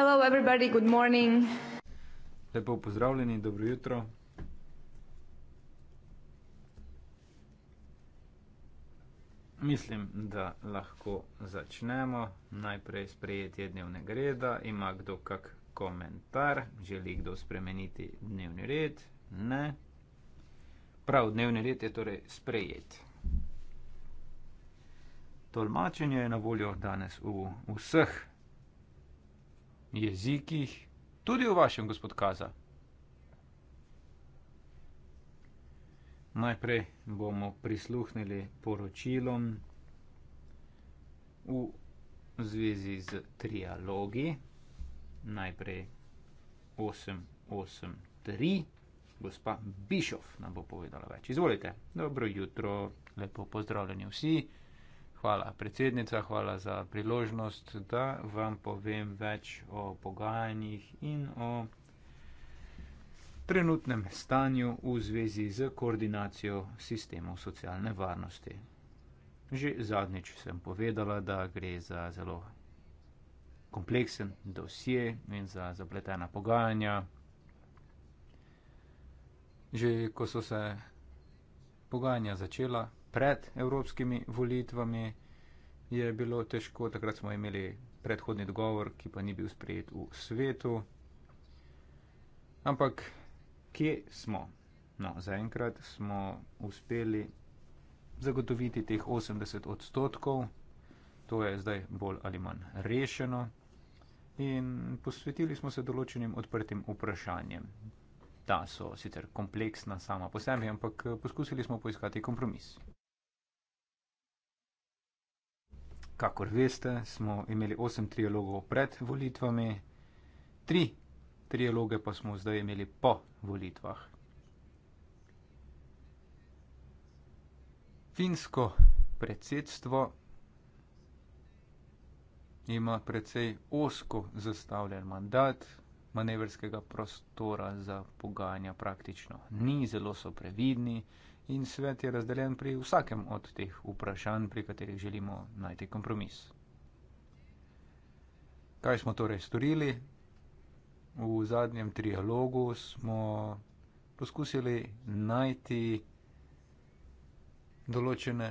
Hello everybody, good morning. Lepo pozdravljeni, dobro jutro. Mislim, da lahko začnemo. Najprej sprejetje dnevnega reda. Ima kdo kak komentar? Želi kdo spremeniti dnevni red? Ne. Prav, dnevni red je torej sprejet. Tolmačenje je na voljo danes v vseh jezikih, tudi v vašem, gospod Kaza. Najprej bomo prisluhnili poročilom v zvezi z trialogi, najprej 883. Gospa Bišov nam bo povedala več. Izvolite, dobro jutro, lepo pozdravljeni vsi. Hvala predsednica, hvala za priložnost, da vam povem več o pogajanjih in o trenutnem stanju v zvezi z koordinacijo sistemov socialne varnosti. Že zadnjič sem povedala, da gre za zelo kompleksen dosje in za zapletena pogajanja. Že ko so se pogajanja začela, pred evropskimi volitvami je bilo težko, takrat smo imeli predhodni dogovor, ki pa ni bil sprejet v svetu. Ampak kje smo? No, zaenkrat smo uspeli zagotoviti teh 80 odstotkov, to je zdaj bolj ali manj rešeno. In posvetili smo se določenim odprtim vprašanjem. Ta so sicer kompleksna sama po sebi, ampak eh, poskusili smo poiskati kompromis. kakor veste, smo imeli osem trialogov pred volitvami, tri trialoge pa smo zdaj imeli po volitvah. Finsko predsedstvo ima precej osko zastavljen mandat, manevrskega prostora za pogajanja praktično ni, zelo so previdni in svet je razdeljen pri vsakem od teh vprašanj, pri katerih želimo najti kompromis. Kaj smo torej storili? V zadnjem trialogu smo poskusili najti določene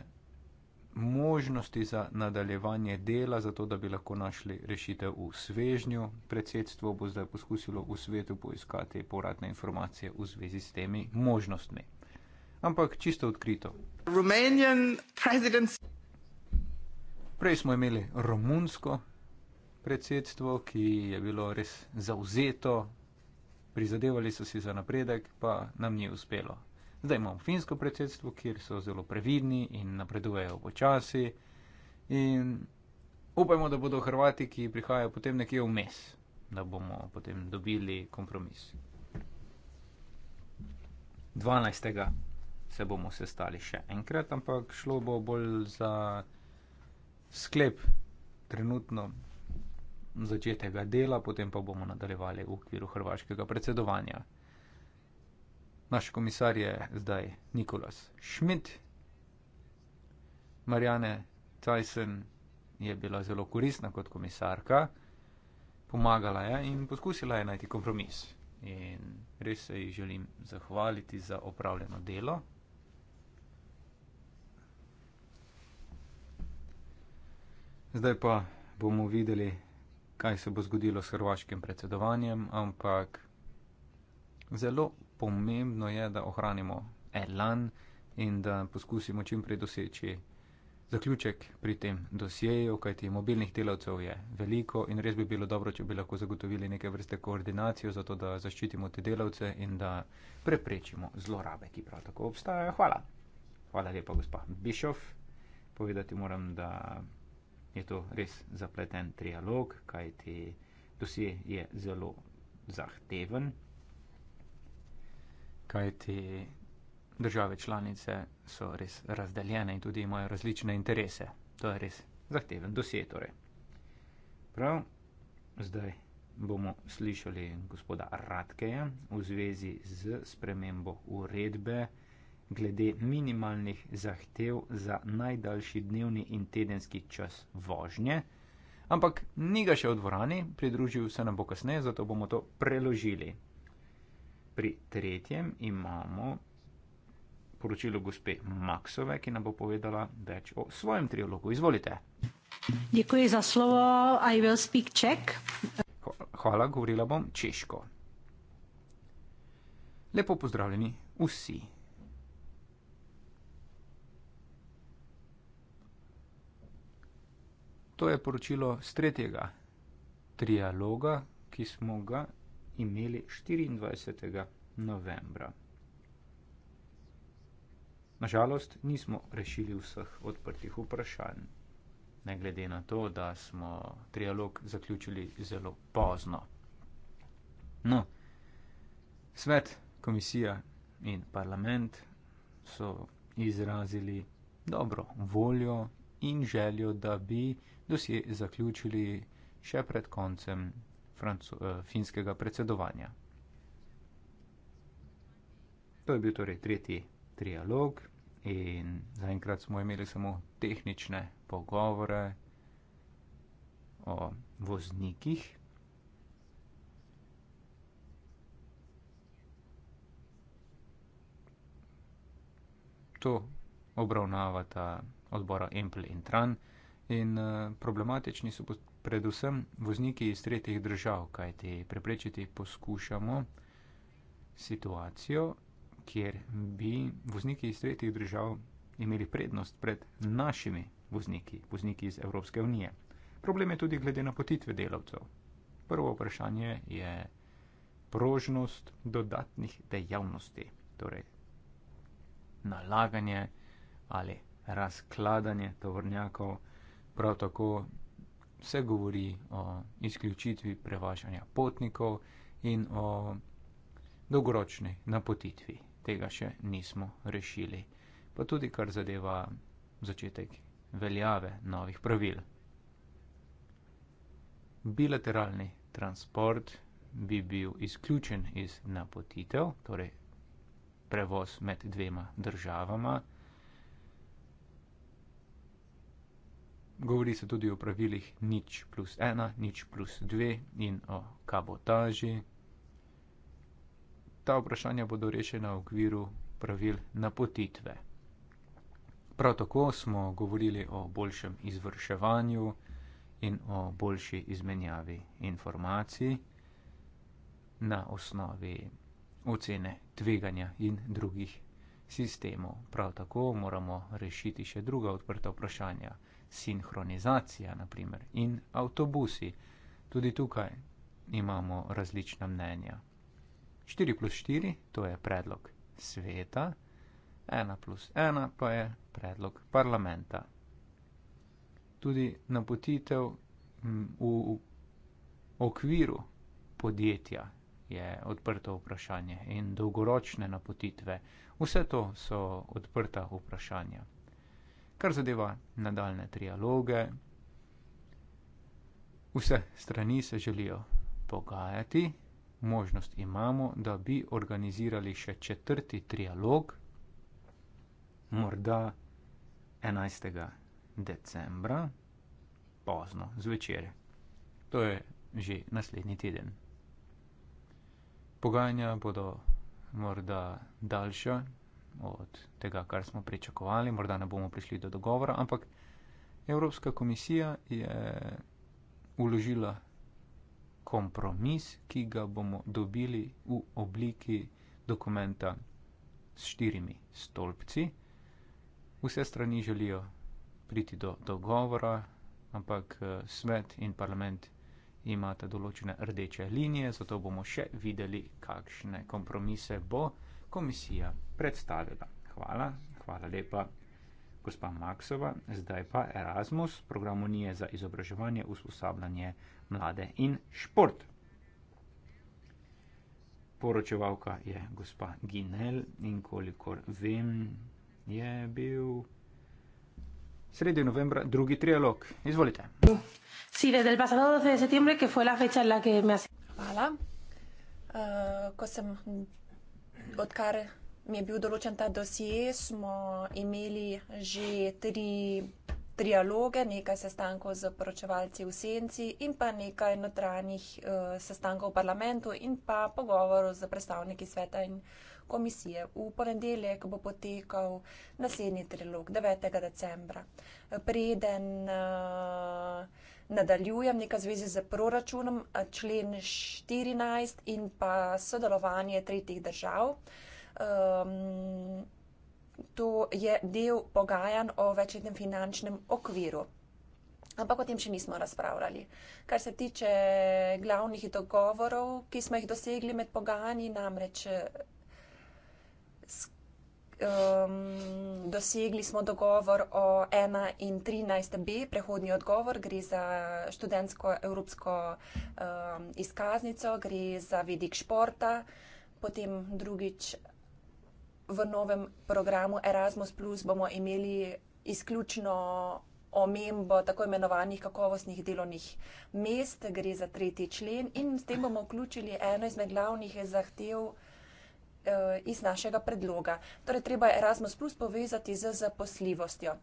možnosti za nadaljevanje dela, zato da bi lahko našli rešitev v svežnju. Predsedstvo bo zdaj poskusilo v svetu poiskati povratne informacije v zvezi s temi možnostmi ampak čisto odkrito. Prej smo imeli romunsko predsedstvo, ki je bilo res zauzeto, prizadevali so si za napredek, pa nam ni uspelo. Zdaj imamo finsko predsedstvo, kjer so zelo previdni in napredujejo počasi. In upajmo, da bodo Hrvati, ki prihajajo potem nekje vmes, da bomo potem dobili kompromis. 12 se bomo sestali še enkrat, ampak šlo bo bolj za sklep trenutno začetega dela, potem pa bomo nadaljevali v okviru hrvaškega predsedovanja. Naš komisar je zdaj Nikolas Schmidt, Marjane Tyson je bila zelo koristna kot komisarka, pomagala je in poskusila je najti kompromis. In res se ji želim zahvaliti za opravljeno delo, Zdaj pa bomo videli, kaj se bo zgodilo s hrvaškim predsedovanjem, ampak zelo pomembno je, da ohranimo elan in da poskusimo čim prej doseči zaključek pri tem dosjeju, kajti mobilnih delavcev je veliko in res bi bilo dobro, če bi lahko zagotovili neke vrste koordinacijo, zato da zaščitimo te delavce in da preprečimo zlorabe, ki prav tako obstajajo. Hvala. Hvala lepa, gospa Bišov. Povedati moram, da je to res zapleten trialog, kajti dosje je zelo zahteven. Kajti države članice so res razdeljene in tudi imajo različne interese. To je res zahteven dosje. Torej. Prav, zdaj bomo slišali gospoda Radkeja v zvezi z spremembo uredbe glede minimalnih zahtev za najdaljši dnevni in tedenski čas vožnje, ampak ni ga še v dvorani, pridružil se nam bo kasneje, zato bomo to preložili. Pri tretjem imamo poročilo gospe Maksove, ki nam bo povedala več o svojem triologu. Izvolite. Děkuji za slovo. I will speak Czech. Hvala, govorila bom češko. Lepo pozdravljeni vsi. To je poročilo z tretjega trialoga, ki smo ga imeli 24. novembra. Nažalost, nismo rešili vseh odprtih vprašanj, ne glede na to, da smo trialog zaključili zelo pozno. No, svet, komisija in parlament so izrazili dobro voljo in željo, da bi dosje zaključili še pred koncem Franco eh, finskega predsedovanja. To je bil torej tretji trialog in zaenkrat smo imeli samo tehnične pogovore o voznikih. To obravnavata odbora Empel in Tran in eh, problematični so predvsem vozniki iz tretjih držav, kajti preprečiti poskušamo situacijo, kjer bi vozniki iz tretjih držav imeli prednost pred našimi vozniki, vozniki iz Evropske unije. Problem je tudi glede napotitve delavcev. Prvo vprašanje je prožnost dodatnih dejavnosti, torej nalaganje ali razkladanje tovornjakov prav tako se govori o izključitvi prevažanja potnikov in o dolgoročni napotitvi. Tega še nismo rešili, pa tudi kar zadeva začetek veljave novih pravil. Bilateralni transport bi bil izključen iz napotitev, torej prevoz med dvema državama. Govori se tudi o pravilih nič plus ena, nič plus dve in o kabotaži. Ta vprašanja bodo rešena v okviru pravil napotitve. Prav tako smo govorili o boljšem izvrševanju in o boljši izmenjavi informacij na osnovi ocene tveganja in drugih sistemov. Prav tako moramo rešiti še druga odprta vprašanja sinhronizacija naprimer, in avtobusi. Tudi tukaj imamo različna mnenja. 4 plus 4 to je predlog sveta, 1 plus 1 pa je predlog parlamenta. Tudi napotitev v okviru podjetja je odprto vprašanje in dolgoročne napotitve. Vse to so odprta vprašanja kar zadeva nadaljne trialoge. Vse strani se želijo pogajati, možnost imamo, da bi organizirali še četrti trialog, morda 11. decembra, pozno zvečer. To je že naslednji teden. Pogajanja bodo morda daljša, od tega, kar smo pričakovali, morda ne bomo prišli do dogovora, ampak Evropska komisija je uložila kompromis, ki ga bomo dobili v obliki dokumenta s štirimi stolpci. Vse strani želijo priti do dogovora, ampak eh, svet in parlament imata določene rdeče linije, zato bomo še videli, kakšne kompromise bo komisija predstavila. Hvala, hvala lepa, gospa Maksova. Zdaj pa Erasmus, program Unije za izobraževanje, usposabljanje mlade in šport. Poročevalka je gospa Ginel in kolikor vem, je bil sredi novembra drugi trialog. Izvolite. Sí, desde el pasado 12 de septiembre, que fue la fecha en la que me asignaron. Hola. Uh, eh, kosem, odkar mi je bil določen ta dosje, smo imeli že tri trialoge, nekaj sestankov z poročevalci v senci in pa nekaj notranjih uh, sestankov v parlamentu in pa pogovorov z predstavniki sveta in komisije. V ponedeljek bo potekal naslednji trilog, 9. decembra. Preden uh, nadaljujem nekaj zvezi z proračunom, eh, člen 14 in pa sodelovanje tretjih držav. Uh, um, to je del pogajanj o večjem finančnem okviru. Ampak o tem še nismo razpravljali. Kar se tiče glavnih dogovorov, ki smo jih dosegli med pogajanji, namreč um, dosegli smo dogovor o 1 in 13b, prehodni odgovor, gre za študentsko evropsko um, izkaznico, gre za vidik športa, potem drugič v novem programu Erasmus, Plus bomo imeli izključno omembo tako imenovanih kakovostnih delovnih mest, gre za tretji člen in s tem bomo vključili eno izmed glavnih zahtev Eh, iz našega predloga. Torej, treba je Erasmus Plus povezati z zaposljivostjo.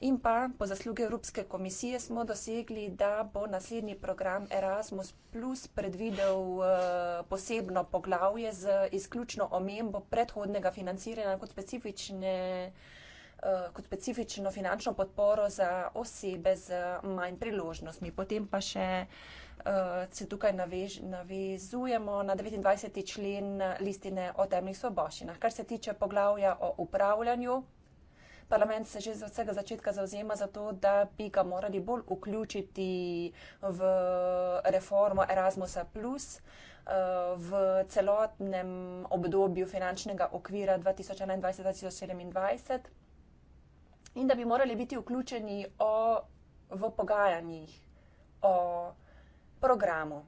In pa po zaslugi Evropske komisije smo dosegli, da bo naslednji program Erasmus Plus predvidel eh, posebno poglavje z izključno omembo predhodnega financiranja kot specifične eh, kot specifično finančno podporo za osebe z manj priložnostmi. Potem pa še uh, se tukaj navež, navezujemo na 29. člen eh, listine o temnih svoboščinah. Kar se tiče poglavja o upravljanju, parlament se že od vsega začetka zauzema za to, da bi ga morali bolj vključiti v reformo Erasmusa. Eh, v celotnem obdobju finančnega okvira 2021-2027, in da bi morali biti vključeni o, v pogajanjih o programu.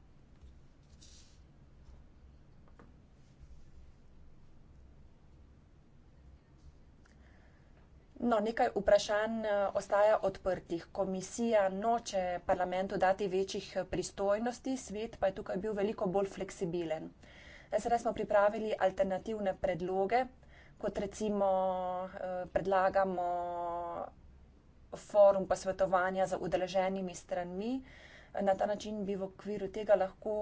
No, nekaj vprašanj eh, ostaja odprtih. Komisija noče parlamentu dati večjih eh, pristojnosti, svet pa je tukaj bil veliko bolj fleksibilen. Eh, SRS smo pripravili alternativne predloge, kot recimo predlagamo forum posvetovanja za udeleženimi stranmi na ta način bi v okviru tega lahko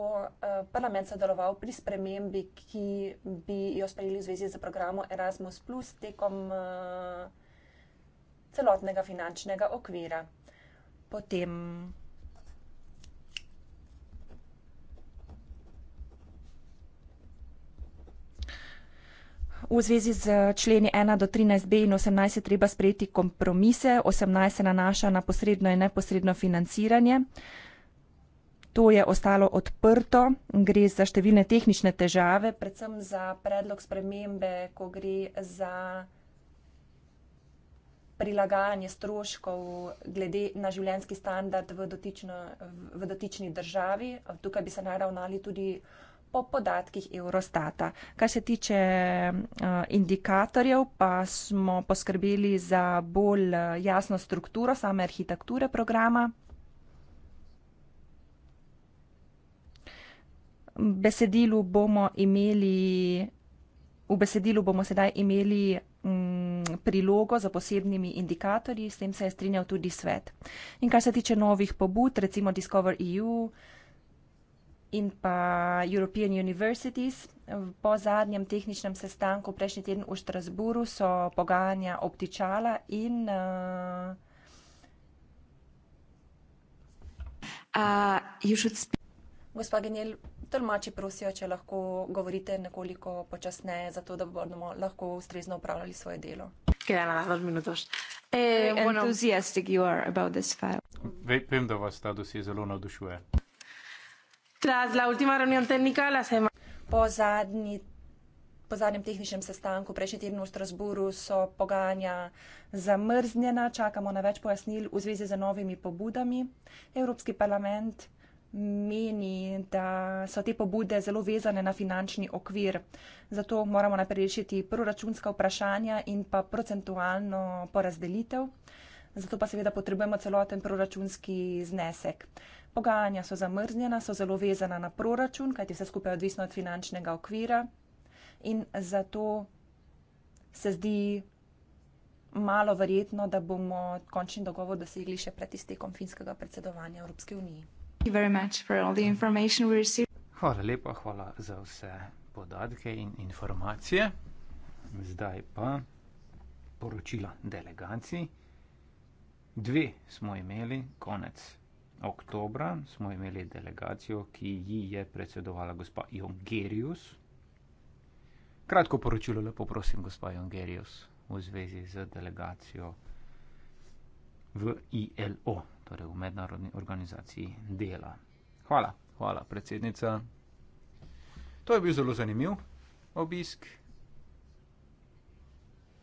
eh, parlament sodeloval pri spremembi, ki bi jo sprejeli v zvezi z programom Erasmus, tekom eh, celotnega finančnega okvira. Potem. V zvezi z členi 1 do 13b in 18 je treba sprejeti kompromise. 18 se nanaša na posredno in neposredno financiranje. Uh, to je ostalo odprto. Gre za številne tehnične težave, predvsem za predlog spremembe, ko gre za prilagajanje stroškov glede na življenski standard v, dotično, v dotični državi. Tukaj bi se naj ravnali tudi po podatkih Eurostata. Kar se tiče eh, indikatorjev, pa smo poskrbeli za bolj eh, jasno strukturo same arhitekture programa. besedilu bomo imeli, v besedilu bomo sedaj imeli mm, prilogo za posebnimi indikatorji, s tem se je strinjal tudi svet. In kar se tiče novih pobud, recimo Discover EU in pa European Universities, po zadnjem tehničnem sestanku prejšnji teden v Štrasburu so pogajanja obtičala in eh, uh, uh, Gospod Genel, tolmači prosijo, če lahko govorite nekoliko počasneje, zato da bomo lahko ustrezno upravljali svoje delo. Eh, vem, da vas ta dosje zelo navdušuje. Po, zadnji, po zadnjem tehničnem sestanku prejšnji teden v Strasburu so pogajanja zamrznjena, čakamo na več pojasnil v zvezi z novimi pobudami. Evropski parlament meni, da so te pobude zelo vezane na finančni okvir. Zato moramo najprej rešiti proračunska vprašanja in pa procentualno porazdelitev. Zato pa seveda potrebujemo celoten proračunski znesek. Pogajanja so zamrznjena, so zelo vezana na proračun, kajti vse skupaj je odvisno od finančnega okvira. In zato se zdi malo verjetno, da bomo končni dogovor dosegli še pred iztekom finskega predsedovanja Evropske unije. Hvala lepa, hvala za vse podatke in informacije. Zdaj pa poročila delegacij. Dve smo imeli konec oktobra, smo imeli delegacijo, ki ji je predsedovala gospa Jongerius. Kratko poročilo, lepo prosim, gospa Jongerius, v zvezi z delegacijo v ILO torej v mednarodni organizaciji dela. Hvala. Hvala, predsednica. To je bil zelo zanimiv obisk.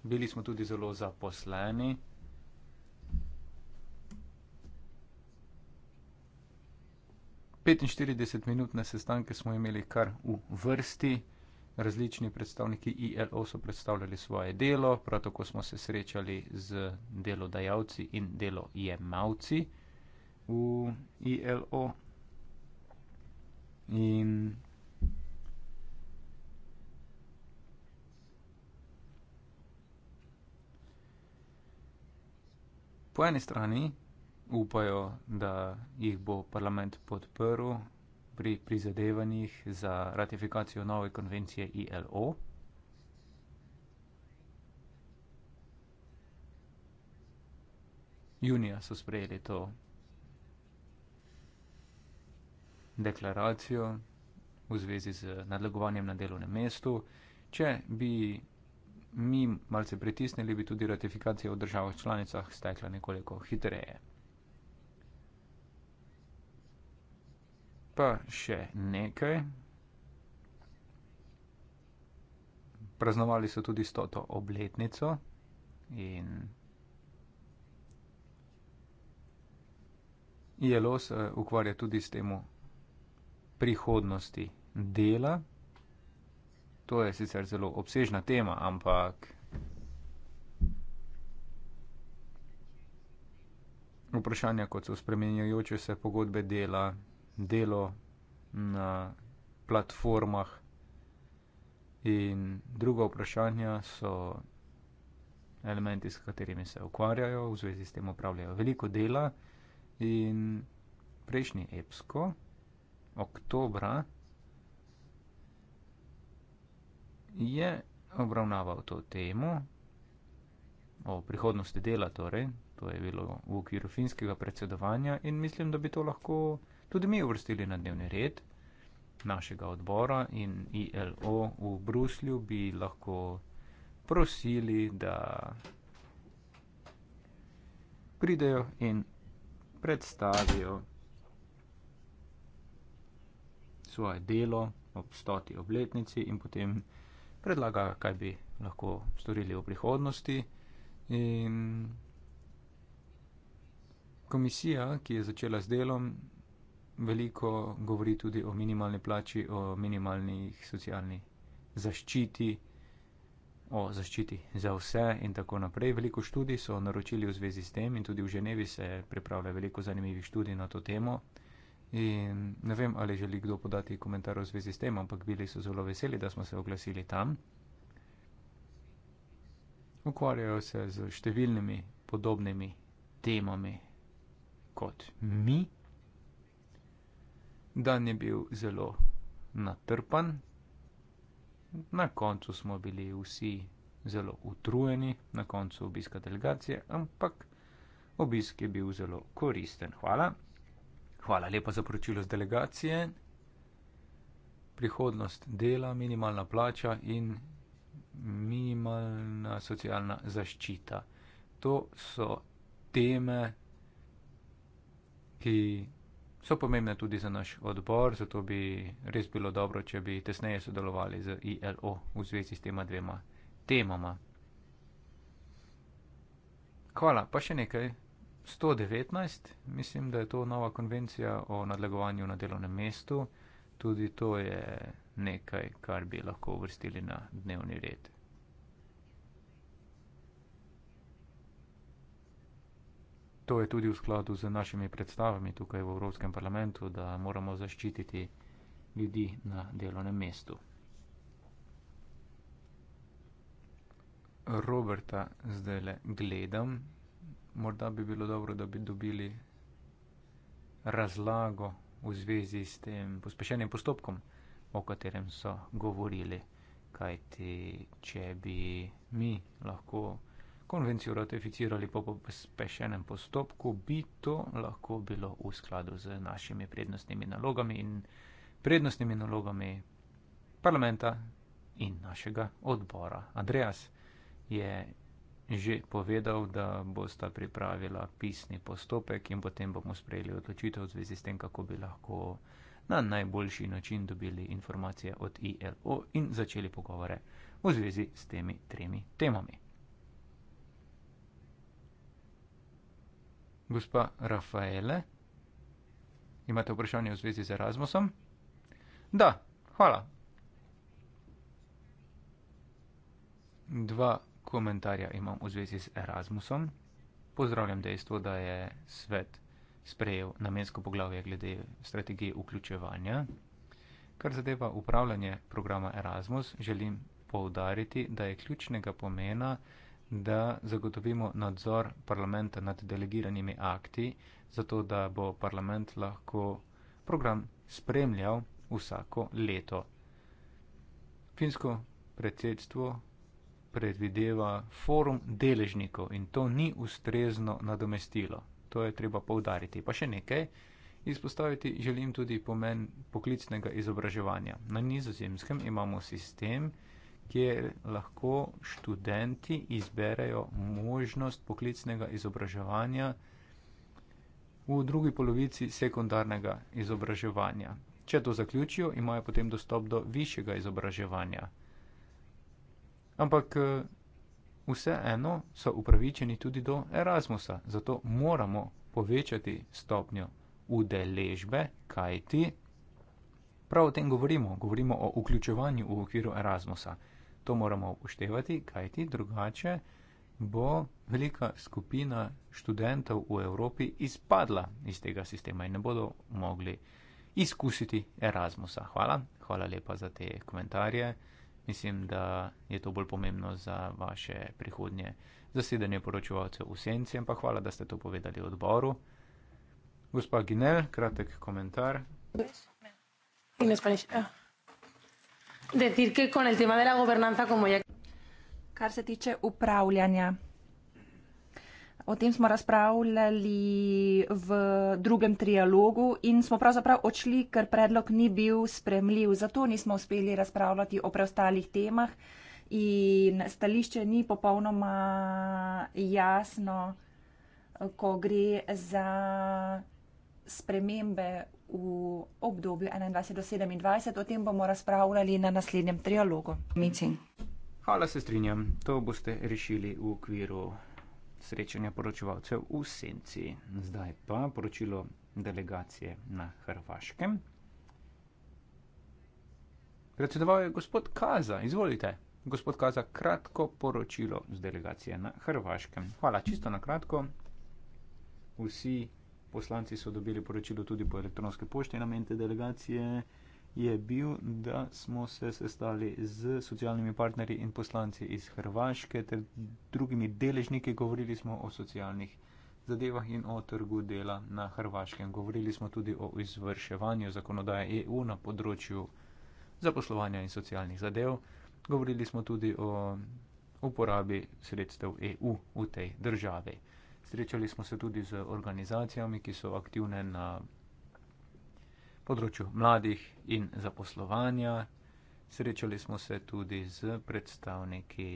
Bili smo tudi zelo zaposleni. Petinštirideset minut na sestanke smo imeli kar v vrsti. Različni predstavniki ILO so predstavljali svoje delo, prav tako smo se srečali z delodajalci in delojemalci v ILO. In po eni strani upajo, da jih bo parlament podprl pri prizadevanjih za ratifikacijo nove konvencije ILO. Junija so sprejeli to deklaracijo v zvezi z nadlegovanjem na delovnem mestu. Če bi mi malce pritisnili, bi tudi ratifikacija v državah članicah stekla nekoliko hitreje. pa še nekaj. Praznovali so tudi stoto obletnico in Jelo se ukvarja tudi s temo prihodnosti dela. To je sicer zelo obsežna tema, ampak vprašanja, kot so spremenjajoče se pogodbe dela, delo na platformah. In drugo vprašanje so elementi, s katerimi se ukvarjajo, v zvezi s tem upravljajo veliko dela. In prejšnji EPSKO, oktobra, je obravnaval to temo o prihodnosti dela, torej, to je bilo v okviru finskega predsedovanja in mislim, da bi to lahko tudi mi uvrstili na dnevni red našega odbora in ILO v Bruslju bi lahko prosili, da pridejo in predstavijo svoje delo ob stoti obletnici in potem predlaga, kaj bi lahko storili v prihodnosti. In komisija, ki je začela s delom, veliko govori tudi o minimalni plači, o minimalnih socialni zaščiti, o zaščiti za vse in tako naprej. Veliko študij so naročili v zvezi s tem in tudi v Ženevi se pripravlja veliko zanimivih študij na to temo. In ne vem, ali želi kdo podati komentar v zvezi s tem, ampak bili so zelo veseli, da smo se oglasili tam. Ukvarjajo se z številnimi podobnimi temami kot mi. Dan je bil zelo natrpan, na koncu smo bili vsi zelo utrujeni, na koncu obiska delegacije, ampak obisk je bil zelo koristen. Hvala. Hvala lepa za poročilo z delegacije. Prihodnost dela, minimalna plača in minimalna socialna zaščita. To so teme, ki so pomembne tudi za naš odbor, zato bi res bilo dobro, če bi tesneje sodelovali z ILO v zvezi s tema dvema temama. Hvala, pa še nekaj. 119, mislim, da je to nova konvencija o nadlegovanju na delovnem mestu. Tudi to je nekaj, kar bi lahko uvrstili na dnevni red. to je tudi v skladu z našimi predstavami tukaj v Evropskem parlamentu, da moramo zaščititi ljudi na delovnem mestu. Roberta zdaj le gledam. Morda bi bilo dobro, da bi dobili razlago v zvezi s tem pospešenim postopkom, o katerem so govorili. Kajti, če bi mi lahko konvencijo ratificirali po pospešenem postopku, bi to lahko bilo v skladu z našimi prednostnimi nalogami in prednostnimi nalogami parlamenta in našega odbora. Andreas je že povedal, da bosta pripravila pisni postopek in potem bomo sprejeli odločitev v zvezi s tem, kako bi lahko na najboljši način dobili informacije od ILO in začeli pogovore v zvezi s temi tremi temami. Gospa Rafaele, imate vprašanje v zvezi z Erasmusom? Da, hvala. Dva komentarja imam v zvezi z Erasmusom. Pozdravljam dejstvo, da je svet sprejel namensko poglavje glede strategije vključevanja. Kar zadeva upravljanje programa Erasmus, želim poudariti, da je ključnega pomena, da zagotovimo nadzor parlamenta nad delegiranimi akti, zato da bo parlament lahko program spremljal vsako leto. Finsko predsedstvo predvideva forum deležnikov in to ni ustrezno nadomestilo. To je treba povdariti. Pa še nekaj. Izpostaviti želim tudi pomen poklicnega izobraževanja. Na nizozemskem imamo sistem, kjer lahko študenti izberejo možnost poklicnega izobraževanja v drugi polovici sekundarnega izobraževanja. Če to zaključijo, imajo potem dostop do višjega izobraževanja. Ampak eh, vseeno so upravičeni tudi do Erasmusa, zato moramo povečati stopnjo udeležbe, kajti prav o tem govorimo, govorimo o vključevanju v okviru Erasmusa to moramo upoštevati, kajti drugače bo velika skupina študentov v Evropi izpadla iz tega sistema in ne bodo mogli izkusiti Erasmusa. Hvala, hvala lepa za te komentarje. Mislim, da je to bolj pomembno za vaše prihodnje zasedanje poročevalcev v senci, ampak hvala, da ste to povedali odboru. Gospa Ginel, kratek komentar. In ne spaniš. Ja decir que con el tema de la gobernanza, como ya. Kar se tiče upravljanja. O tem smo razpravljali v drugem trialogu in smo pravzaprav odšli, ker predlog ni bil spremljiv. Zato nismo uspeli razpravljati o preostalih temah in stališče ni popolnoma jasno, ko gre za spremembe v obdobju 21 do 27. O tem bomo razpravljali na naslednjem trialogu. Mitin. Hvala, se strinjam. To boste rešili v okviru srečanja poročevalcev v senci. Zdaj pa poročilo delegacije na Hrvaškem. Predsedoval je gospod Kaza, izvolite. Gospod Kaza, kratko poročilo z delegacije na Hrvaškem. Hvala, čisto na kratko. Vsi poslanci so dobili poročilo tudi po elektronske pošte namen te delegacije, je bil, da smo se sestali z socialnimi partnerji in poslanci iz Hrvaške ter drugimi deležniki, govorili smo o socialnih zadevah in o trgu dela na Hrvaškem. Govorili smo tudi o izvrševanju zakonodaje EU na področju zaposlovanja in socialnih zadev. Govorili smo tudi o uporabi sredstev EU v tej državi. Srečali smo se tudi z organizacijami, ki so aktivne na področju mladih in zaposlovanja. Srečali smo se tudi z predstavniki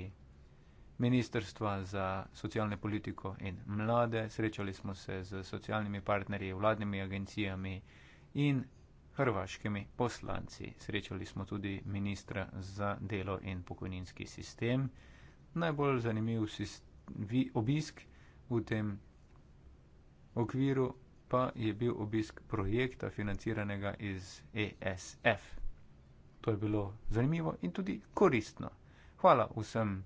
Ministrstva za socialne politiko in mlade, srečali smo se z socialnimi partnerji, vladnimi agencijami in hrvaškimi poslanci. Srečali smo tudi ministra za delo in pokojninski sistem. Najbolj zanimiv sist obisk v tem okviru pa je bil obisk projekta financiranega iz ESF. To je bilo zanimivo in tudi koristno. Hvala vsem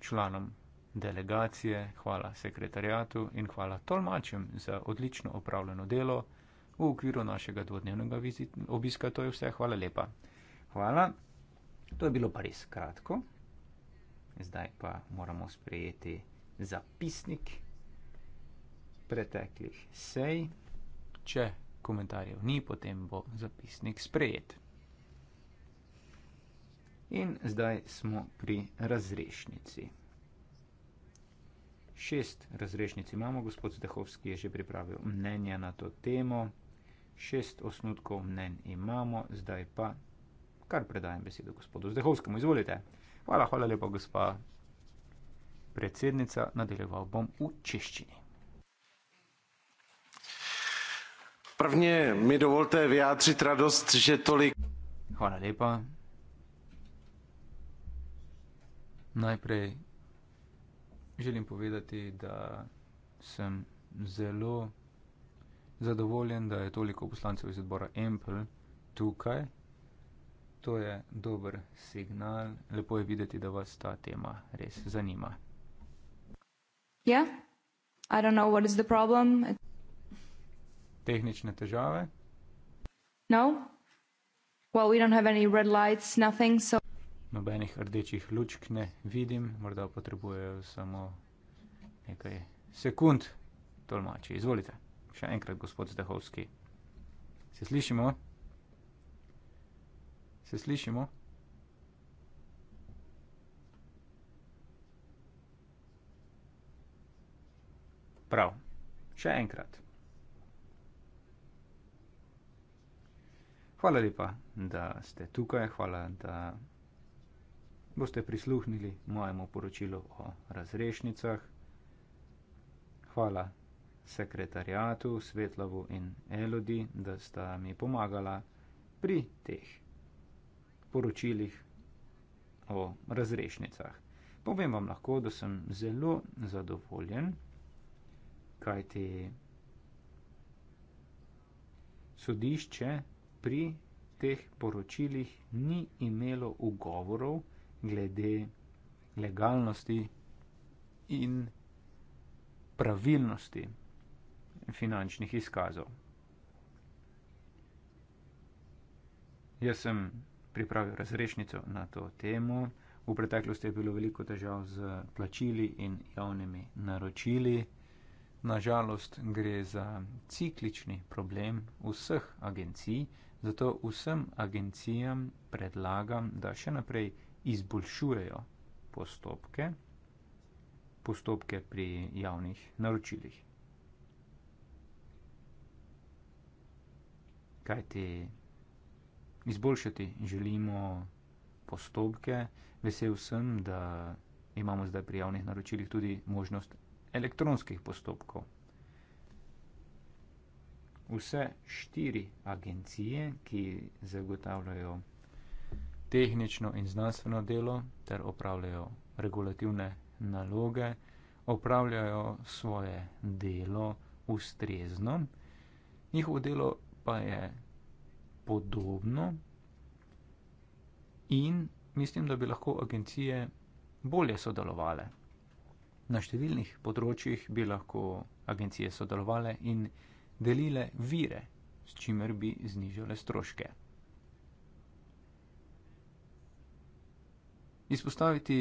članom delegacije, hvala sekretarjatu in hvala tolmačem za odlično opravljeno delo v okviru našega dvodnevnega vizit, obiska. To je vse, hvala lepa. Hvala. To je bilo pa res kratko. Zdaj pa moramo sprejeti zapisnik preteklih sej. Če komentarjev ni, potem bo zapisnik sprejet. In zdaj smo pri razrešnici. Šest razrešnic imamo, gospod Zdehovski je že pripravil mnenja na to temo. Šest osnutkov mnen imamo, zdaj pa kar predajem besedo gospodu Zdehovskemu. Izvolite. Hvala, hvala lepa, gospa predsednica, nadaljeval bom v češčini. Prvně mi dovolte vyjádřit radost, že tolik. Hvala lepa. Najprej želim povedati, da sem zelo zadovoljen, da je toliko poslancev iz odbora Empel tukaj. To je dober signal. Lepo je videti, da vas ta tema res zanima. Yeah. I don't know what is the problem. Tehnične težave? No. Well, we don't have any red lights, nothing, so Nobenih rdečih lučk ne vidim, morda potrebujejo samo nekaj sekund tolmači. Izvolite. Še enkrat, gospod Zdehovski. Se slišimo? Se slišimo? Prav. Še enkrat. Hvala lepa, da ste tukaj, hvala, da boste prisluhnili mojemu poročilu o razrešnicah. Hvala sekretarijatu, Svetlavu in Elodi, da sta mi pomagala pri teh poročilih o razrešnicah. Povem vam lahko, da sem zelo zadovoljen kajti sodišče pri teh poročilih ni imelo ugovorov glede legalnosti in pravilnosti finančnih izkazov. Jaz sem pripravil razrešnico na to temo. V preteklosti je bilo veliko težav z plačili in javnimi naročili. Nažalost gre za ciklični problem vseh agencij, zato vsem agencijam predlagam, da še naprej izboljšujejo postopke, postopke pri javnih naročilih. Kaj ti izboljšati želimo postopke, vesel sem, da imamo zdaj pri javnih naročilih tudi možnost elektronskih postopkov. Vse štiri agencije, ki zagotavljajo tehnično in znanstveno delo ter opravljajo regulativne naloge, opravljajo svoje delo ustrezno, njihovo delo pa je podobno in mislim, da bi lahko agencije bolje sodelovale. Na številnih področjih bi lahko agencije sodelovale in delile vire, s čimer bi znižale stroške. Izpostaviti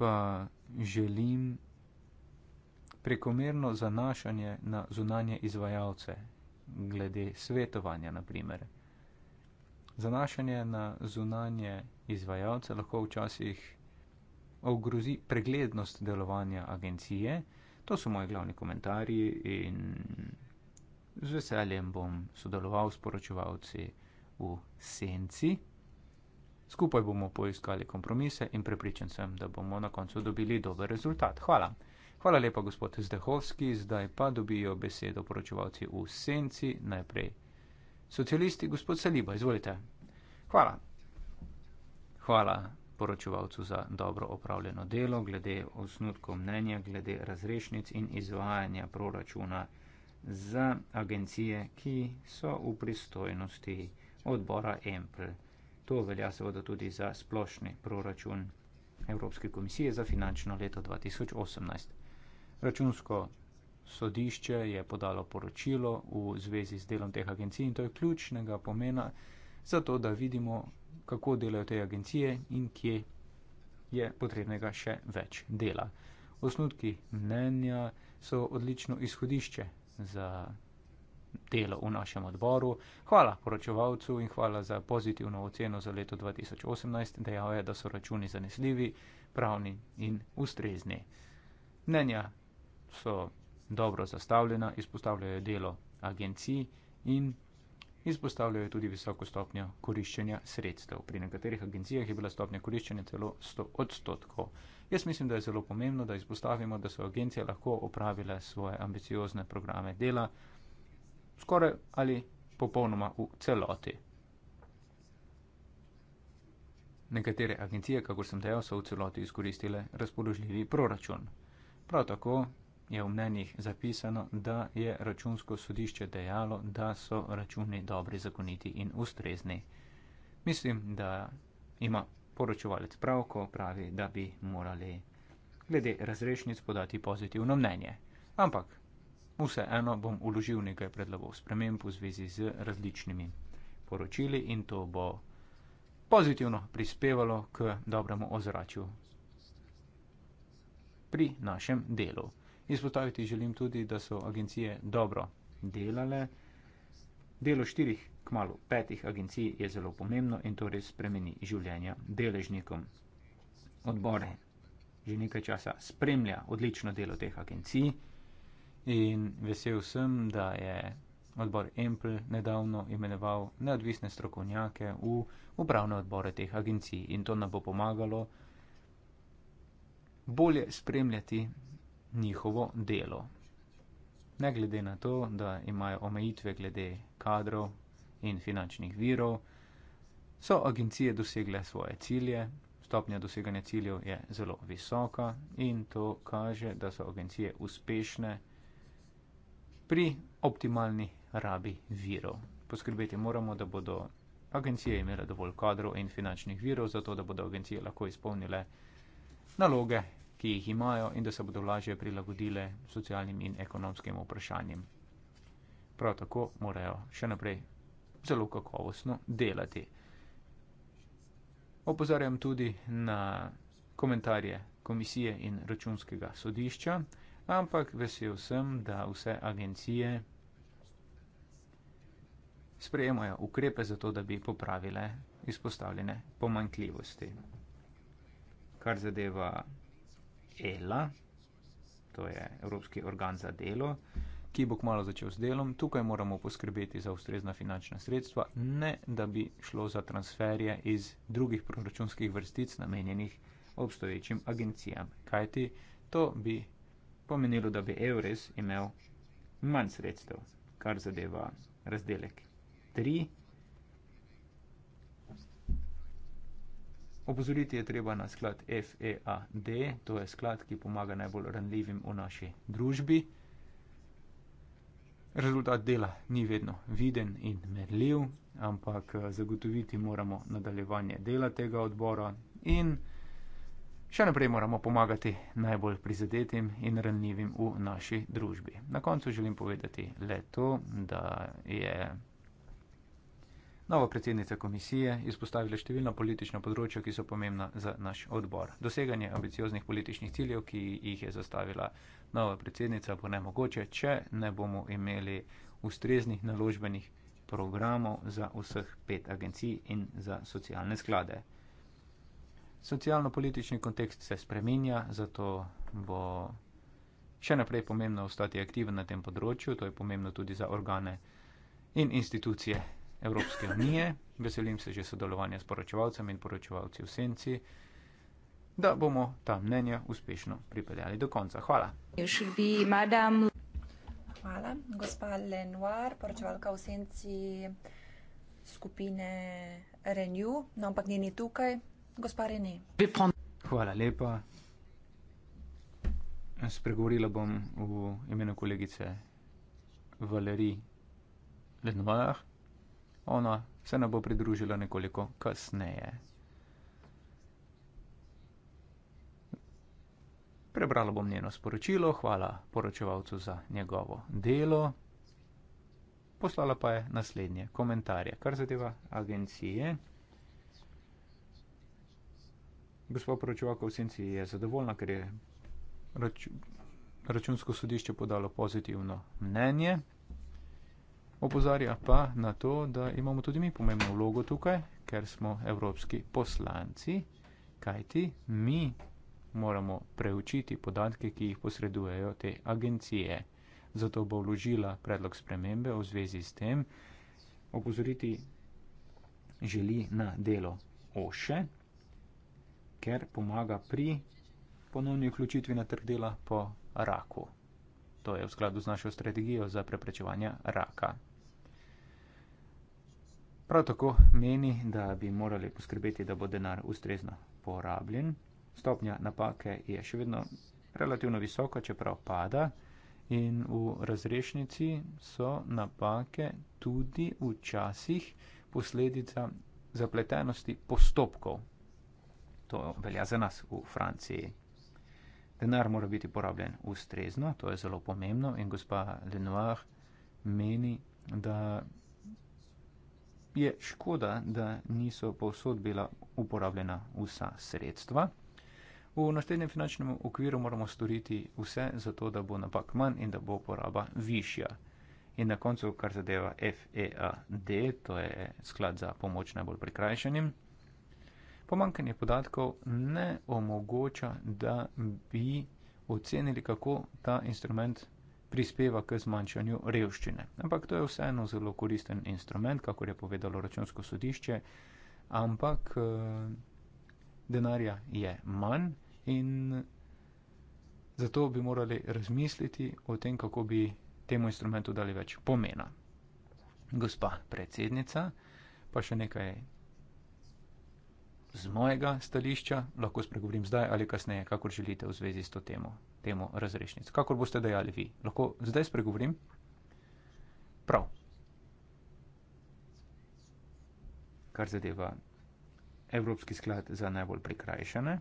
pa želim prekomerno zanašanje na zunanje izvajalce, glede svetovanja naprimer. Zanašanje na zunanje izvajalce lahko včasih ogrozi preglednost delovanja agencije. To so moji glavni komentarji in z veseljem bom sodeloval s poročevalci v senci. Skupaj bomo poiskali kompromise in prepričan sem, da bomo na koncu dobili dober rezultat. Hvala. Hvala lepa, gospod Zdehovski. Zdaj pa dobijo besedo poročevalci v senci. Najprej socialisti, gospod Saliba, izvolite. Hvala. Hvala poročevalcu za dobro opravljeno delo, glede osnutkov mnenja, glede razrešnic in izvajanja proračuna za agencije, ki so v pristojnosti odbora EMPL. To velja seveda tudi za splošni proračun Evropske komisije za finančno leto 2018. Računsko sodišče je podalo poročilo v zvezi z delom teh agencij in to je ključnega pomena za to, da vidimo, kako delajo te agencije in kje je potrebnega še več dela. Osnutki mnenja so odlično izhodišče za delo v našem odboru. Hvala poročevalcu in hvala za pozitivno oceno za leto 2018, dejal je, da so računi zanesljivi, pravni in ustrezni. Mnenja so dobro zastavljena, izpostavljajo delo agencij in Izpostavljajo tudi visoko stopnjo koriščenja sredstev. Pri nekaterih agencijah je bila stopnja koriščenja celo 100 odstotkov. Jaz mislim, da je zelo pomembno, da izpostavimo, da so agencije lahko opravile svoje ambiciozne programe dela skoraj ali popolnoma v celoti. Nekatere agencije, kako sem dejal, so v celoti izkoristile razpoložljivi proračun. Prav tako je v mnenjih zapisano, da je računsko sodišče dejalo, da so računi dobri, zakoniti in ustrezni. Mislim, da ima poročevalec prav, ko pravi, da bi morali glede razrešnic podati pozitivno mnenje. Ampak vseeno bom uložil nekaj predlogov sprememb v zvezi z različnimi poročili in to bo pozitivno prispevalo k dobremu ozračju pri našem delu. Izpostaviti želim tudi, da so agencije dobro delale. Delo štirih, kmalo petih agencij je zelo pomembno in to res spremeni življenja deležnikom. Odbore že nekaj časa spremlja odlično delo teh agencij in vesel sem, da je odbor Empl nedavno imenoval neodvisne strokovnjake v upravne odbore teh agencij in to nam bo pomagalo bolje spremljati njihovo delo. Ne glede na to, da imajo omejitve glede kadrov in finančnih virov, so agencije dosegle svoje cilje, stopnja doseganja ciljev je zelo visoka in to kaže, da so agencije uspešne pri optimalni rabi virov. Poskrbeti moramo, da bodo agencije imele dovolj kadrov in finančnih virov, zato da bodo agencije lahko izpolnile naloge, ki jih imajo in da se bodo lažje prilagodile socialnim in ekonomskim vprašanjem. Prav tako morajo še naprej zelo kakovostno delati. Opozarjam tudi na komentarje komisije in računskega sodišča, ampak vesel sem, da vse agencije sprejemajo ukrepe za to, da bi popravile izpostavljene pomankljivosti. Kar zadeva ELA, to je Evropski organ za delo, ki bo kmalo začel s delom. Tukaj moramo poskrbeti za ustrezna finančna sredstva, ne da bi šlo za transferje iz drugih proračunskih vrstic namenjenih obstoječim agencijam. Kajti to bi pomenilo, da bi EURES imel manj sredstev, kar zadeva razdelek 3. Opozoriti je treba na sklad FEAD, to je sklad, ki pomaga najbolj ranljivim v naši družbi. Rezultat dela ni vedno viden in merljiv, ampak eh, zagotoviti moramo nadaljevanje dela tega odbora in še naprej moramo pomagati najbolj prizadetim in ranljivim v naši družbi. Na koncu želim povedati le to, da je Nova predsednica komisije je izpostavila številna politična področja, ki so pomembna za naš odbor. Doseganje ambicioznih političnih ciljev, ki jih je zastavila nova predsednica, bo nemogoče, če ne bomo imeli ustreznih naložbenih programov za vseh pet agencij in za socialne sklade. Socialno-politični kontekst se spreminja, zato bo še naprej pomembno ostati aktiven na tem področju, to je pomembno tudi za organe in institucije, Evropske unije. Veselim se že sodelovanja s poročevalcem in poročevalci v senci, da bomo ta mnenja uspešno pripeljali do konca. Hvala. Hvala, gospa Lenoir, poročevalka v senci skupine Renew, no ampak njeni tukaj, gospa Reni. Hvala lepa. Spregovorila bom v imenu kolegice Valerij Lenoir ona se nam bo pridružila nekoliko kasneje. Prebrala bom njeno sporočilo, hvala poročevalcu za njegovo delo. Poslala pa je naslednje komentarje, kar zadeva agencije. Gospod poročevalka v senci je zadovoljna, ker je rač računsko sodišče podalo pozitivno mnenje opozarja pa na to, da imamo tudi mi pomembno vlogo tukaj, ker smo evropski poslanci, kajti mi moramo preučiti podatke, ki jih posredujejo te agencije. Zato bo vložila predlog spremembe v zvezi s tem, opozoriti želi na delo OŠE, ker pomaga pri ponovni vključitvi na trg dela po raku. To je v skladu z našo strategijo za preprečevanje raka. Prav tako meni, da bi morali poskrbeti, da bo denar ustrezno porabljen. Stopnja napake je še vedno relativno visoka, čeprav pada. In v razrešnici so napake tudi včasih posledica zapletenosti postopkov. To velja za nas v Franciji. Denar mora biti porabljen ustrezno, to je zelo pomembno in gospa Lenoir meni, da je škoda, da niso povsod bila uporabljena vsa sredstva. V naslednjem finančnem okviru moramo storiti vse za to, da bo napak manj in da bo poraba višja. In na koncu, kar zadeva FEAD, to je sklad za pomoč najbolj prikrajšanim, pomankanje podatkov ne omogoča, da bi ocenili, kako ta instrument prispeva k zmanjšanju revščine. Ampak to je vseeno zelo koristen instrument, kako je povedalo računsko sodišče, ampak eh, denarja je manj in zato bi morali razmisliti o tem, kako bi temu instrumentu dali več pomena. Gospa predsednica, pa še nekaj z mojega stališča, lahko spregovorim zdaj ali kasneje, kako želite v zvezi s to temo temu razrešnic, kakor boste dejali vi. Lahko zdaj spregovorim? Prav. Kar zadeva Evropski sklad za najbolj prikrajšane,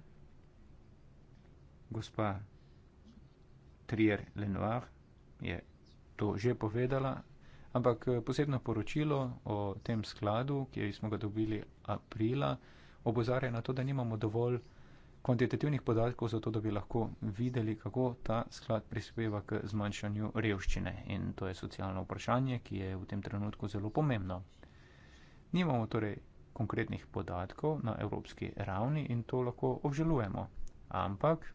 gospa Trier Lenoir je to že povedala, ampak posebno poročilo o tem skladu, ki smo ga dobili aprila, obozarja na to, da nimamo dovolj kvantitativnih podatkov, zato da bi lahko videli, kako ta sklad prispeva k zmanjšanju revščine. In to je socialno vprašanje, ki je v tem trenutku zelo pomembno. Nimamo torej konkretnih podatkov na evropski ravni in to lahko obžalujemo. Ampak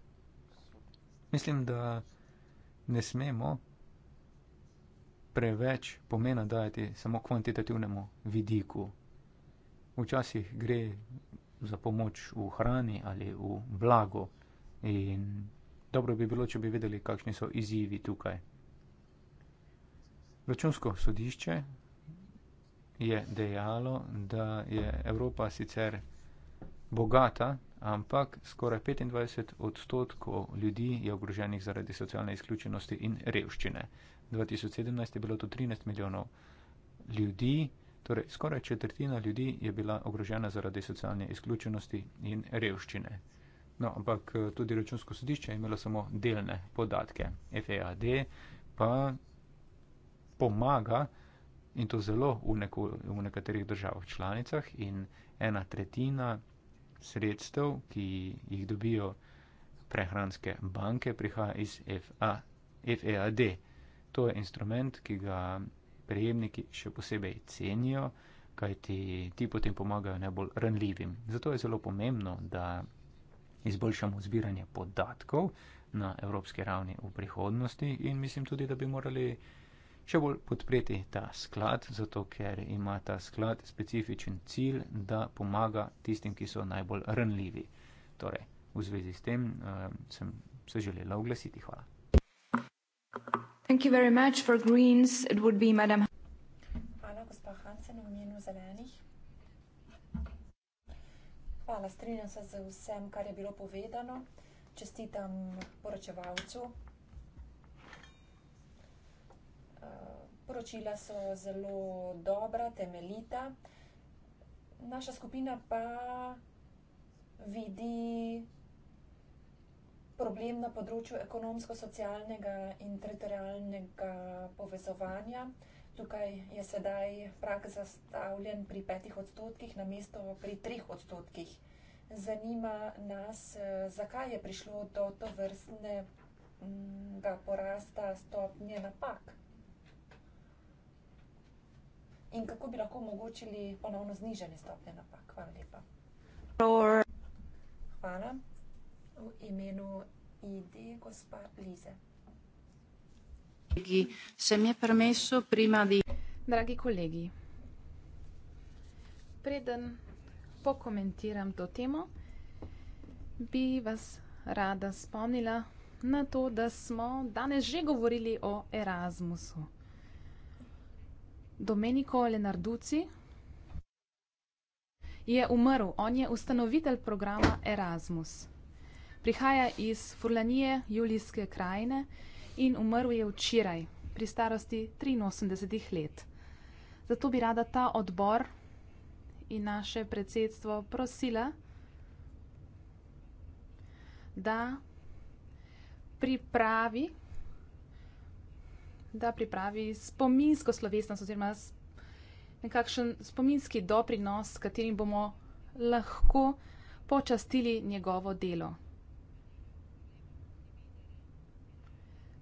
mislim, da ne smemo preveč pomena dajati samo kvantitativnemu vidiku. Včasih gre za pomoč v hrani ali v blagu. In dobro bi bilo, če bi vedeli, kakšni so izzivi tukaj. Računsko sodišče je dejalo, da je Evropa sicer bogata, ampak skoraj 25 odstotkov ljudi je ogroženih zaradi socialne izključenosti in revščine. 2017 je bilo to 13 milijonov ljudi. Torej, skoraj četrtina ljudi je bila ogrožena zaradi socialne izključenosti in revščine. No, ampak eh, tudi računsko sodišče je imelo samo delne podatke. FAD pa pomaga in to zelo v, neko, v nekaterih državah članicah in ena tretjina sredstev, ki jih dobijo prehranske banke, prihaja iz FAD. To je instrument, ki ga prejemniki še posebej cenijo, kajti ti potem pomagajo najbolj ranljivim. Zato je zelo pomembno, da izboljšamo zbiranje podatkov na evropski ravni v prihodnosti in mislim tudi, da bi morali še bolj podpreti ta sklad, zato ker ima ta sklad specifičen cilj, da pomaga tistim, ki so najbolj ranljivi. Torej, v zvezi s tem uh, sem se želela oglasiti. Hvala. Thank you. Thank you very much for Greens. It would be Madam. Hvala, gospa Hansen, v imenu zelenih. Hvala, strinjam se z vsem, kar je bilo povedano. Čestitam poročevalcu. Eh, poročila so zelo dobra, temeljita. Naša skupina pa vidi problem na področju ekonomsko-socialnega in teritorijalnega povezovanja. Tukaj je sedaj prak zastavljen pri petih odstotkih, na mesto pri treh odstotkih. Zanima nas, eh, zakaj je prišlo do to vrstnega porasta stopnje napak in kako bi lahko omogočili ponovno znižanje stopnje napak. Hvala lepa. Hvala v imenu ide gospa Liza. Dragi kolegi, preden pokomentiram to temo, bi vas rada spomnila na to, da smo danes že govorili o Erasmusu. Domenico Leonarduzzi je umrl, on je ustanovitelj programa Erasmus. Prihaja iz Furlanije, Julijske krajine in umrl je včeraj, pri starosti 83 let. Zato bi rada ta odbor in naše predsedstvo prosila, da pripravi, da pripravi spominsko slovesnost oziroma nekakšen spominski doprinos, s katerim bomo lahko počastili njegovo delo.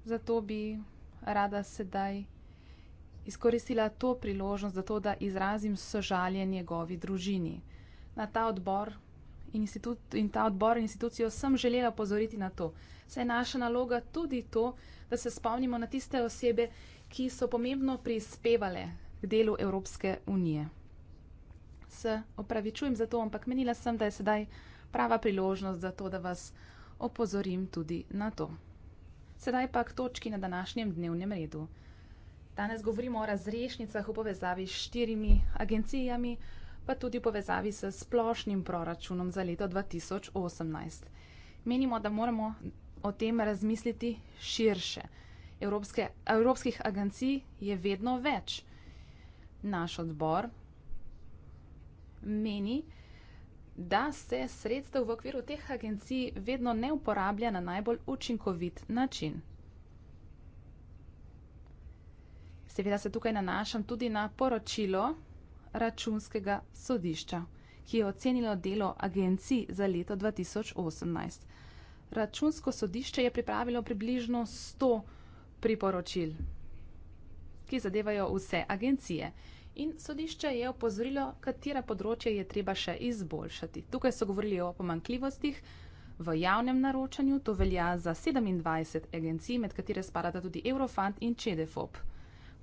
zato bi rada sedaj izkoristila to priložnost za to, da izrazim sožalje njegovi družini. Na ta odbor in ta odbor institucijo sem želela opozoriti na to. Saj je naša naloga tudi to, da se spomnimo na tiste osebe, ki so pomembno prispevale k delu Evropske unije. Se opravičujem za to, ampak menila sem, da je sedaj prava priložnost za to, da vas opozorim tudi na to. Sedaj pa k točki na današnjem dnevnem redu. Danes govorimo o razrešnicah v povezavi s štirimi agencijami, pa tudi v povezavi s splošnim proračunom za leto dva tisoč osemnajst. Menimo, da moramo o tem razmisliti širše. Evropske, evropskih agencij je vedno več. Naš odbor meni, da se sredstev v okviru teh agencij vedno ne uporablja na najbolj učinkovit način. Seveda se tukaj nanašam tudi na poročilo računskega sodišča, ki je ocenilo delo agencij za leto 2018. Računsko sodišče je pripravilo približno 100 priporočil, ki zadevajo vse agencije in sodišče je opozorilo, katera področja je treba še izboljšati. Tukaj so govorili o pomankljivostih v javnem naročanju, to velja za 27 agencij, med katere spadata tudi Eurofund in ČDFOP.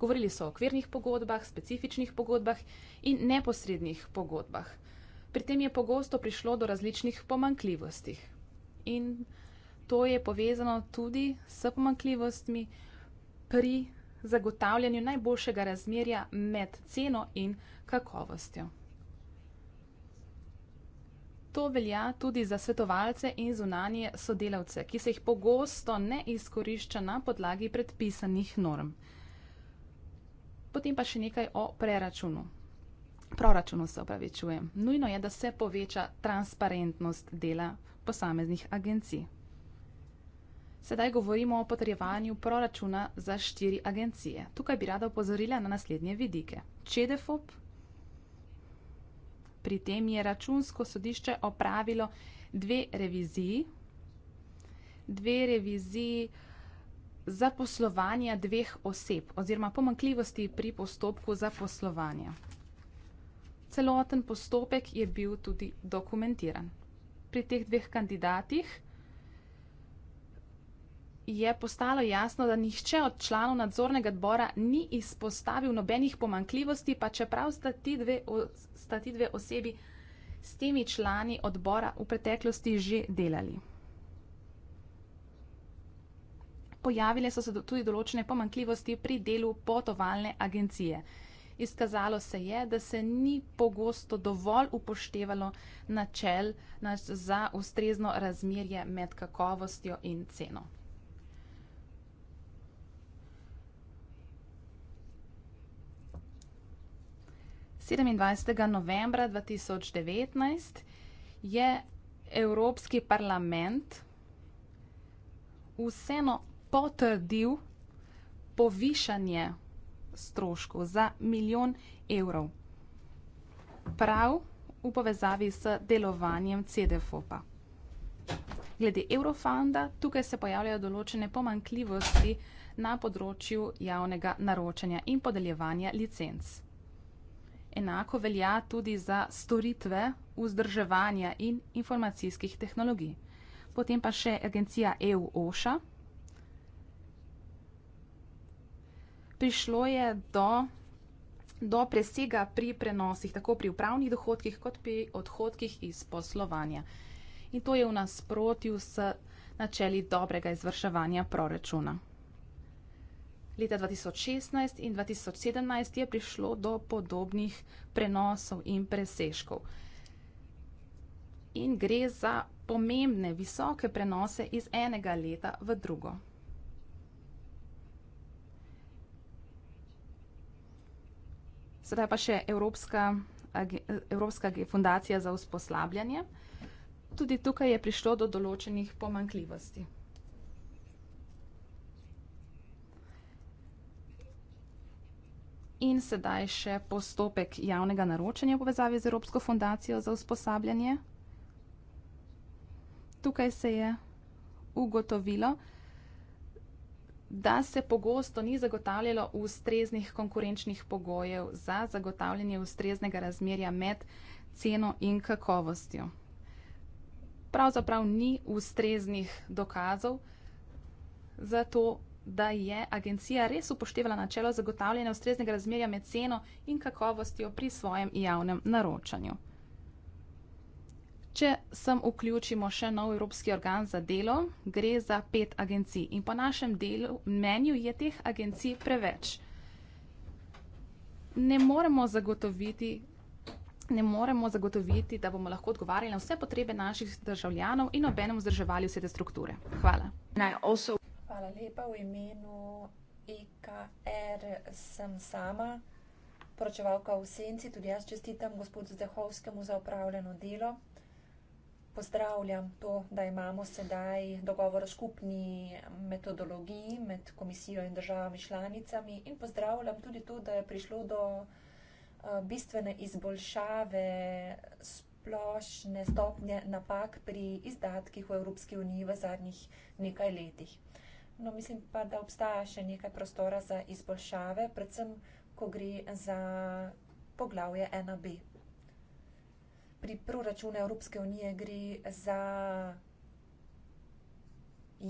Govorili so o okvirnih pogodbah, specifičnih pogodbah in neposrednih pogodbah. Pri tem je pogosto prišlo do različnih pomankljivosti. In to je povezano tudi s pomankljivostmi pri zagotavljanju najboljšega razmerja med ceno in kakovostjo. To velja tudi za svetovalce in zunanje sodelavce, ki se jih pogosto ne izkorišča na podlagi predpisanih norm. Potem pa še nekaj o preračunu. Proračunu se opravičujem. Nujno je, da se poveča transparentnost dela posameznih agencij. Sedaj govorimo o potrjevanju proračuna za štiri agencije. Tukaj bi rada opozorila na naslednje vidike. ČEDEFOP, pri tem je računsko sodišče opravilo dve reviziji, dve reviziji zaposlovanja dveh oseb oziroma pomanjkljivosti pri postopku zaposlovanja. Celoten postopek je bil tudi dokumentiran. Pri teh dveh kandidatih je postalo jasno, da nihče od članov nadzornega odbora ni izpostavil nobenih pomankljivosti, pa čeprav sta ti dve, sta ti dve osebi s temi člani odbora v preteklosti že delali. Pojavile so se tudi določene pomankljivosti pri delu potovalne agencije. Izkazalo se je, da se ni pogosto dovolj upoštevalo načel za ustrezno razmerje med kakovostjo in ceno. 27. novembra 2019 je Evropski parlament vseeno potrdil povišanje stroškov za milijon evrov. Prav v povezavi s delovanjem CDFOP-a. Glede Eurofonda, tukaj se pojavljajo določene pomankljivosti na področju javnega naročanja in podeljevanja licenc. Enako velja tudi za storitve vzdrževanja in informacijskih tehnologij. Potem pa še agencija EU OŠA. Prišlo je do, do presega pri prenosih, tako pri upravnih dohodkih kot pri odhodkih iz poslovanja. In to je v nasprotju s načeli dobrega izvrševanja proračuna leta 2016 in 2017 je prišlo do podobnih prenosov in presežkov. In gre za pomembne, visoke prenose iz enega leta v drugo. Sedaj pa še Evropska, Evropska fundacija za usposabljanje. Tudi tukaj je prišlo do določenih pomankljivosti. in sedaj še postopek javnega naročanja v povezavi z Evropsko fundacijo za usposabljanje. Tukaj se je ugotovilo, da se pogosto ni zagotavljalo ustreznih konkurenčnih pogojev za zagotavljanje ustreznega razmerja med ceno in kakovostjo. Pravzaprav ni ustreznih dokazov za to da je agencija res upoštevala načelo zagotavljanja ustreznega razmerja med ceno in kakovostjo pri svojem javnem naročanju. Če sem vključimo še nov evropski organ za delo, gre za pet agencij in po našem delu, mnenju je teh agencij preveč. Ne moremo zagotoviti, ne moremo zagotoviti, da bomo lahko odgovarjali na vse potrebe naših državljanov in obenem vzdrževali vse te strukture. Hvala. Hvala lepa. V imenu EKR sem sama, poročevalka v senci. Tudi jaz čestitam gospodu Zahovskemu za upravljeno delo. Pozdravljam to, da imamo sedaj dogovor o skupni metodologiji med komisijo in državami članicami in pozdravljam tudi to, da je prišlo do eh, bistvene izboljšave splošne stopnje napak pri izdatkih v Evropski uniji v zadnjih nekaj letih. No, mislim pa, da obstaja še nekaj prostora za izboljšave, predvsem, ko gre za poglavje 1b. Pri proračune Evropske unije gre za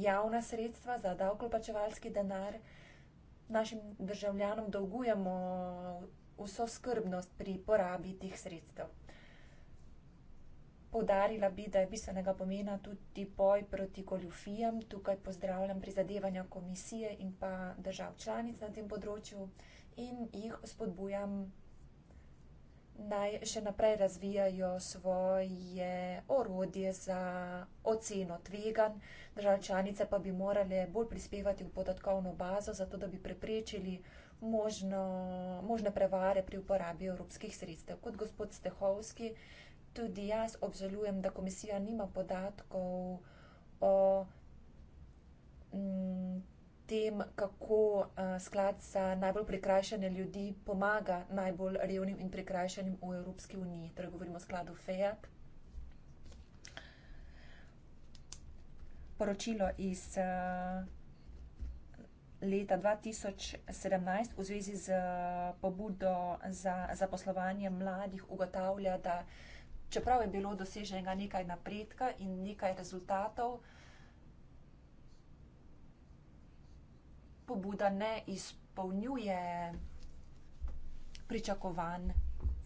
javna sredstva, za davkoplačevalski denar. Našim državljanom dolgujemo vso skrbnost pri porabi tih sredstev. Podarila bi, da je bistvenega pomena tudi boj proti goljufijam. Tukaj pozdravljam prizadevanja komisije in pa držav članic na tem področju in jih spodbujam, naj še naprej razvijajo svoje orodje za oceno tvegan. Držav članice pa bi morale bolj prispevati v podatkovno bazo, zato da bi preprečili možno, možne prevare pri uporabi evropskih sredstev. Kot gospod Stehovski, tudi jaz obžalujem, da komisija nima podatkov o m, mm, tem, kako uh, sklad za najbolj prikrajšane ljudi pomaga najbolj revnim in prikrajšanim v Evropski uniji. Torej govorimo o skladu FEAT. Poročilo iz uh, leta 2017 v zvezi z uh, pobudo za zaposlovanje mladih ugotavlja, da uh, čeprav je bilo doseženega nekaj napredka in nekaj rezultatov, pobuda ne izpolnjuje pričakovanj,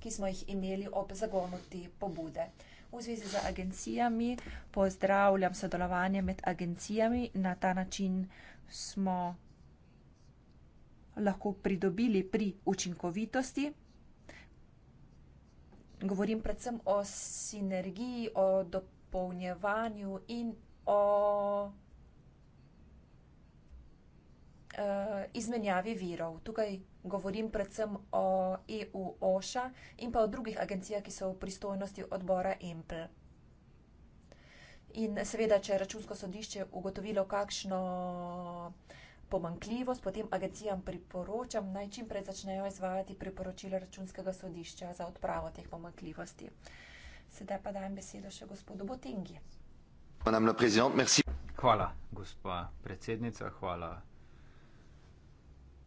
ki smo jih imeli ob zagonu te pobude. V zvezi z agencijami pozdravljam sodelovanje med agencijami. Na ta način smo lahko pridobili pri učinkovitosti govorim predvsem o sinergiji, o dopolnjevanju in o uh, izmenjavi virov. Tukaj govorim predvsem o EU OŠA in pa o drugih agencijah, ki so v pristojnosti odbora EMPL. In seveda, če je računsko sodišče ugotovilo, kakšno uh, pomankljivost, potem agencijam priporočam, naj čim prej začnejo izvajati priporočila računskega sodišča za odpravo teh pomankljivosti. Sedaj pa dajem besedo še gospodu Botengi. Hvala, gospa predsednica, hvala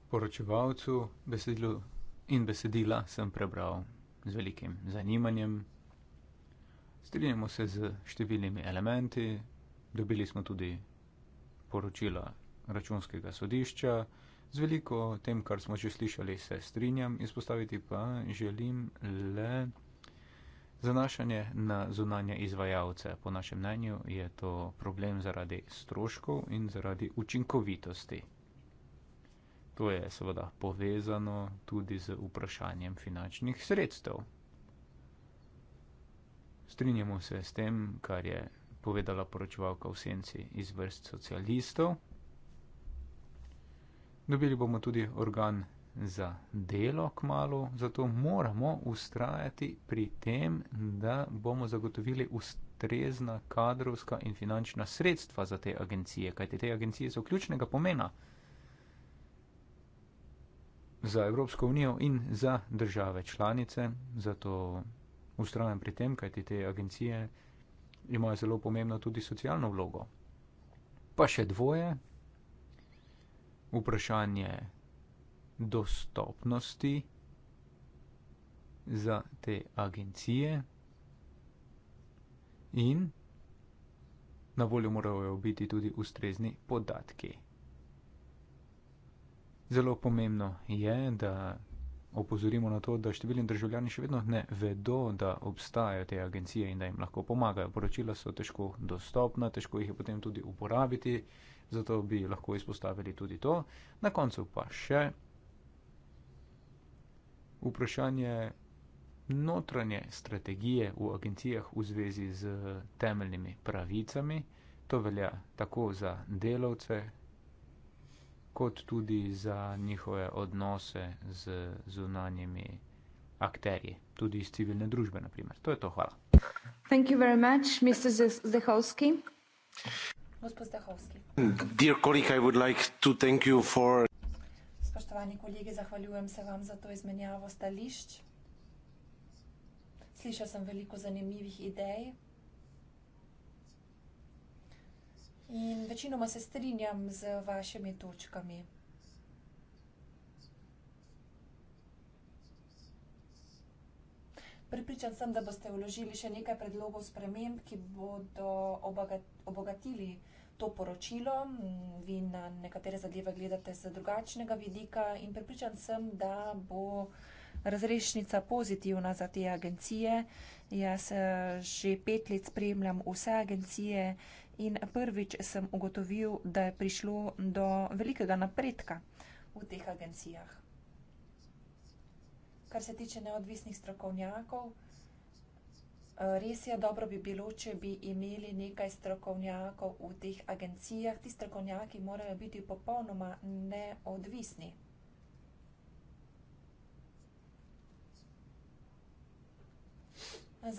poročevalcu besedilu in besedila sem prebral z velikim zanimanjem. Strinjamo se z številnimi elementi, dobili smo tudi poročila računskega sodišča. Z veliko tem, kar smo že slišali, se strinjam, izpostaviti pa želim le zanašanje na zunanje izvajalce. Po našem mnenju je to problem zaradi stroškov in zaradi učinkovitosti. To je seveda povezano tudi z vprašanjem finančnih sredstev. Strinjamo se s tem, kar je povedala poročevalka v senci iz vrst socialistov. Dobili bomo tudi organ za delo k malu, zato moramo ustrajati pri tem, da bomo zagotovili ustrezna kadrovska in finančna sredstva za te agencije, kajte te agencije so ključnega pomena za Evropsko unijo in za države članice, zato ustrajam pri tem, kajte te agencije imajo zelo pomembno tudi socialno vlogo. Pa še dvoje, vprašanje dostopnosti za te agencije in na voljo morajo biti tudi ustrezni podatki. Zelo pomembno je, da opozorimo na to, da številni državljani še vedno ne vedo, da obstajajo te agencije in da jim lahko pomagajo. Poročila so težko dostopna, težko jih je potem tudi uporabiti zato bi lahko izpostavili tudi to. Na koncu pa še vprašanje notranje strategije v agencijah v zvezi z temeljnimi pravicami. To velja tako za delavce, kot tudi za njihove odnose z zunanjimi akterji, tudi iz civilne družbe, naprimer. To je to. Hvala. Thank you very much, Mr. Zehovski. Gospod Stahovski. Dear colleague, I would like to thank you for. Spoštovani kolegi, zahvaljujem se vam za to izmenjavo stališč. Slišal sem veliko zanimivih idej. In večinoma se strinjam z vašimi točkami. Pripričan sem, da boste vložili še nekaj predlogov sprememb, ki bodo obogatili to poročilo, vi na nekatere zadeve gledate z drugačnega vidika in pripričan sem, da bo razrešnica pozitivna za te agencije. Jaz eh, že pet let spremljam vse agencije in prvič sem ugotovil, da je prišlo do velikega napredka v teh agencijah. Kar se tiče neodvisnih strokovnjakov, Res je, dobro bi bilo, če bi imeli nekaj strokovnjakov v teh agencijah. Ti strokovnjaki morajo biti popolnoma neodvisni.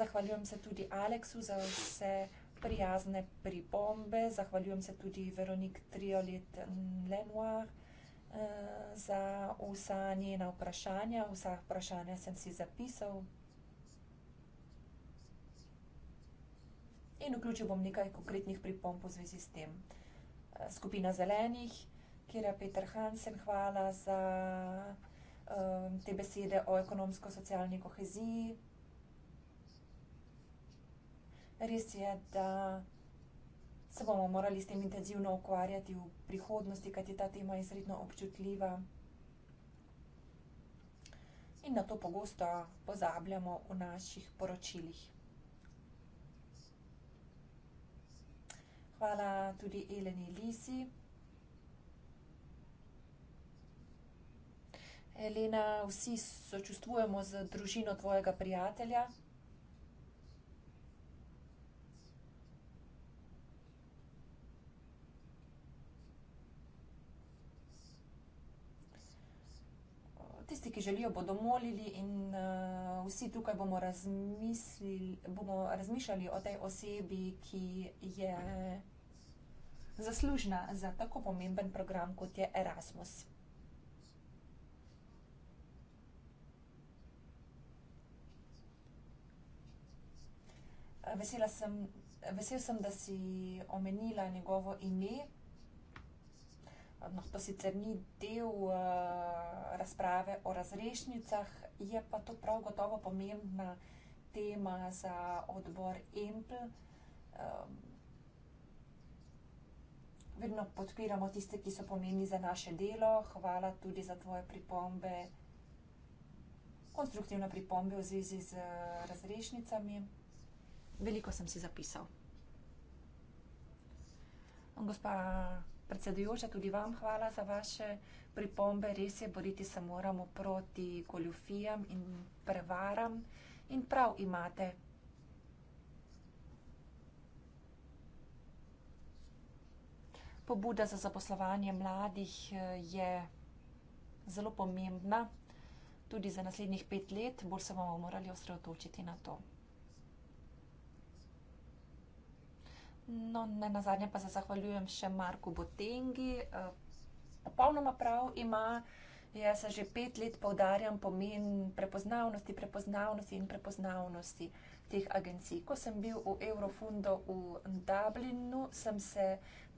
Zahvaljujem se tudi Aleksu za vse prijazne pripombe. Zahvaljujem se tudi Veronique Triolet Lenoir eh, za vsa njena vprašanja. Vsa vprašanja sem si zapisal. in vključil bom nekaj konkretnih pripomp v zvezi s tem. Eh, skupina zelenih, kjer je Peter Hansen, hvala za um, te besede o ekonomsko-socialni koheziji. Res je, da se bomo morali s tem intenzivno ukvarjati v prihodnosti, kajti ta tema je izredno občutljiva. In na to pogosto pozabljamo v naših poročilih. Hvala tudi Eleni Lisi. Elena, vsi sočustvujemo z družino tvojega prijatelja. Tisti, ki želijo, bodo molili in uh, vsi tukaj bomo, razmisli, bomo razmišljali o tej osebi, ki je zaslužna za tako pomemben program, kot je Erasmus. Vesela sem, vesel sem, da si omenila njegovo ime. No, to sicer ni del uh, razprave o razrešnicah, je pa to prav gotovo pomembna tema za odbor EMPL. Um, vedno podpiramo tiste, ki so pomembni za naše delo. Hvala tudi za tvoje pripombe, konstruktivne pripombe v zvezi z eh, razrešnicami. Veliko sem si zapisal. Gospa predsedujoča, tudi vam hvala za vaše pripombe. Res je, boriti se moramo proti goljufijam in prevaram. In prav imate Pobuda za zaposlovanje mladih eh, je zelo pomembna tudi za naslednjih pet let, bolj se bomo morali osredotočiti na to. No, ne na zadnje pa se zahvaljujem še Marku Botengi. Eh, popolnoma prav ima, jaz se že pet let povdarjam pomen prepoznavnosti, prepoznavnosti in prepoznavnosti teh agencij. Ko sem bil v Eurofundo v Dublinu, sem se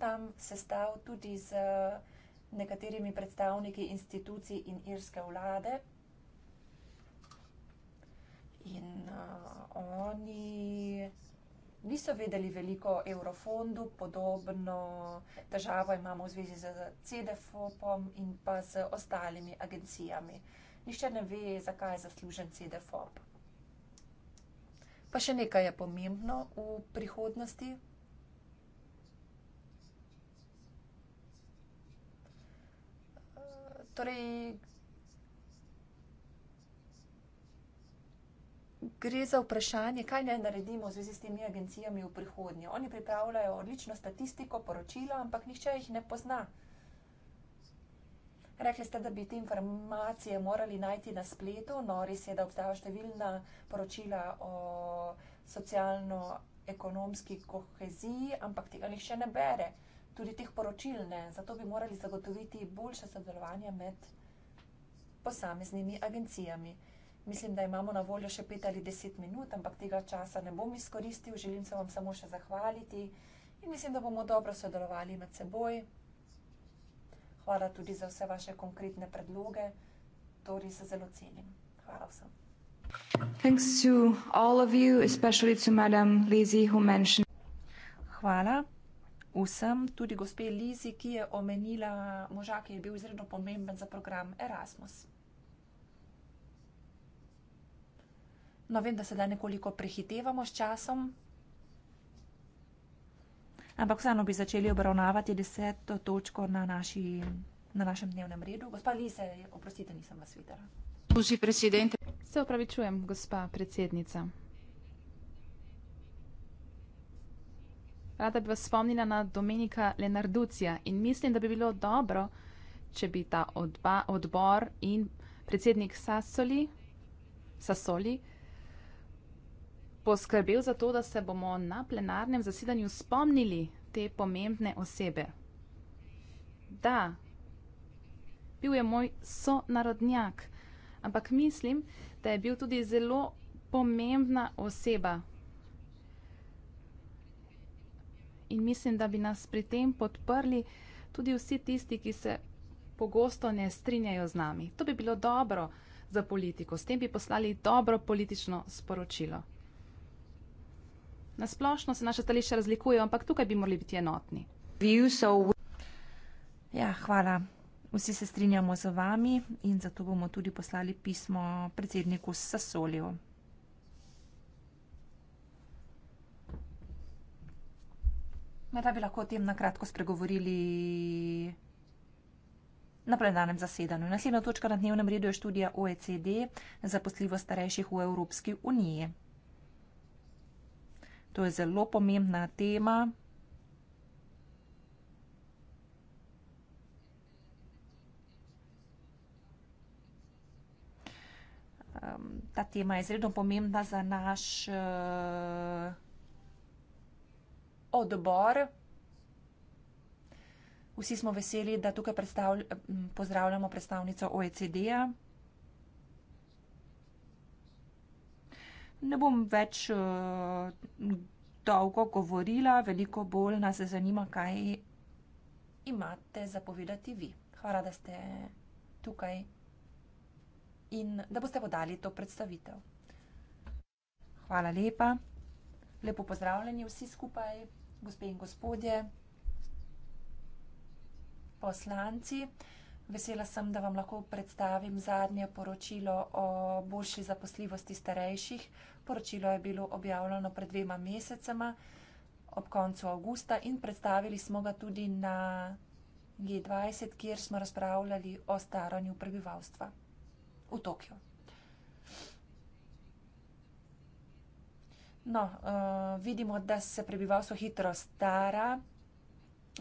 tam sestav tudi z eh, nekaterimi predstavniki institucij in irske vlade. In uh, oni niso vedeli veliko o Eurofondu, podobno težavo imamo v zvezi z CDF-om in pa z ostalimi agencijami. Nišče ne ve, zakaj je zaslužen CDF-om. Pa še nekaj je pomembno v prihodnosti, torej, gre za vprašanje, kaj naj naredimo v zvezi s temi agencijami v prihodnje. Oni pripravljajo odlično statistiko, poročilo, ampak nihče jih ne pozna. Rekli ste, da bi te informacije morali najti na spletu. No, res je, da obstajajo številna poročila o socialno-ekonomski koheziji, ampak tega nihče ne bere tudi teh poročil ne. Zato bi morali zagotoviti boljše sodelovanje med posameznimi agencijami. Mislim, da imamo na voljo še pet ali deset minut, ampak tega časa ne bom izkoristil. Želim se vam samo še zahvaliti in mislim, da bomo dobro sodelovali med seboj. Hvala tudi za vse vaše konkretne predloge. To res zelo cenim. Hvala vsem. Hvala vsem, tudi gospe Lizi, ki je omenila moža, ki je bil izredno pomemben za program Erasmus. No, vem, da sedaj nekoliko prehitevamo s časom, ampak vseeno bi začeli obravnavati deseto točko na, naši, na našem dnevnem redu. Gospa Lise, oprostite, nisem vas videla. Se opravičujem, gospa predsednica. rada bi vas spomnila na Domenika Lenarducija in mislim, da bi bilo dobro, če bi ta odba, odbor in predsednik Sassoli, Sassoli poskrbel za to, da se bomo na plenarnem zasedanju spomnili te pomembne osebe. Da, bil je moj sonarodnjak, ampak mislim, da je bil tudi zelo pomembna oseba. in mislim, da bi nas pri tem podprli tudi vsi tisti, ki se pogosto ne strinjajo z nami. To bi bilo dobro za politiko, s tem bi poslali dobro politično sporočilo. Nasplošno se naše stališče razlikuje, ampak tukaj bi morali biti enotni. Ja, hvala. Vsi se strinjamo z vami in zato bomo tudi poslali pismo predsedniku Sasoliju. Morda bi lahko o tem na kratko spregovorili na plenarnem zasedanju. Naslednja točka na dnevnem redu je študija OECD zaposljivost starejših v Evropski uniji. To je zelo pomembna tema. Ta tema je izredno pomembna za naš. Uh, odbor. Vsi smo veseli, da tukaj predstavl, pozdravljamo predstavnico OECD-a. Ne bom več uh, dolgo govorila, veliko bolj nas zanima, kaj imate zapovedati vi. Hvala, da ste tukaj in da boste podali to predstavitev. Hvala lepa. Lepo pozdravljeni vsi skupaj gospe in gospodje, poslanci. Vesela sem, da vam lahko predstavim zadnje poročilo o boljši zaposljivosti starejših. Poročilo je bilo objavljeno pred dvema mesecema ob koncu avgusta in predstavili smo ga tudi na G20, kjer smo razpravljali o staranju prebivalstva v Tokiu. No, uh, vidimo, da se prebivalstvo hitro stara.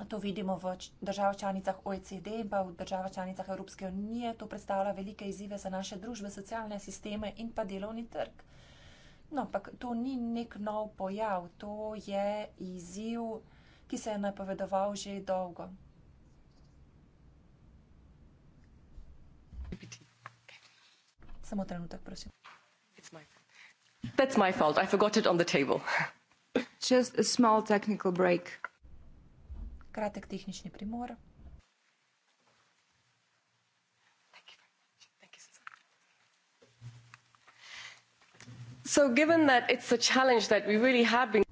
To vidimo v državah članicah OECD in pa v državah članicah Evropske unije. To predstavlja velike izzive za naše družbe, socialne sisteme in pa delovni trg. No, ampak to ni nek nov pojav, to je izziv, ki se je napovedoval že dolgo. Samo trenutek, prosim. That's my fault. I forgot it on the table. Just a small technical break. Кратък технични примор. So given that it's a challenge that we really have been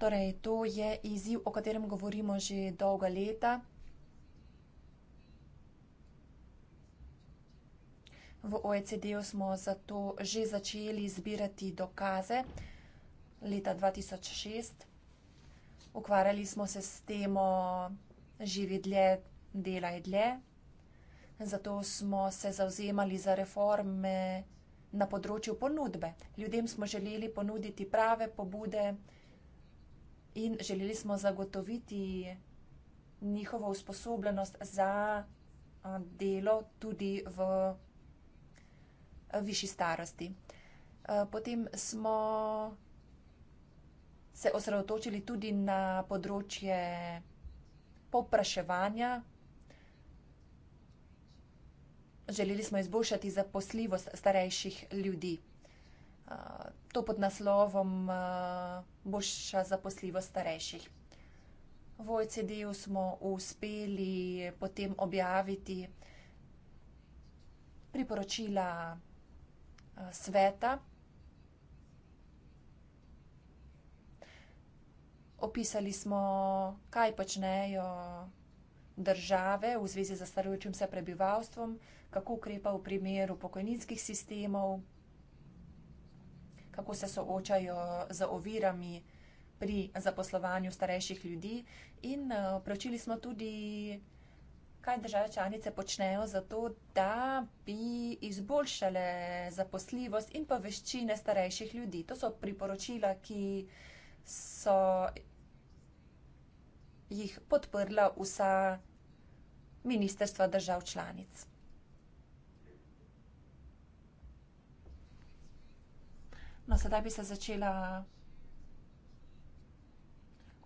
Torej, to je izziv, o katerem govorimo že dolga leta. V OECD-u smo zato že začeli zbirati dokaze leta 2006. Ukvarjali smo se s temo živi dlje, delaj dlje. Zato smo se zauzemali za reforme na področju ponudbe. Ljudem smo želeli ponuditi prave pobude in želeli smo zagotoviti njihovo usposobljenost za delo tudi v višji starosti. Eh, potem smo se osredotočili tudi na področje popraševanja. Želeli smo izboljšati zaposljivost starejših ljudi. Eh, to pod naslovom eh, boljša zaposljivost starejših. V OECD-ju smo uspeli potem objaviti priporočila Eh, sveta, opisali smo, kaj počnejo države v zvezi z starajočim se prebivalstvom, kako ukrepa v primeru pokojninskih sistemov, kako se soočajo z ovirami pri zaposlovanju starejših ljudi in eh, pročili smo tudi kaj države članice počnejo za to, da bi izboljšale zaposljivost in pa veščine starejših ljudi. To so priporočila, ki so jih podprla vsa ministerstva držav članic. No, sedaj bi se začela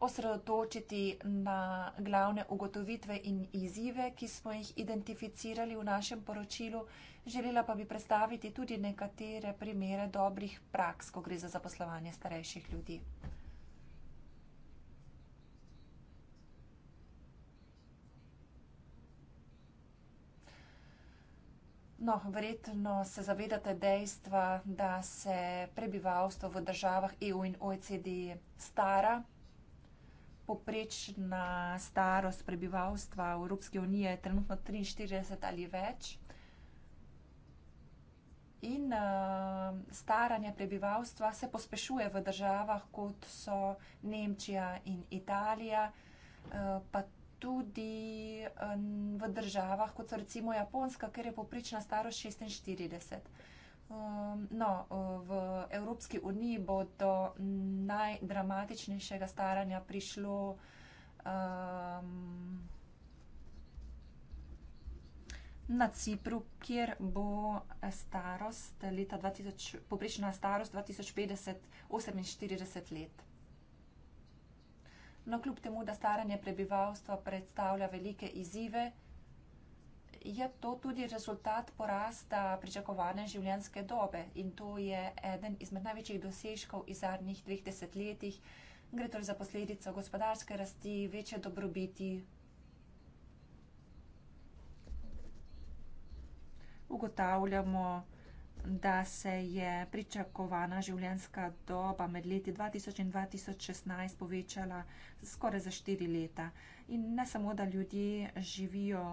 osredotočiti na glavne ugotovitve in izzive, ki smo jih identificirali v našem poročilu, želela pa bi predstaviti tudi nekatere primere dobrih praks, ko gre za zaposlovanje starejših ljudi. No, verjetno se zavedate dejstva, da se prebivalstvo v državah EU in OECD stara poprečna starost prebivalstva Evropske unije je trenutno 43 ali več. In uh, staranje prebivalstva se pospešuje v državah, kot so Nemčija in Italija, uh, pa tudi uh, v državah, kot so recimo Japonska, kjer je poprečna starost 46. Um, no, uh, v Evropski uniji bo do najdramatičnejšega staranja prišlo um, na Cipru, kjer bo starost leta 2000, poprečna starost 2050 48 let. No, kljub temu, da staranje prebivalstva predstavlja velike izzive, je to tudi rezultat porasta pričakovane življenjske dobe in to je eden izmed največjih dosežkov iz zadnjih dveh desetletij. Gre torej za posledico gospodarske rasti, večje dobrobiti. Ugotavljamo, da se je pričakovana življenjska doba med leti 2000 in 2016 povečala skoraj za 4 leta. In ne samo, da ljudje živijo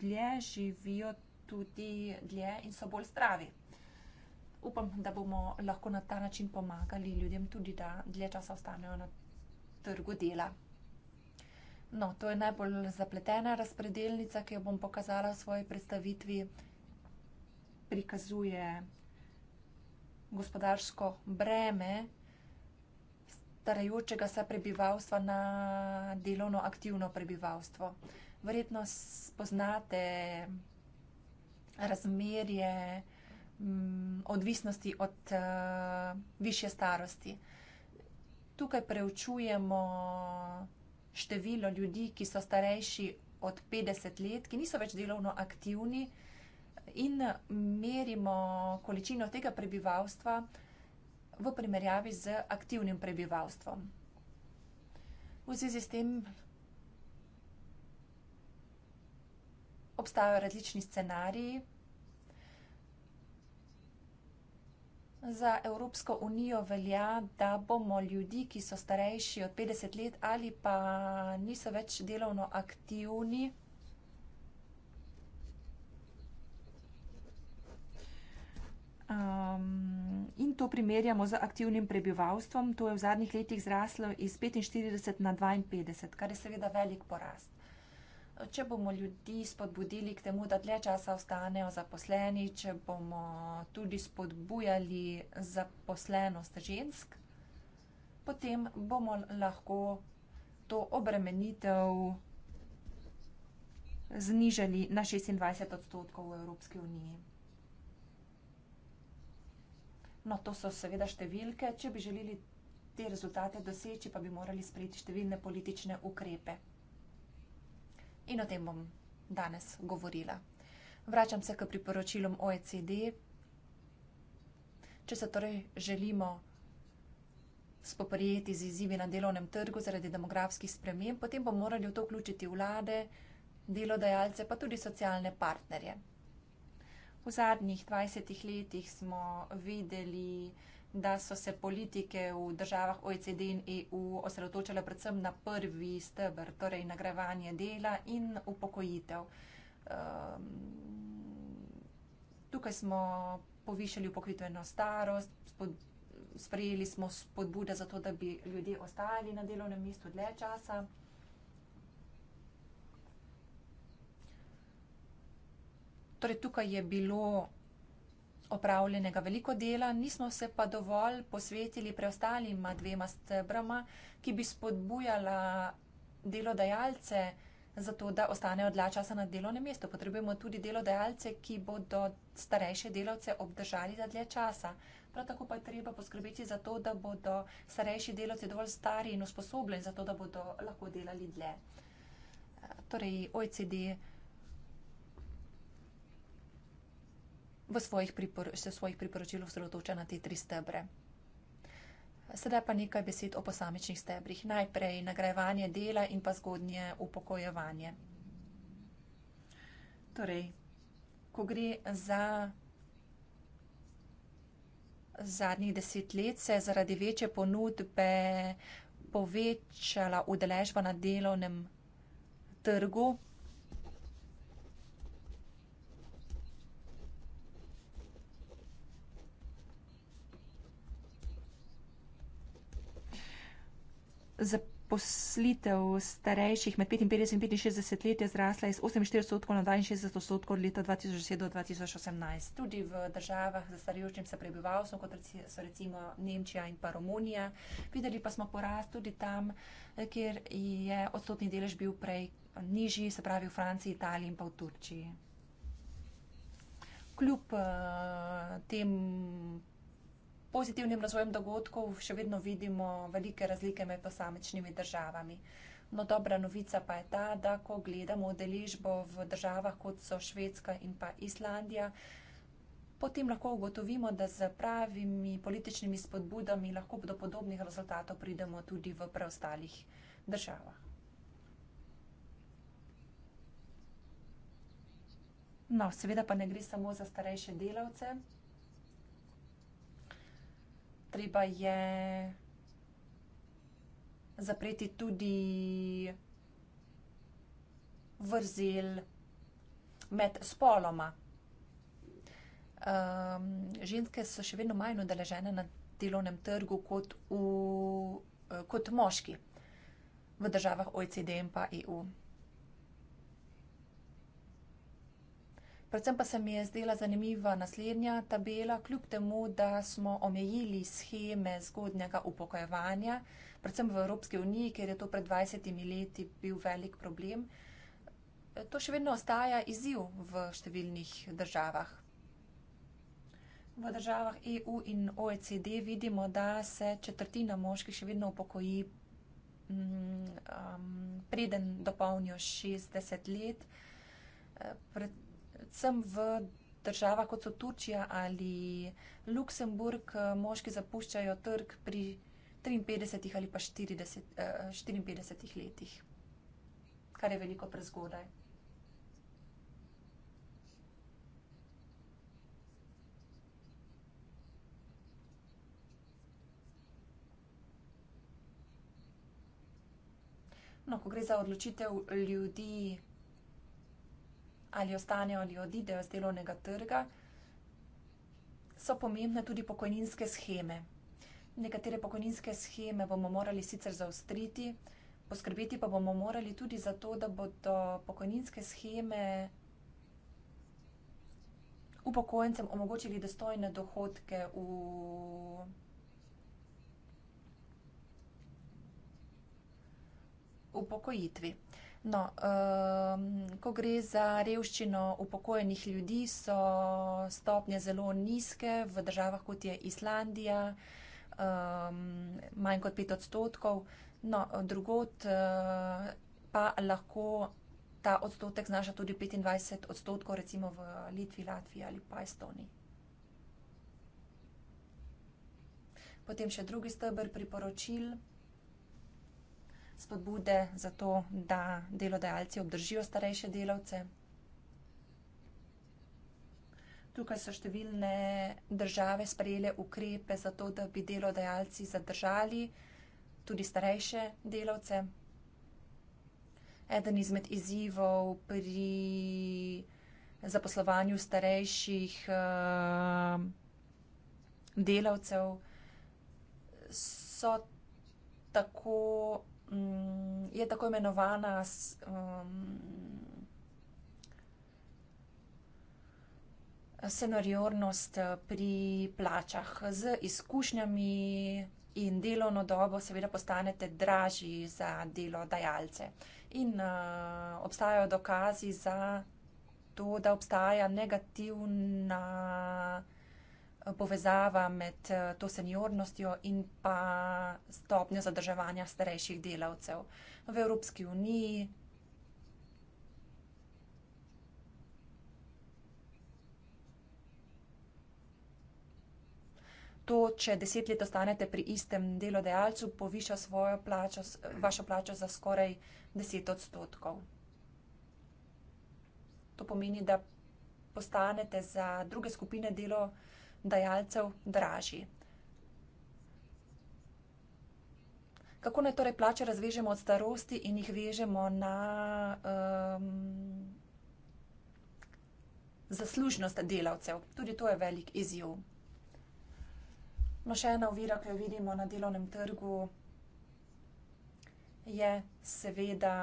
dlje, živijo tudi dlje in so bolj zdravi. Upam, da bomo lahko na ta način pomagali ljudem tudi, da dlje časa ostanejo na trgu dela. No, to je najbolj zapletena razpredelnica, ki jo bom pokazala v svoji predstavitvi prikazuje gospodarsko breme starajočega se prebivalstva na delovno aktivno prebivalstvo. Verjetno spoznate razmerje mm, odvisnosti od eh, višje starosti. Tukaj preučujemo število ljudi, ki so starejši od 50 let, ki niso več delovno aktivni, in eh, merimo količino tega prebivalstva v primerjavi z aktivnim prebivalstvom. V zvezi s tem obstajajo različni scenariji. Za Evropsko unijo velja, da bomo ljudi, ki so starejši od 50 let ali pa niso več delovno aktivni, Um, in to primerjamo z aktivnim prebivalstvom. To je v zadnjih letih zraslo iz 45 na 52, kar je seveda velik porast. Če bomo ljudi spodbudili k temu, da dlje časa ostanejo zaposleni, če bomo tudi spodbujali zaposlenost žensk, potem bomo lahko to obremenitev znižali na 26 odstotkov v Evropski uniji. No, to so seveda številke. Če bi želeli te rezultate doseči, pa bi morali sprejeti številne politične ukrepe. In o tem bom danes govorila. Vračam se k priporočilom OECD. Če se torej želimo spoprijeti z izzivi na delovnem trgu zaradi demografskih sprememb, potem bomo morali v to vključiti vlade, delodajalce, pa tudi socialne partnerje. V zadnjih 20 letih smo videli, da so se politike v državah OECD in EU osredotočale predvsem na prvi stebr, torej nagrajevanje dela in upokojitev. Um, tukaj smo povišali upokojitveno starost, spod, sprejeli smo spodbude za to, da bi ljudje ostali na delovnem mestu dlje časa. Torej, tukaj je bilo opravljenega veliko dela, nismo se pa dovolj posvetili preostalima dvema stebrama, ki bi spodbujala delodajalce za to, da ostanejo dlja časa na delovnem mestu. Potrebujemo tudi delodajalce, ki bodo starejše delavce obdržali za dlje časa. Prav tako pa je treba poskrbeti za to, da bodo starejši delavci dovolj stari in usposobljeni za to, da bodo lahko delali dlje. Torej, OECD v svojih, pripor, se svojih priporočil osredotoča na te tri stebre. Sedaj pa nekaj besed o posamičnih stebrih. Najprej nagrajevanje dela in pa zgodnje upokojevanje. Torej, ko gre za zadnjih deset let, se je zaradi večje ponudbe povečala udeležba na delovnem trgu zaposlitev starejših med 55 in 65 let je zrasla iz 48 odstotkov na 62 odstotkov od leta 2007 do 2018. Tudi v državah z starejšim se prebivalstvom, kot so recimo Nemčija in pa Romunija, videli pa smo porast tudi tam, kjer je odstotni delež bil prej nižji, se pravi v Franciji, Italiji in pa v Turčiji. Kljub uh, tem pozitivnim razvojem dogodkov še vedno vidimo velike razlike med posamečnimi državami. No, dobra novica pa je ta, da ko gledamo deležbo v državah, kot so Švedska in pa Islandija, potem lahko ugotovimo, da z pravimi političnimi spodbudami lahko do podobnih rezultatov pridemo tudi v preostalih državah. No, seveda pa ne gre samo za starejše delavce treba je zapreti tudi vrzel med spoloma. Um, ženske so še vedno manj udeležene na delovnem trgu kot, v, eh, kot moški v državah OECD in pa EU. Predvsem pa se mi je zdela zanimiva naslednja tabela, kljub temu, da smo omejili scheme zgodnjega upokojevanja, predvsem v Evropski uniji, ker je to pred 20 leti bil velik problem. To še vedno ostaja izziv v številnih državah. V državah EU in OECD vidimo, da se četrtina moških še vedno upokoji, um, preden dopolnijo 60 let. Pred predvsem v državah, kot so Turčija ali Luksemburg, eh, moški zapuščajo trg pri 53 ali pa 40, 54 eh, letih, kar je veliko prezgodaj. No, ko gre za odločitev ljudi, ali ostanejo ali odidejo z delovnega trga, so pomembne tudi pokojninske scheme. Nekatere pokojninske scheme bomo morali sicer zaostriti, poskrbeti pa bomo morali tudi za to, da bodo pokojninske scheme upokojencem omogočili dostojne dohodke v upokojitvi. No, um, ko gre za revščino upokojenih ljudi, so stopnje zelo nizke v državah, kot je Islandija, um, manj kot pet odstotkov. No, drugot uh, eh, pa lahko ta odstotek znaša tudi 25 odstotkov, recimo v Litvi, Latviji ali pa Estoniji. Potem še drugi stebr priporočil spodbude za to, da delodajalci obdržijo starejše delavce. Tukaj so številne države sprejele ukrepe za to, da bi delodajalci zadržali tudi starejše delavce. Eden izmed izzivov pri zaposlovanju starejših uh, delavcev so tako Mm, je tako imenovana um, senoriornost eh, pri plačah. Z izkušnjami in delovno dobo seveda postanete dražji za delodajalce. In eh, obstajajo dokazi za to, da obstaja negativna vsega, povezava med eh, to seniornostjo in pa stopnjo zadrževanja starejših delavcev v Evropski uniji. To, če deset let ostanete pri istem delodajalcu, poviša svojo plačo, vašo plačo za skoraj deset odstotkov. To pomeni, da postanete za druge skupine delo dajalcev dražji. Kako naj torej plače razvežemo od starosti in jih vežemo na um, zaslužnost delavcev? Tudi to je velik izjiv. No, še ena ovira, ki jo vidimo na delovnem trgu, je seveda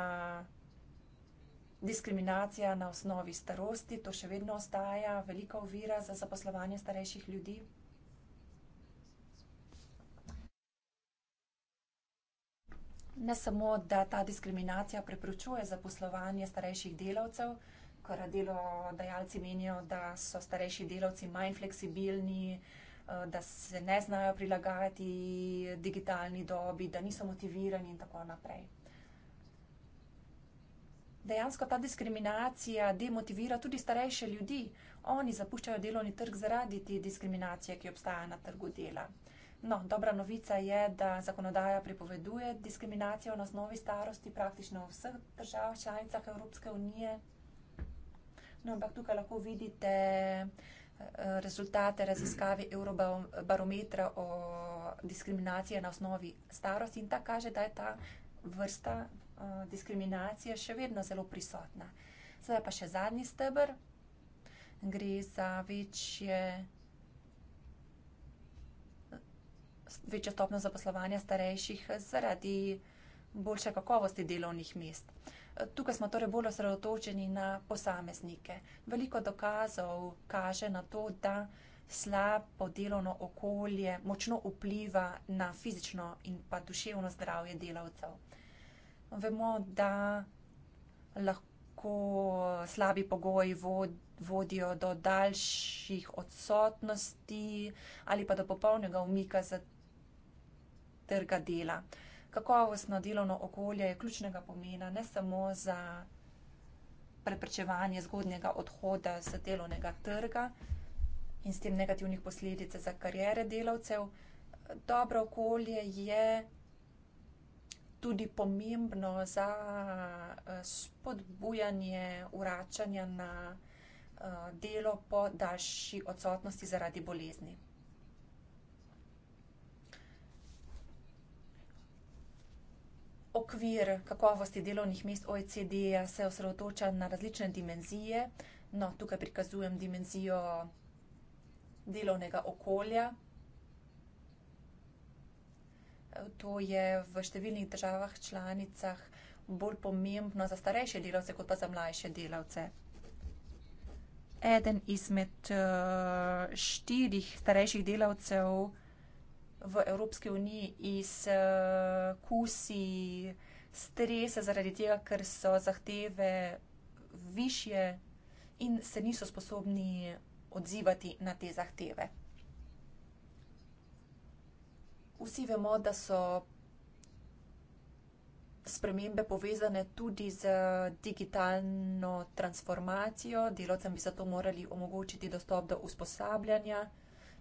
Diskriminacija na osnovi starosti, to še vedno ostaja velika ovira za zaposlovanje starejših ljudi. Ne samo, da ta diskriminacija preprečuje zaposlovanje starejših delavcev, kar delodajalci menijo, da so starejši delavci manj fleksibilni, eh, da se ne znajo prilagajati digitalni dobi, da niso motivirani in tako naprej dejansko ta diskriminacija demotivira tudi starejše ljudi. Oni zapuščajo delovni trg zaradi te diskriminacije, ki obstaja na trgu dela. No, dobra novica je, da zakonodaja prepoveduje diskriminacijo na osnovi starosti praktično v vseh državah članicah Evropske unije. No, ampak tukaj lahko vidite eh, rezultate raziskave Eurobarometra o diskriminaciji na osnovi starosti in ta kaže, da je ta vrsta Eh, diskriminacije še vedno zelo prisotna. Zdaj pa še zadnji stebr, gre za večje, večjo stopno zaposlovanja starejših zaradi boljše kakovosti delovnih mest. Tukaj smo torej bolj osredotočeni na posameznike. Veliko dokazov kaže na to, da slabo delovno okolje močno vpliva na fizično in pa duševno zdravje delavcev vemo, da lahko slabi pogoji vodijo do daljših odsotnosti ali pa do popolnega umika za trga dela. Kakovostno delovno okolje je ključnega pomena ne samo za preprečevanje zgodnjega odhoda z delovnega trga in s tem negativnih posledic za karijere delavcev. Dobro okolje je tudi pomembno za eh, spodbujanje vračanja na eh, delo po daljši odsotnosti zaradi bolezni. Okvir kakovosti delovnih mest OECD-ja se osredotoča na različne dimenzije. No, tukaj prikazujem dimenzijo delovnega okolja. To je v številnih državah članicah bolj pomembno za starejše delavce, kot pa za mlajše delavce. Eden izmed uh, štirih starejših delavcev v Evropski uniji iz uh, kusi stresa zaradi tega, ker so zahteve višje in se niso sposobni odzivati na te zahteve vsi vemo, da so spremembe povezane tudi z digitalno transformacijo. Delovcem bi zato morali omogočiti dostop do usposabljanja,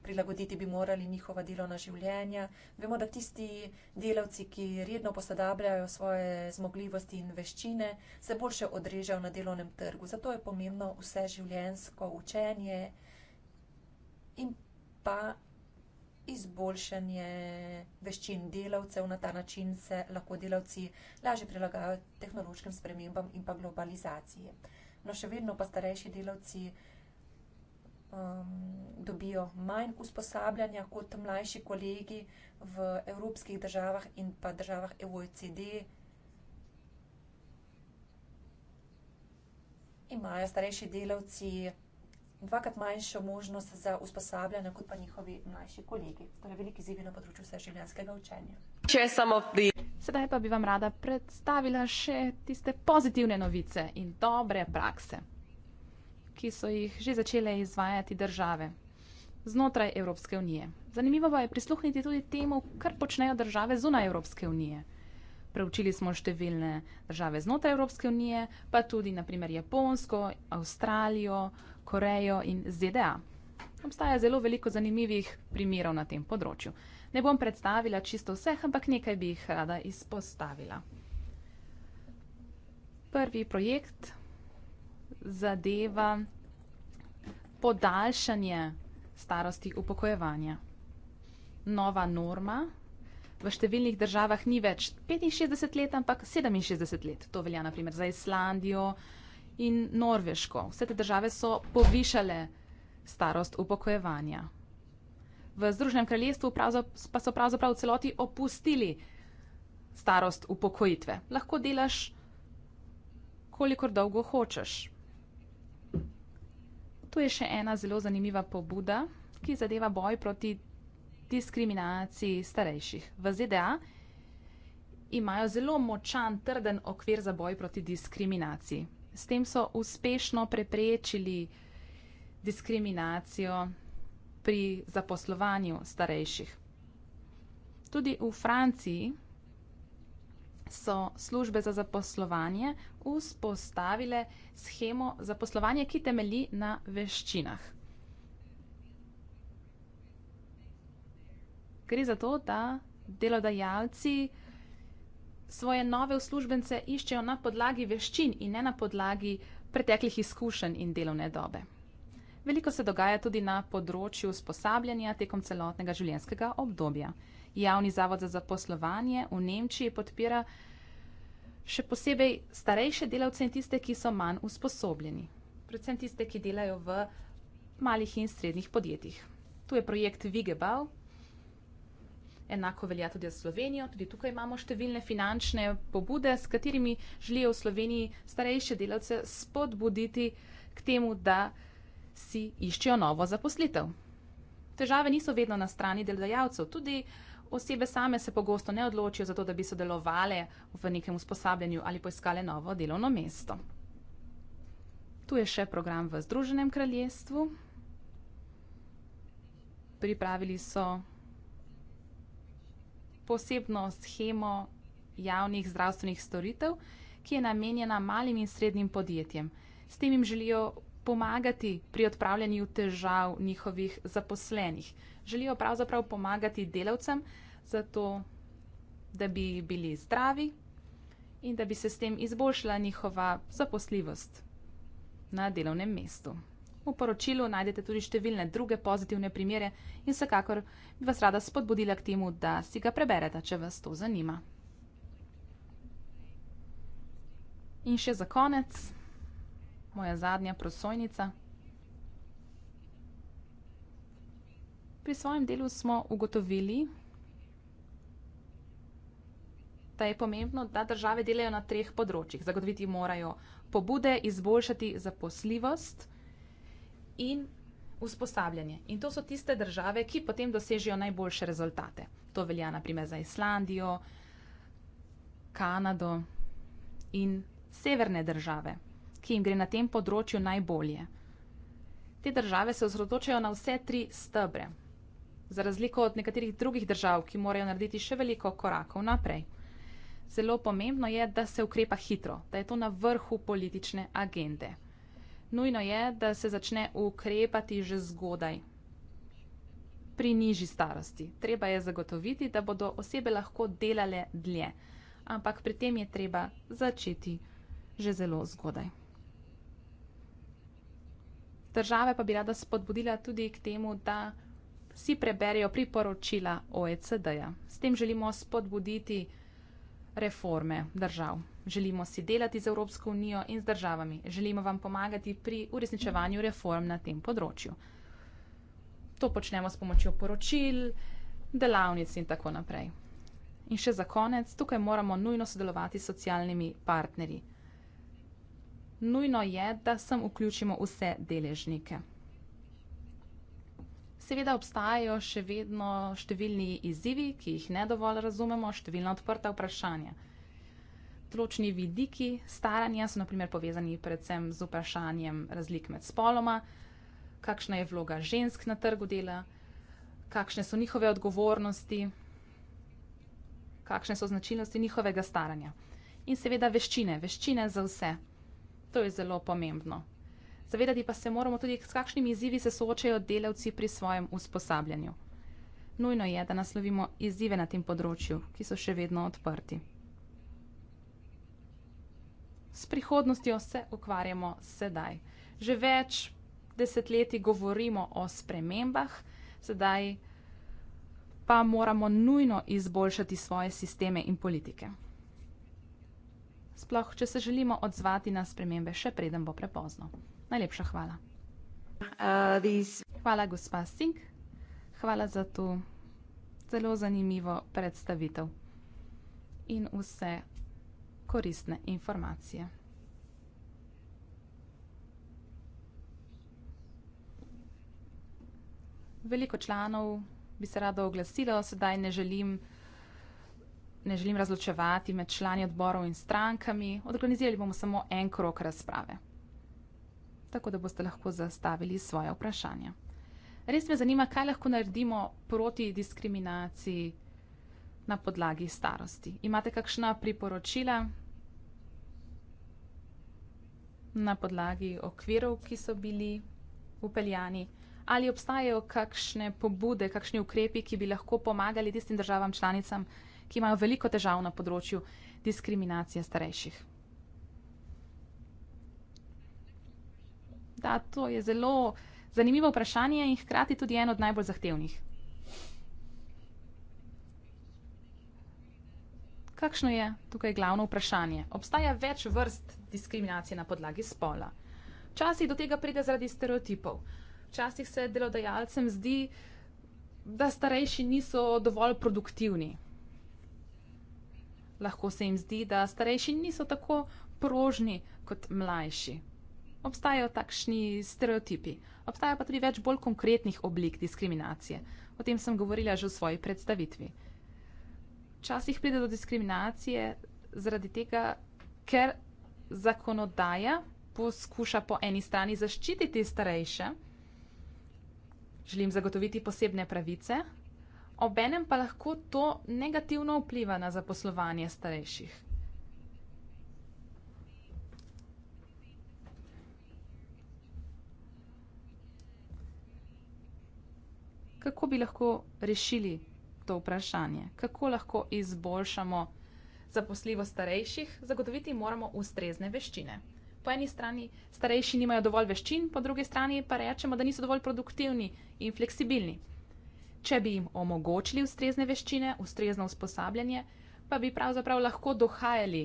prilagoditi bi morali njihova delovna življenja. Vemo, da tisti delavci, ki redno posodabljajo svoje zmogljivosti in veščine, se boljše odrežejo na delovnem trgu. Zato je pomembno vse življensko učenje in pa izboljšanje veščin delavcev. Na ta način se lahko delavci lažje prilagajajo tehnološkim spremembam in pa globalizaciji. No, še vedno pa starejši delavci um, dobijo manj usposabljanja kot mlajši kolegi v evropskih državah in pa državah EOCD. E Imajo starejši delavci dvakrat manjšo možnost za usposabljanje kot pa njihovi mlajši kolegi. To je velik izziv na področju vseživljenjskega učenja. Sedaj pa bi vam rada predstavila še tiste pozitivne novice in dobre prakse, ki so jih že začele izvajati države znotraj Evropske unije. Zanimivo pa je prisluhniti tudi temu, kar počnejo države zunaj Evropske unije. Preučili smo številne države znotraj Evropske unije, pa tudi naprimer Japonsko, Avstralijo, Korejo in ZDA. Obstaja zelo veliko zanimivih primerov na tem področju. Ne bom predstavila čisto vseh, ampak nekaj bi jih rada izpostavila. Prvi projekt zadeva podaljšanje starosti upokojevanja. Nova norma v številnih državah ni več 65 let, ampak 67 let. To velja naprimer za Islandijo, uh, in Norveško. Vse te države so povišale starost upokojevanja. V Združenem kraljestvu pa so pravzaprav v celoti opustili starost upokojitve. Lahko delaš, kolikor dolgo hočeš. Tu je še ena zelo zanimiva pobuda, ki zadeva boj proti diskriminaciji starejših. V ZDA imajo zelo močan, trden okvir za boj proti diskriminaciji. S tem so uspešno preprečili diskriminacijo pri zaposlovanju starejših. Tudi v Franciji so službe za zaposlovanje vzpostavile schemo zaposlovanja, ki temelji na veščinah. Gre za to, da delodajalci svoje nove uslužbence iščejo na podlagi veščin in ne na podlagi preteklih izkušenj in delovne dobe. Veliko se dogaja tudi na področju usposabljanja tekom celotnega življenjskega obdobja. Javni zavod za zaposlovanje v Nemčiji podpira še posebej starejše delavce in tiste, ki so manj usposobljeni. Predvsem tiste, ki delajo v malih in srednjih podjetjih. Tu je projekt Vigebau, Enako velja tudi za Slovenijo. Tudi tukaj imamo številne finančne pobude, s katerimi želijo v Sloveniji starejše delavce spodbuditi k temu, da si iščejo novo zaposlitev. Težave niso vedno na strani delodajalcev, tudi osebe same se pogosto ne odločijo za to, da bi sodelovali v nekem usposabljanju ali poiskali novo delovno mesto. Tu je še program v Združenem kraljestvu. Pripravili so posebno shemo javnih zdravstvenih storitev, ki je namenjena malim in srednjim podjetjem. S tem jim želijo pomagati pri odpravljanju težav njihovih zaposlenih. Želijo pravzaprav pomagati delavcem, zato da bi bili zdravi in da bi se s tem izboljšala njihova zaposljivost na delovnem mestu. V poročilu najdete tudi številne druge pozitivne primere in vsekakor bi vas rada spodbudila k temu, da si ga preberete, če vas to zanima. In še za konec, moja zadnja prosojnica. Pri svojem delu smo ugotovili, da je pomembno, da države delajo na treh področjih. Zagotoviti morajo pobude, izboljšati zaposljivost in usposabljanje. In to so tiste države, ki potem dosežejo najboljše rezultate. To velja naprimer za Islandijo, Kanado in severne države, ki jim gre na tem področju najbolje. Te države se osredotočajo na vse tri stebre, za razliko od nekaterih drugih držav, ki morajo narediti še veliko korakov naprej. Zelo pomembno je, da se ukrepa hitro, da je to na vrhu politične agende. Nujno je, da se začne ukrepati že zgodaj, pri nižji starosti. Treba je zagotoviti, da bodo osebe lahko delale dlje, ampak pri tem je treba začeti že zelo zgodaj. Države pa bi rada spodbudila tudi k temu, da si preberejo priporočila OECD-ja. S tem želimo spodbuditi reforme držav. Želimo si delati z Evropsko unijo in z državami. Želimo vam pomagati pri uresničevanju reform na tem področju. To počnemo s pomočjo poročil, delavnic in tako naprej. In še za konec, tukaj moramo nujno sodelovati s socialnimi partnerji. Nujno je, da sem vključimo vse deležnike. Seveda obstajajo še vedno številni izzivi, ki jih ne dovolj razumemo, številna odprta vprašanja. Določeni vidiki staranja so na primer povezani predvsem z vprašanjem razlik med spoloma, kakšna je vloga žensk na trgu dela, kakšne so njihove odgovornosti, kakšne so značilnosti njihovega staranja. In seveda veščine, veščine za vse. To je zelo pomembno. Zavedati pa se moramo tudi, s kakšnimi izzivi se soočajo delavci pri svojem usposabljanju. Nujno je, da naslovimo izzive na tem področju, ki so še vedno odprti s prihodnostjo se ukvarjamo sedaj. Že več desetletij govorimo o spremembah, sedaj pa moramo nujno izboljšati svoje sisteme in politike. Sploh, če se želimo odzvati na spremembe, še preden bo prepozno. Najlepša hvala. Uh, hvala, gospa Sink. Hvala za to zelo zanimivo predstavitev. In vse koristne informacije. Veliko članov bi se rado oglasilo, sedaj ne želim, ne želim razločevati med člani odborov in strankami. Organizirali bomo samo en krok razprave, tako da boste lahko zastavili svoje vprašanje. Res me zanima, kaj lahko naredimo proti diskriminaciji na podlagi starosti. Imate kakšna priporočila na podlagi okvirov, ki so bili upeljani? Ali obstajajo kakšne pobude, kakšni ukrepi, ki bi lahko pomagali tistim državam članicam, ki imajo veliko težav na področju diskriminacije starejših? Da, to je zelo zanimivo vprašanje in hkrati tudi eno od najbolj zahtevnih. Kakšno je tukaj glavno vprašanje? Obstaja več vrst diskriminacije na podlagi spola. Včasih do tega pride zaradi stereotipov. Včasih se delodajalcem zdi, da starejši niso dovolj produktivni. Lahko se jim zdi, da starejši niso tako prožni kot mlajši. Obstajajo takšni stereotipi. Obstaja pa tudi več bolj konkretnih oblik diskriminacije. O tem sem govorila že v svoji predstavitvi včasih pride do diskriminacije zaradi tega, ker zakonodaja poskuša po eni strani zaščititi starejše, želim zagotoviti posebne pravice, obenem pa lahko to negativno vpliva na zaposlovanje starejših. Kako bi lahko rešili? to vprašanje. Kako lahko izboljšamo zaposljivo starejših? Zagotoviti moramo ustrezne veščine. Po eni strani starejši nimajo dovolj veščin, po drugi strani pa rečemo, da niso dovolj produktivni in fleksibilni. Če bi jim omogočili ustrezne veščine, ustrezno usposabljanje, pa bi pravzaprav lahko dohajali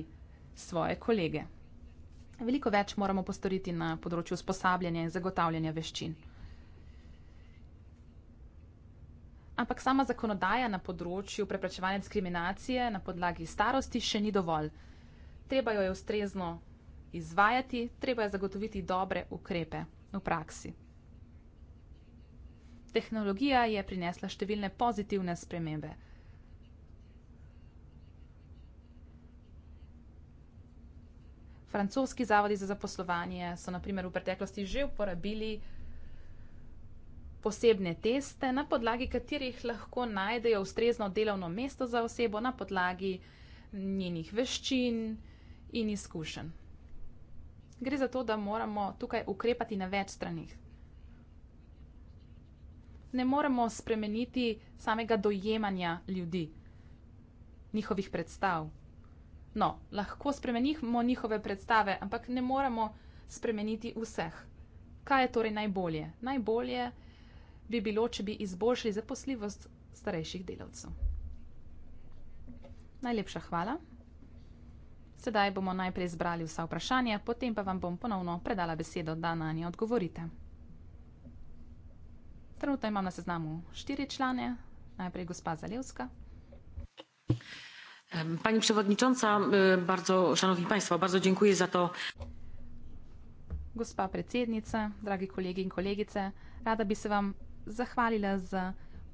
svoje kolege. Veliko več moramo postoriti na področju usposabljanja in zagotavljanja veščin. ampak sama zakonodaja na področju preprečevanja diskriminacije na podlagi starosti še ni dovolj. Treba jo je ustrezno izvajati, treba je zagotoviti dobre ukrepe v praksi. Tehnologija je prinesla številne pozitivne spremembe. Francoski zavodi za zaposlovanje so naprimer v preteklosti že uporabili posebne teste, na podlagi katerih lahko najdejo ustrezno delovno mesto za osebo na podlagi njenih veščin in izkušenj. Gre za to, da moramo tukaj ukrepati na več stranih. Ne moremo spremeniti samega dojemanja ljudi, njihovih predstav. No, lahko spremenimo njihove predstave, ampak ne moremo spremeniti vseh. Kaj je torej najbolje? Najbolje je, bi bilo, če bi izboljšali zaposljivost starejših delavcev. Najlepša hvala. Sedaj bomo najprej zbrali vsa vprašanja, potem pa vam bom ponovno predala besedo, da na nje odgovorite. Trenutno imam na seznamu štiri člane, najprej gospa Zalevska. Pani predsednica, bardzo, šanovni państvo, bardzo dziękuję za to. Gospa predsednica, dragi kolegi in kolegice, rada bi se vam zahvalila z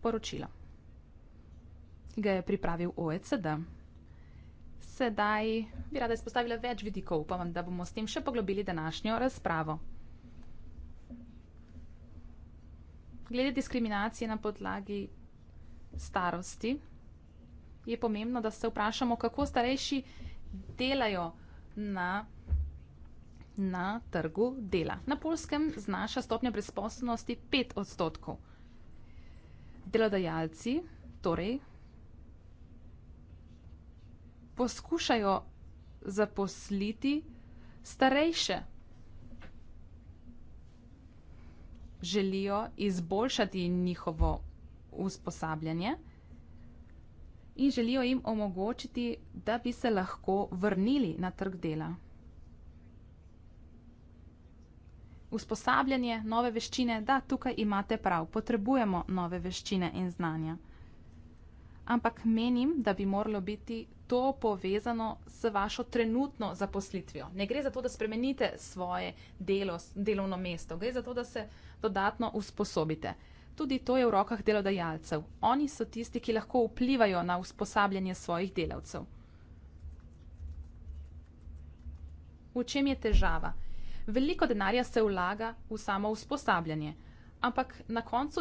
poročilom. Ga je pripravil OECD. Sedaj bi rada izpostavila več vidikov, upam, da bomo s tem še poglobili današnjo razpravo. Glede diskriminacije na podlagi starosti je pomembno, da se vprašamo, kako starejši delajo na na trgu dela. Na Poljskem znaša stopnja brezposelnosti 5 odstotkov. Delodajalci torej poskušajo zaposliti starejše. Želijo izboljšati njihovo usposabljanje in želijo jim omogočiti, da bi se lahko vrnili na trg dela. usposabljanje, nove veščine, da tukaj imate prav, potrebujemo nove veščine in znanja. Ampak menim, da bi moralo biti to povezano s vašo trenutno zaposlitvijo. Ne gre za to, da spremenite svoje delo, delovno mesto, gre za to, da se dodatno usposobite. Tudi to je v rokah delodajalcev. Oni so tisti, ki lahko vplivajo na usposabljanje svojih delavcev. V čem je težava? Veliko denarja se vlaga v samo usposabljanje, ampak na koncu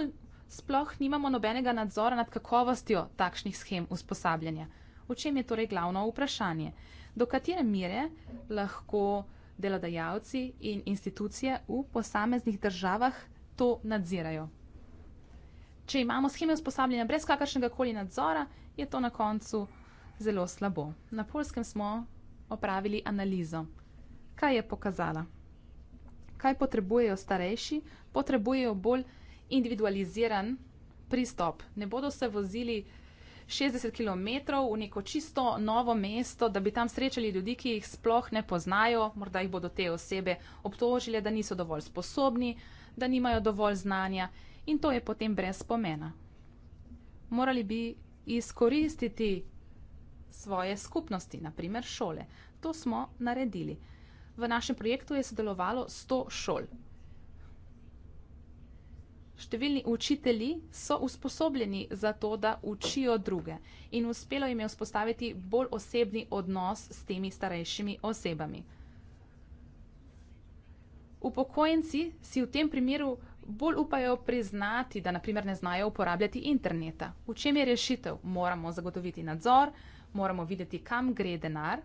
sploh nimamo nobenega nadzora nad kakovostjo takšnih schem usposabljanja. V čem je torej glavno vprašanje? Do katere mere lahko delodajalci in institucije v posameznih državah to nadzirajo? Če imamo scheme usposabljanja brez kakršnega koli nadzora, je to na koncu zelo slabo. Na polskem smo opravili analizo. Kaj je pokazala? kaj potrebujejo starejši, potrebujejo bolj individualiziran pristop. Ne bodo se vozili 60 km v neko čisto novo mesto, da bi tam srečali ljudi, ki jih sploh ne poznajo, morda jih bodo te osebe obtožile, da niso dovolj sposobni, da nimajo dovolj znanja in to je potem brez pomena. Morali bi izkoristiti svoje skupnosti, naprimer šole. To smo naredili. V našem projektu je sodelovalo sto šol. Številni učitelji so usposobljeni za to, da učijo druge. In uspelo jim je vzpostaviti bolj osebni odnos s temi starejšimi osebami. Upokojenci si v tem primeru bolj upajo priznati, da naprimer ne znajo uporabljati interneta. V čem je rešitev? Moramo zagotoviti nadzor, moramo videti, kam gre denar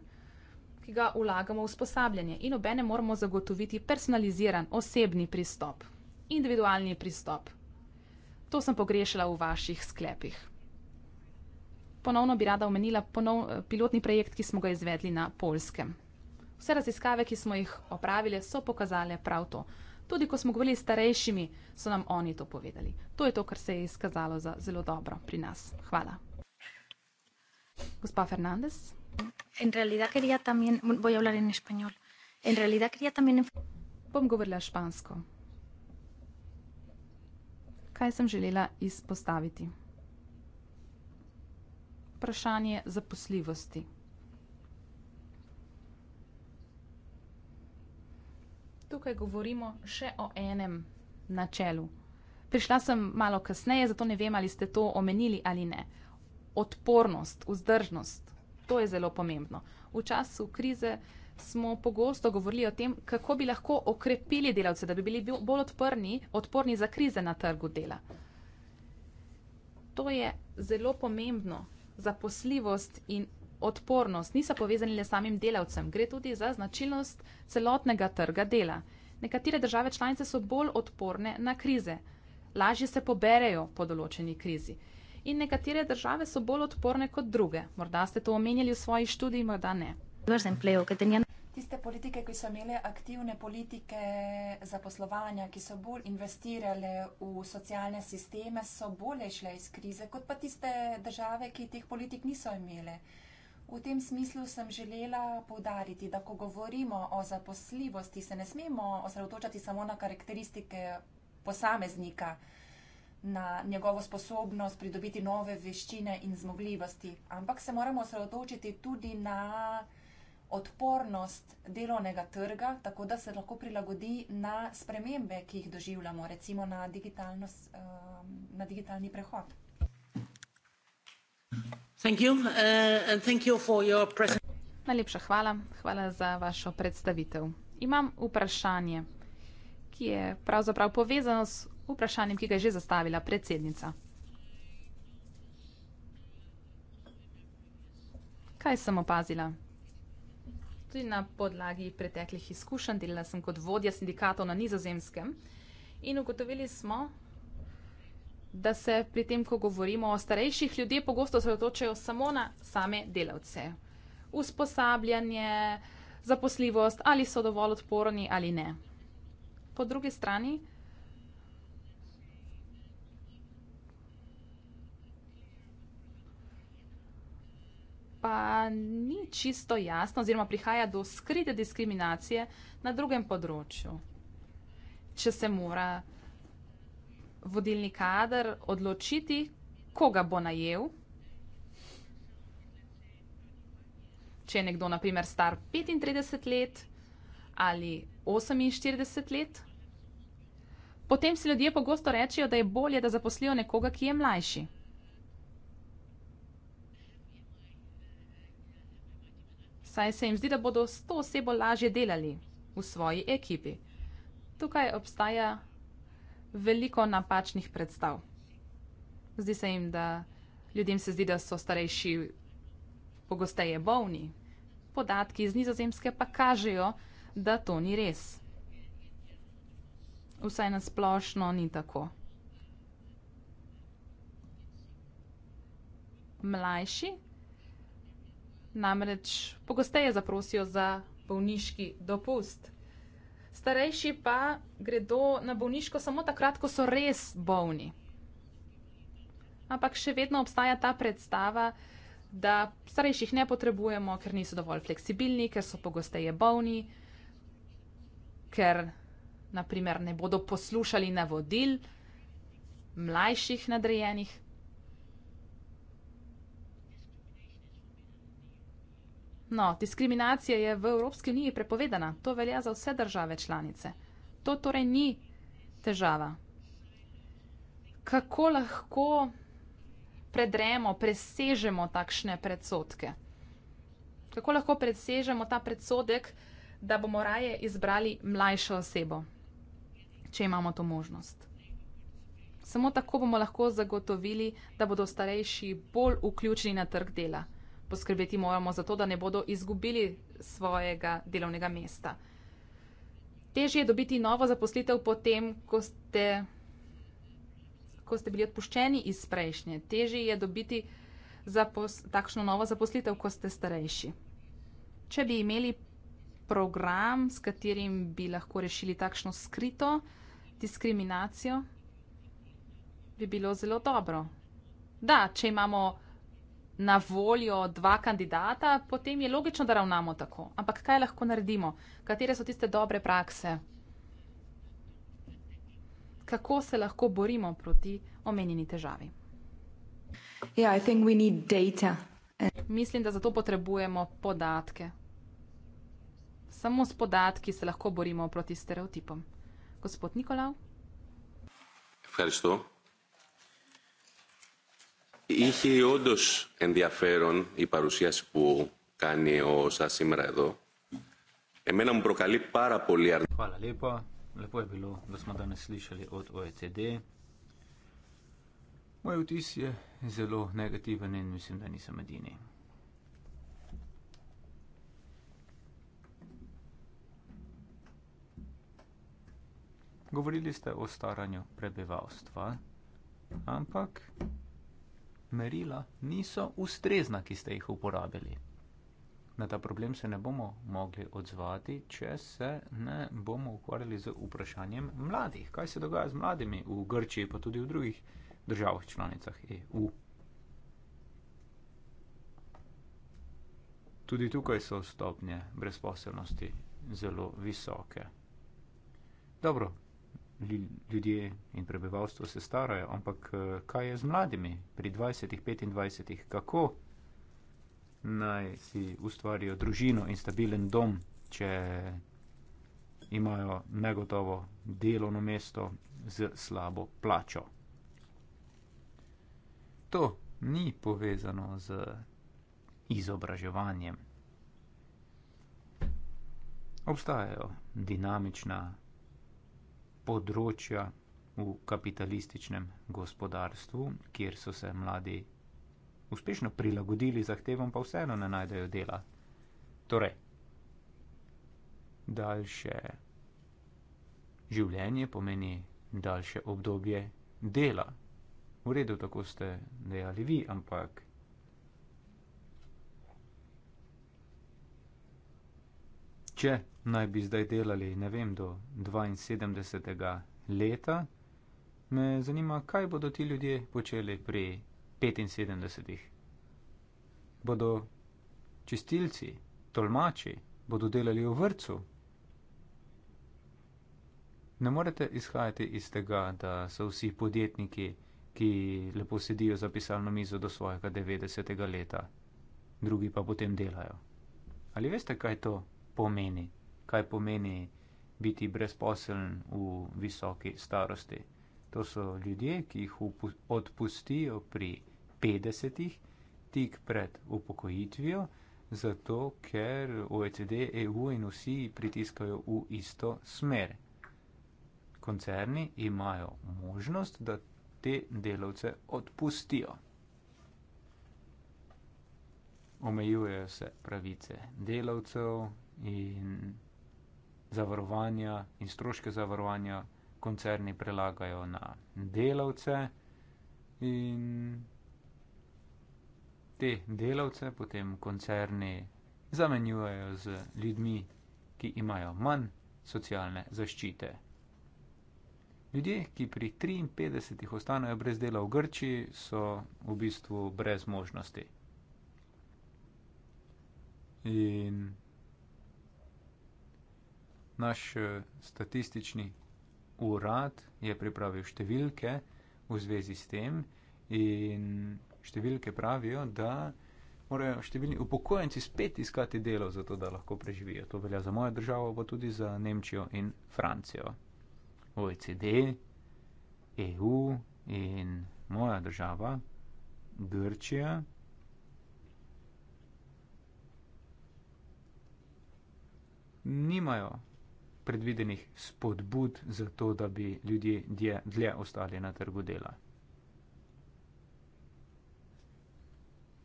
ki ga vlagamo v usposabljanje in obene moramo zagotoviti personaliziran, osebni pristop, individualni pristop. To sem pogrešala v vaših sklepih. Ponovno bi rada omenila ponov, eh, pilotni projekt, ki smo ga izvedli na Polskem. Vse raziskave, ki smo jih opravili, so pokazale prav to. Tudi ko smo govorili s starejšimi, so nam oni to povedali. To je to, kar se je izkazalo za zelo dobro pri nas. Hvala. Gospa Fernandez. En realidad quería también. Voy a hablar en español. En realidad quería también. Bom govorila špansko. Kaj sem želela izpostaviti? Vprašanje zaposljivosti. Tukaj govorimo še o enem načelu. Prišla sem malo kasneje, zato ne vem, ali ste to omenili ali ne. Odpornost, vzdržnost. To je zelo pomembno. V času krize smo pogosto govorili o tem, kako bi lahko okrepili delavce, da bi bili bolj odprni, odporni za krize na trgu dela. To je zelo pomembno za posljivost in odpornost. Niso povezani le samim delavcem, gre tudi za značilnost celotnega trga dela. Nekatere države članice so bolj odporne na krize, lažje se poberejo po določeni krizi in nekatere države so bolj odporne kot druge. Morda ste to omenjali v svoji študiji, morda ne. Tiste politike, ki so imele aktivne politike zaposlovanja, ki so bolj investirale v socialne sisteme, so bolje šle iz krize, kot pa tiste države, ki teh politik niso imele. V tem smislu sem želela povdariti, da ko govorimo o zaposljivosti, se ne smemo osredotočati samo na karakteristike posameznika na njegovo sposobnost pridobiti nove veščine in zmogljivosti, ampak se moramo osredotočiti tudi na odpornost delovnega trga, tako da se lahko prilagodi na spremembe, ki jih doživljamo, recimo na, um, na digitalni prehod. Uh, Najlepša hvala. Hvala za vašo predstavitev. Imam vprašanje, ki je pravzaprav povezano s vprašanjem, ki ga je že zastavila predsednica. Kaj sem opazila? Tudi na podlagi preteklih izkušenj, delala sem kot vodja sindikatov na nizozemskem in ugotovili smo, da se pri tem, ko govorimo o starejših ljudeh, pogosto osredotočajo samo na same delavce. Usposabljanje, zaposljivost, ali so dovolj odporni ali ne. Po drugi strani pa ni čisto jasno, oziroma prihaja do skrite diskriminacije na drugem področju. Če se mora vodilni kader odločiti, koga bo najel, če je nekdo, na primer, star 35 let ali 48 let, potem si ljudje pogosto rečejo, da je bolje, da zaposlijo nekoga, ki je mlajši. saj se jim zdi, da bodo s to osebo lažje delali v svoji ekipi. Tukaj obstaja veliko napačnih predstav. Zdi se jim, da ljudem se zdi, da so starejši pogosteje bolni. Podatki iz nizozemske pa kažejo, da to ni res. Vsaj na splošno ni tako. Mlajši namreč pogosteje zaprosijo za bolniški dopust. Starejši pa gredo na bolniško samo takrat, ko so res bolni. Ampak še vedno obstaja ta predstava, da starejših ne potrebujemo, ker niso dovolj fleksibilni, ker so pogosteje bolni, ker naprimer ne bodo poslušali navodil mlajših nadrejenih. No, diskriminacija je v Evropski uniji prepovedana, to velja za vse države članice. To torej ni težava. Kako lahko predremo, presežemo takšne predsotke? Kako lahko presežemo ta predsodek, da bomo raje izbrali mlajšo osebo, če imamo to možnost? Samo tako bomo lahko zagotovili, da bodo starejši bolj vključeni na trg dela poskrbeti moramo za to, da ne bodo izgubili svojega delovnega mesta. Težje je dobiti novo zaposlitev potem, ko ste, ko ste bili odpuščeni iz prejšnje. Težje je dobiti zapos, takšno novo zaposlitev, ko ste starejši. Če bi imeli program, s katerim bi lahko rešili takšno skrito diskriminacijo, bi bilo zelo dobro. Da, če imamo na voljo dva kandidata, potem je logično, da ravnamo tako. Ampak kaj lahko naredimo? Katere so tiste dobre prakse? Kako se lahko borimo proti omenjeni težavi? Yeah, and... Mislim, da za to potrebujemo podatke. Samo s podatki se lahko borimo proti stereotipom. Gospod Nikolaj? Kaj je to? Είχε όντω ενδιαφέρον η παρουσίαση που κάνει ο Σα σήμερα εδώ. Εμένα μου προκαλεί πάρα πολύ αρνητικό. Πάλα λίπα. Λοιπόν, я bilo, da smo danes slišali od OECD. Moj vtis je zelo negativen in mislim, da nisem edini. Govorili ste o staranju prebivalstva, ampak merila niso ustrezna, ki ste jih uporabili. Na ta problem se ne bomo mogli odzvati, če se ne bomo ukvarjali z vprašanjem mladih. Kaj se dogaja z mladimi v Grčiji, pa tudi v drugih državah članicah EU? Tudi tukaj so stopnje brezposelnosti zelo visoke. Dobro, ljudje in prebivalstvo se starajo, ampak eh, kaj je z mladimi pri 20-25, kako naj si ustvarijo družino in stabilen dom, če imajo negotovo delovno mesto z slabo plačo. To ni povezano z izobraževanjem. Obstajajo dinamična področja v kapitalističnem gospodarstvu, kjer so se mladi uspešno prilagodili zahtevam, pa vseeno ne najdejo dela. Torej, daljše življenje pomeni daljše obdobje dela. V redu, tako ste dejali vi, ampak. Če naj bi zdaj delali, ne vem, do 72. leta, me zanima, kaj bodo ti ljudje počeli pri 75. Bodo čistilci, tolmači, bodo delali v vrtu. Ne morete izhajati iz tega, da so vsi podjetniki, ki lepo sedijo za pisalno mizo do svojega 90. leta, drugi pa potem delajo. Ali veste, kaj to pomeni? kaj pomeni biti brezposeln v visoki starosti. To so ljudje, ki jih odpustijo pri 50-ih, tik pred upokojitvijo, zato ker OECD, EU in vsi pritiskajo v isto smer. Koncerni imajo možnost, da te delavce odpustijo. Omejujejo se pravice delavcev in zavarovanja in stroške zavarovanja koncerni prelagajo na delavce in te delavce potem koncerni zamenjujejo z ljudmi, ki imajo manj socialne zaščite. Ljudje, ki pri 53 ostanejo brez dela v Grčiji, so v bistvu brez možnosti. In Naš eh, statistični urad je pripravil številke v zvezi s tem in številke pravijo, da morajo številni upokojenci spet iskati delo, zato da lahko preživijo. To velja za mojo državo, pa tudi za Nemčijo in Francijo. OECD, EU in moja država, Grčija. Nimajo predvidenih spodbud za to, da bi ljudje dje, dlje ostali na trgu dela.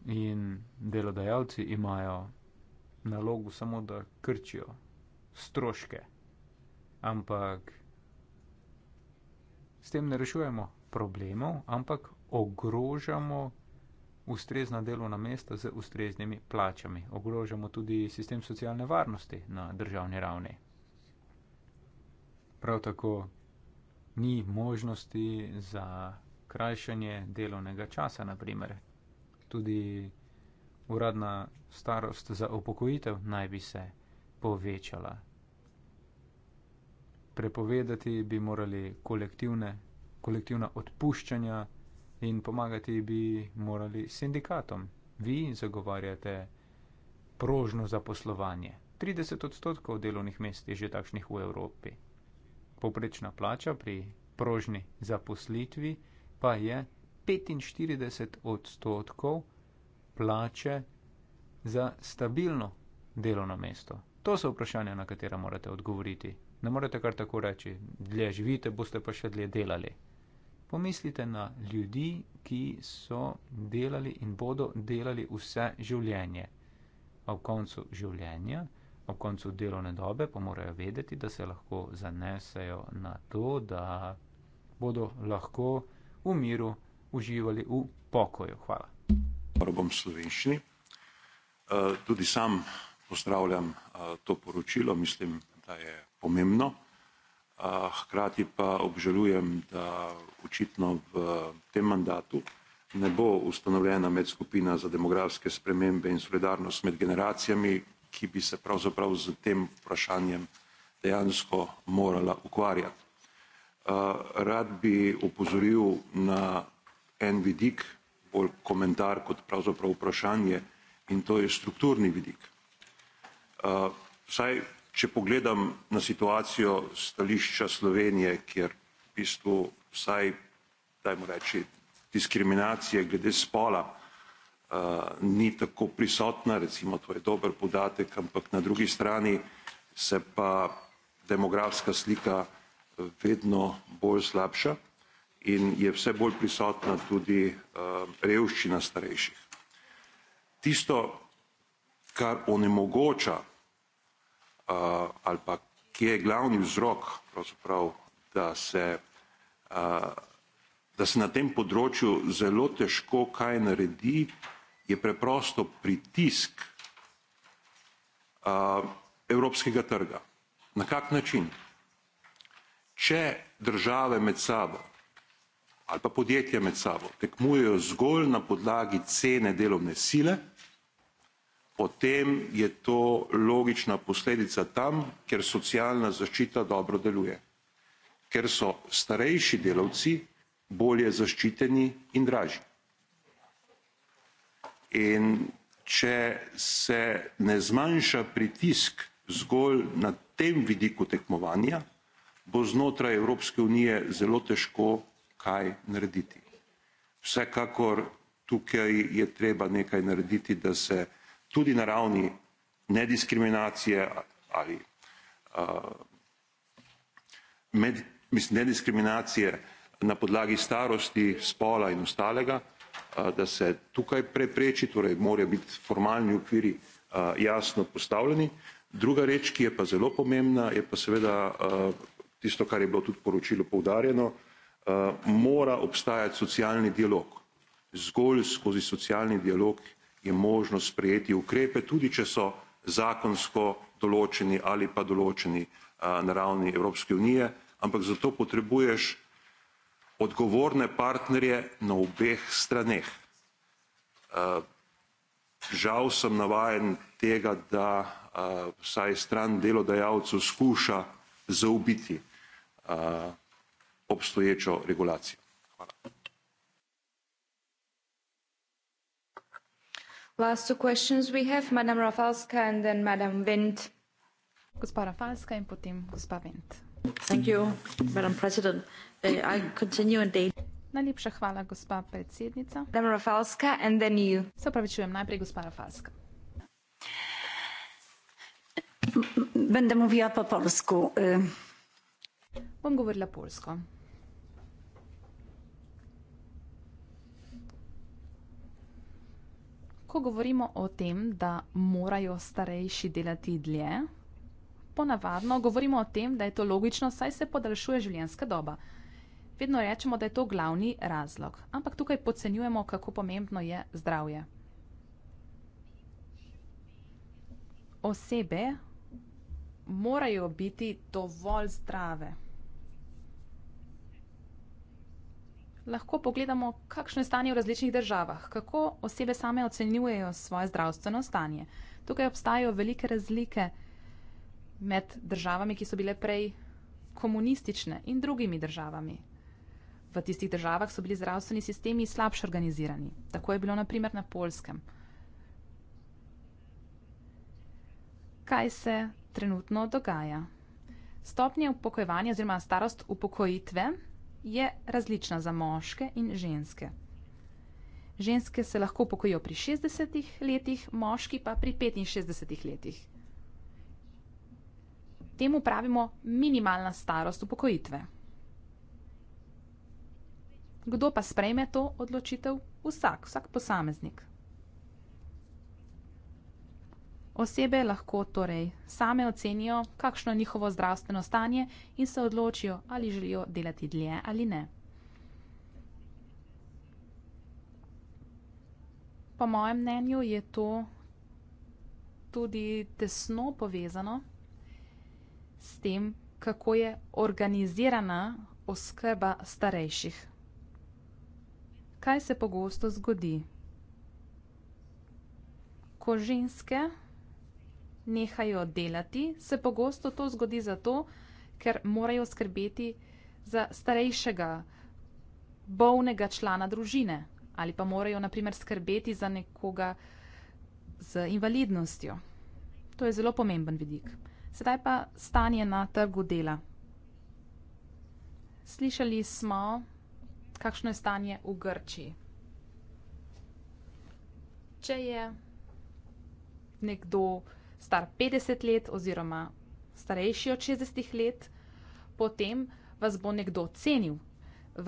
In delodajalci imajo nalogo samo, da krčijo stroške, ampak s tem ne rešujemo problemov, ampak ogrožamo ustrezna delovna mesta z ustreznimi plačami. Ogrožamo tudi sistem socialne varnosti na državni ravni prav tako ni možnosti za krajšanje delovnega časa, naprimer. Tudi uradna starost za upokojitev naj bi se povečala. Prepovedati bi morali kolektivna odpuščanja in pomagati bi morali sindikatom. Vi zagovarjate prožno zaposlovanje. 30 odstotkov delovnih mest je že takšnih v Evropi povprečna plača pri prožni zaposlitvi pa je 45 odstotkov plače za stabilno delovno mesto. To so vprašanja, na katera morate odgovoriti. Ne morete kar tako reči, dlje živite, boste pa še dlje delali. Pomislite na ljudi, ki so delali in bodo delali vse življenje. Ob koncu življenja ob koncu delovne dobe pa morajo vedeti, da se lahko zanesejo na to, da bodo lahko v miru uživali v pokoju. Hvala. Prvo bom slovenščini. Eh, tudi sam pozdravljam eh, to poročilo, mislim, da je pomembno. Eh, hkrati pa obžalujem, da očitno v tem mandatu ne bo ustanovljena medskupina za demografske spremembe in solidarnost med generacijami, ki bi se pravzaprav z tem vprašanjem dejansko morala ukvarjati. Eh, rad bi opozoril na en vidik, bolj komentar kot pravzaprav vprašanje, in to je strukturni vidik. Eh, vsaj če pogledam na situacijo stališča Slovenije, kjer v bistvu vsaj dajmo reči diskriminacije glede spola Eh, ni tako prisotna, recimo to je dober podatek, ampak na drugi strani se pa demografska slika eh, vedno bolj slabša in je vse bolj prisotna tudi eh, revščina starejših. Tisto, kar onemogoča ali pa ki je glavni vzrok pravzaprav, da se da se na tem področju zelo težko kaj naredi, je preprosto pritisk uh, evropskega trga. Na kak način? Če države med sabo ali pa podjetja med sabo tekmujejo zgolj na podlagi cene delovne sile, potem je to logična posledica tam, kjer socialna zaščita dobro deluje, ker so starejši delavci bolje zaščiteni in dražji. In če se ne zmanjša pritisk zgolj na tem vidiku tekmovanja, bo znotraj Evropske unije zelo težko kaj narediti. Vsekakor tukaj je treba nekaj narediti, da se tudi na ravni nediskriminacije ali uh, med, mislim, nediskriminacije na podlagi starosti, spola in ostalega, da se tukaj prepreči, torej morajo biti formalni okviri jasno postavljeni. Druga reč, ki je pa zelo pomembna, je pa seveda tisto, kar je bilo tudi poročilo poudarjeno, mora obstajati socialni dialog. Zgolj skozi socialni dialog je možno sprejeti ukrepe, tudi če so zakonsko določeni ali pa določeni na ravni Evropske unije, ampak za to potrebuješ odgovorne partnerje na obeh straneh. Eh, žal sem navajen tega, da eh, vsaj stran delodajalcev skuša zaobiti eh, obstoječo regulacijo. Hvala. Gospa Rafalska in potem gospa Vint. Uh, Najlepša hvala, gospa predsednica. Rafalska, and then you. Se opravičujem, najprej gospa Rafalska. Bende mówiła po polsku. Bom govorila polsko. Ko govorimo o tem, da morajo starejši delati dlje, ponavadno govorimo o tem, da je to logično, saj se podaljšuje življenjska doba. Vedno rečemo, da je to glavni razlog, ampak tukaj podcenjujemo, kako pomembno je zdravje. Osebe morajo biti dovolj zdrave. Lahko pogledamo, kakšno je stanje v različnih državah, kako osebe same ocenjujejo svoje zdravstveno stanje. Tukaj obstajajo velike razlike med državami, ki so bile prej komunistične in drugimi državami. V tistih državah so bili zdravstveni sistemi slabše organizirani. Tako je bilo naprimer na Polskem. Kaj se trenutno dogaja? Stopnje upokojevanja oziroma starost upokojitve je različna za moške in ženske. Ženske se lahko upokojijo pri 60 letih, moški pa pri 65 letih. Temu pravimo minimalna starost upokojitve. Kdo pa sprejme to odločitev? Vsak, vsak posameznik. Osebe lahko torej same ocenijo, kakšno je njihovo zdravstveno stanje in se odločijo, ali želijo delati dlje ali ne. Po mojem mnenju je to tudi tesno povezano s tem, kako je organizirana oskrba starejših. Kaj se pogosto zgodi? Ko ženske nehajo delati, se pogosto to zgodi zato, ker morajo skrbeti za starejšega, bolnega člana družine ali pa morajo naprimer skrbeti za nekoga z invalidnostjo. To je zelo pomemben vidik. Sedaj pa stanje na trgu dela. Slišali smo, kakšno je stanje v Grčiji. Če je nekdo star petdeset let oziroma starejši od šestdesetih let, potem vas bo nekdo cenil.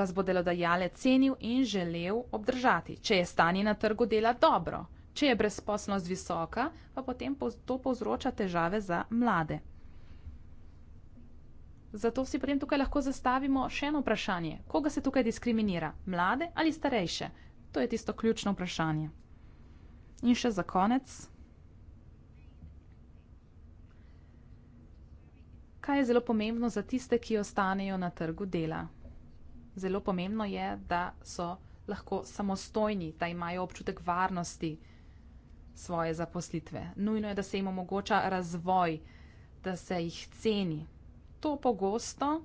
Vas bo delodajalec cenil in želel obdržati, če je stanje na trgu dela dobro. Če je brezposelnost visoka, pa potem to povzroča težave za mlade. Zato si potem tukaj lahko zastavimo še eno vprašanje. Koga se tukaj diskriminira? Mlade ali starejše? To je tisto ključno vprašanje. In še za konec. Kaj je zelo pomembno za tiste, ki ostanejo na trgu dela? Zelo pomembno je, da so lahko samostojni, da imajo občutek varnosti svoje zaposlitve. Nujno je, da se jim omogoča razvoj, da se jih ceni. To pogosto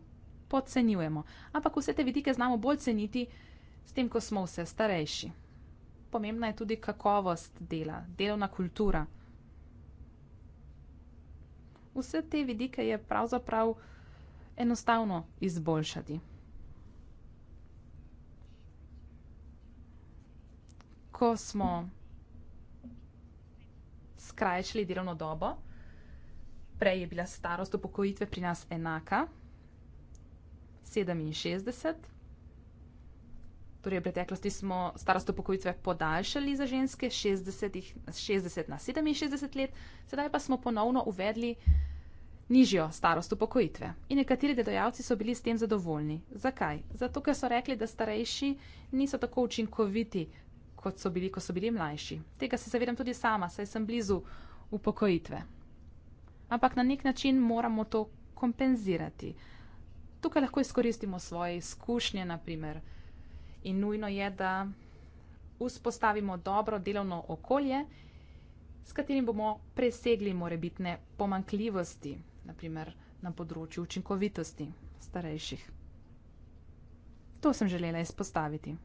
podcenjujemo, ampak vse te vidike znamo bolj ceniti, s tem, ko smo vse starejši. Pomembna je tudi kakovost dela, delovna kultura. Vse te vidike je pravzaprav enostavno izboljšati. Ko smo hm skrajšali delovno dobo. Prej je bila starost upokojitve pri nas enaka, 67. Torej, v preteklosti smo starost upokojitve podaljšali za ženske 60, 60 na 67 let, sedaj pa smo ponovno uvedli nižjo starost upokojitve. In nekateri delodajalci so bili s tem zadovoljni. Zakaj? Zato, ker so rekli, da starejši niso tako učinkoviti kot so bili, ko so bili mlajši. Tega se zavedam tudi sama, saj sem blizu upokojitve. Ampak na nek način moramo to kompenzirati. Tukaj lahko izkoristimo svoje izkušnje, naprimer. In nujno je, da vzpostavimo dobro delovno okolje, s katerim bomo presegli morebitne pomankljivosti, naprimer na področju učinkovitosti starejših. To sem želela izpostaviti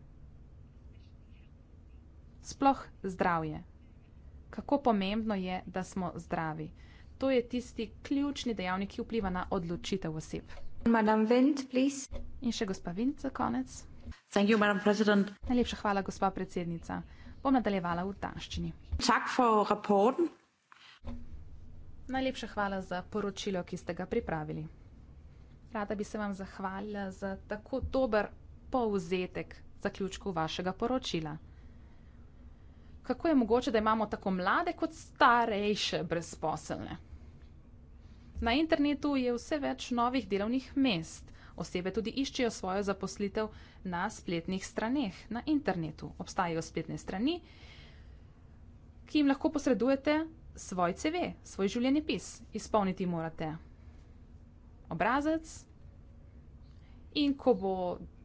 sploh zdravje. Kako pomembno je, da smo zdravi. To je tisti ključni dejavnik, ki vpliva na odločitev oseb. Wind, In še gospa Vint za konec. You, Najlepša hvala, gospa predsednica. Bom nadaljevala v danščini. Najlepša hvala za poročilo, ki ste ga pripravili. Rada bi se vam zahvalila za tako dober povzetek zaključku vašega poročila kako je mogoče, da imamo tako mlade kot starejše brezposelne? Na internetu je vse več novih delovnih mest. Osebe tudi iščejo svojo zaposlitev na spletnih straneh, na internetu. Obstajajo spletne strani, ki jim lahko posredujete svoj CV, svoj življenjepis. Izpolniti morate obrazec in ko bo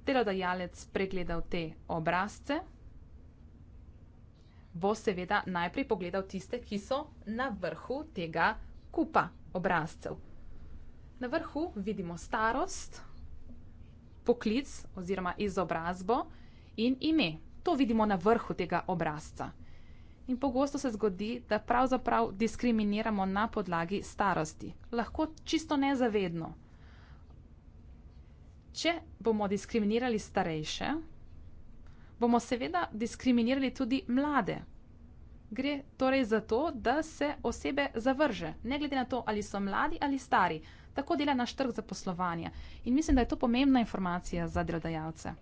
delodajalec pregledal te obrazce, bo seveda najprej pogledal tiste, ki so na vrhu tega kupa obrazcev. Na vrhu vidimo starost, poklic oziroma izobrazbo in ime. To vidimo na vrhu tega obrazca. In pogosto se zgodi, da pravzaprav diskriminiramo na podlagi starosti. Lahko čisto nezavedno. Če bomo diskriminirali starejše, bomo seveda diskriminirali tudi mlade. Gre torej za to, da se osebe zavrže, ne glede na to, ali so mladi ali stari. Tako dela naš trg za poslovanje. In mislim, da je to pomembna informacija za delodajalce.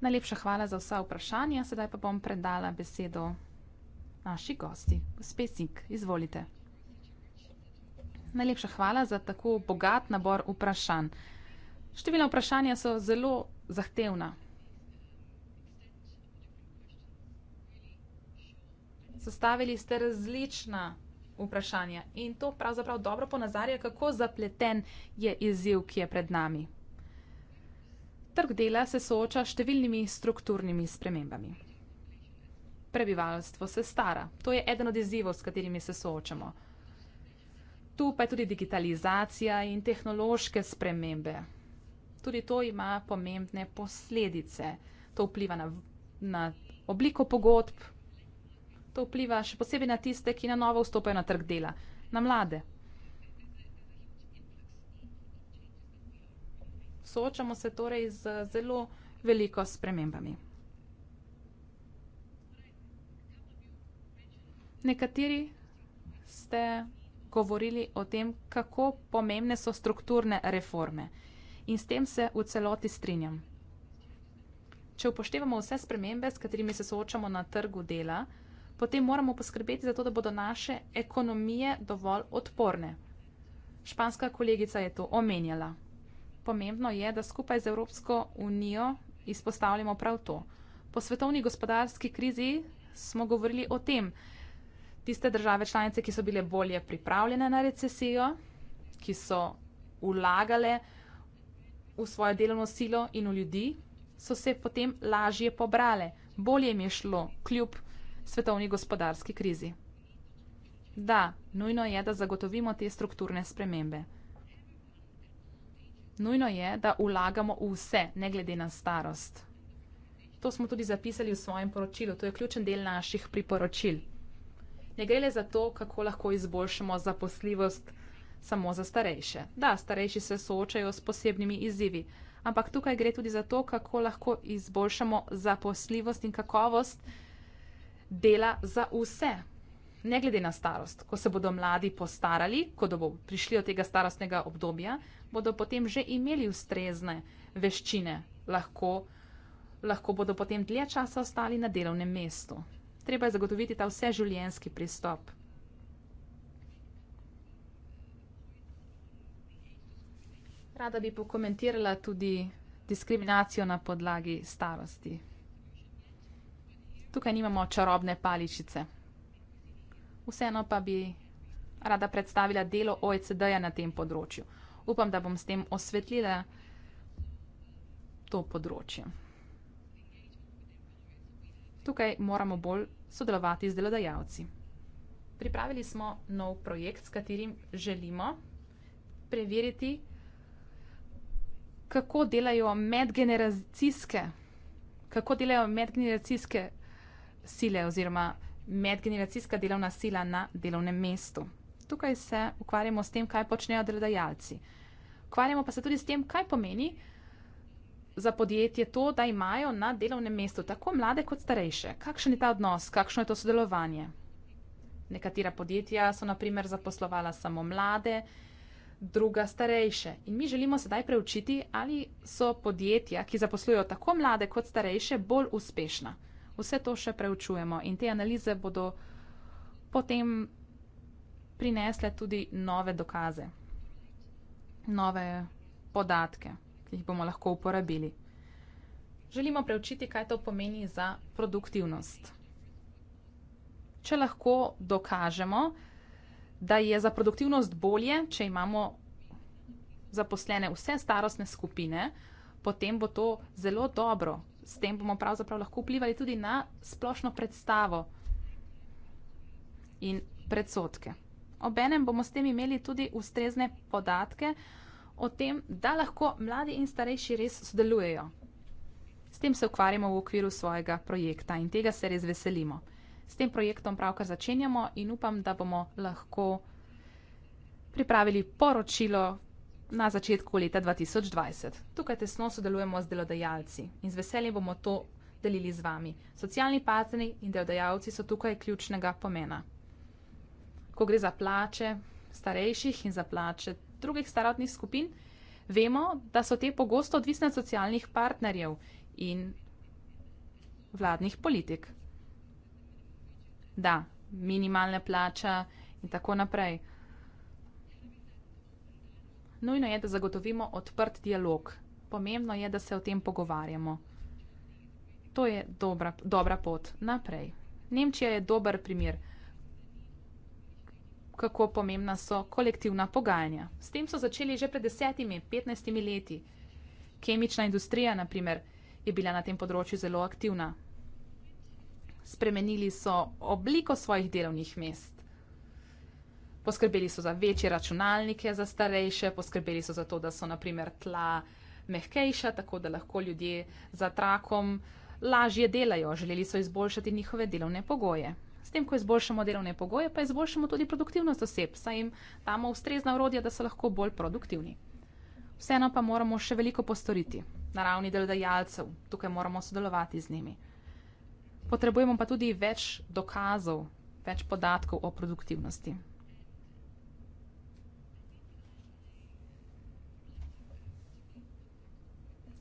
Najlepša hvala za vsa vprašanja, sedaj pa bom predala besedo naši gosti. Gospe Sink, izvolite. Najlepša hvala za tako bogat nabor vprašanj. Številna vprašanja so zelo zahtevna, zastavili ste različna vprašanja in to pravzaprav dobro ponazarja, kako zapleten je izziv, ki je pred nami. Trg dela se sooča s številnimi strukturnimi spremembami. Prebivalstvo se stara, to je eden od izzivov, s katerimi se soočamo. Tu pa je tudi digitalizacija in tehnološke spremembe. Tudi to ima pomembne posledice. To vpliva na, na obliko pogodb, to vpliva, še posebej na tiste, ki na novo vstopajo na trg dela, na mlade? Soočamo se torej z zelo veliko spremembami. Nekateri ste govorili o tem, kako pomembne so strukturne reforme. In s tem se v celoti strinjam. Če upoštevamo vse spremembe, s katerimi se soočamo na trgu dela, potem moramo poskrbeti za to, da bodo naše ekonomije dovolj odporne. Španska kolegica je to omenjala. Pomembno je, da skupaj z Evropsko unijo izpostavljamo prav to. Po svetovni gospodarski krizi smo govorili o tem, tiste države članice, ki so bile bolje pripravljene na recesijo, ki so ulagale v svojo delovno silo in v ljudi, so se potem lažje pobrale. Bolje jim je šlo kljub svetovni gospodarski krizi. Da, nujno je, da zagotovimo te strukturne spremembe. Nujno je, da vlagamo v vse, ne glede na starost. To smo tudi zapisali v svojem poročilu, to je ključen del naših priporočil. Ne gre le za to, kako lahko izboljšamo zaposljivost samo za starejše. Da, starejši se soočajo s posebnimi izzivi, ampak tukaj gre tudi za to, kako lahko izboljšamo zaposljivost in kakovost dela za vse. Ne glede na starost. Ko se bodo mladi postarali, ko bodo prišli od tega starostnega obdobja, bodo potem že imeli ustrezne veščine, lahko, lahko bodo potem dlje časa ostali na delovnem mestu. Treba je zagotoviti ta vseživljenjski pristop. Rada bi pokomentirala tudi diskriminacijo na podlagi starosti tukaj nimamo čarobne paličice. Vseeno pa bi rada predstavila delo OECD-ja na tem področju. Upam, da bom s tem osvetlila to področje. Tukaj moramo bolj sodelovati z delodajalci. Pripravili smo nov projekt, s katerim želimo preveriti, kako delajo medgeneracijske, kako delajo medgeneracijske sile oziroma medgeneracijska delovna sila na delovnem mestu. Tukaj se ukvarjamo s tem, kaj počnejo delodajalci. Ukvarjamo pa se tudi s tem, kaj pomeni za podjetje to, da imajo na delovnem mestu tako mlade kot starejše. Kakšen je ta odnos, kakšno je to sodelovanje? Nekatera podjetja so naprimer zaposlovala samo mlade, druga starejše. In mi želimo sedaj preučiti, ali so podjetja, ki zaposlujejo tako mlade kot starejše, bolj uspešna vse to še preučujemo in te analize bodo potem prinesle tudi nove dokaze, nove podatke, ki jih bomo lahko uporabili. Želimo preučiti, kaj to pomeni za produktivnost. Če lahko dokažemo, da je za produktivnost bolje, če imamo zaposlene vse starostne skupine, potem bo to zelo dobro, s tem bomo pravzaprav lahko vplivali tudi na splošno predstavo in predsotke. Obenem bomo s tem imeli tudi ustrezne podatke o tem, da lahko mladi in starejši res sodelujejo. S tem se ukvarjamo v okviru svojega projekta in tega se res veselimo. S tem projektom pravkar začenjamo in upam, da bomo lahko pripravili poročilo, na začetku leta 2020. Tukaj tesno sodelujemo z delodajalci in z veseljem bomo to delili z vami. Socialni partneri in delodajalci so tukaj ključnega pomena. Ko gre za plače starejših in za plače drugih starotnih skupin, vemo, da so te pogosto odvisne od socialnih partnerjev in vladnih politik. Da, minimalna plača in tako naprej. Nujno je, da zagotovimo odprt dialog. Pomembno je, da se o tem pogovarjamo. To je dobra, dobra pot naprej. Nemčija je dober primer, kako pomembna so kolektivna pogajanja. S tem so začeli že pred desetimi, petnajstimi leti. Kemična industrija, na primer, je bila na tem področju zelo aktivna. Spremenili so obliko svojih delovnih mest. Poskrbeli so za večje računalnike za starejše, poskrbeli so za to, da so naprimer tla mehkejša, tako da lahko ljudje za trakom lažje delajo. Želeli so izboljšati njihove delovne pogoje. S tem, ko izboljšamo delovne pogoje, pa izboljšamo tudi produktivnost oseb, saj jim damo ustrezna urodja, da so lahko bolj produktivni. Vseeno pa moramo še veliko postoriti na ravni delodajalcev, tukaj moramo sodelovati z njimi. Potrebujemo pa tudi več dokazov, več podatkov o produktivnosti.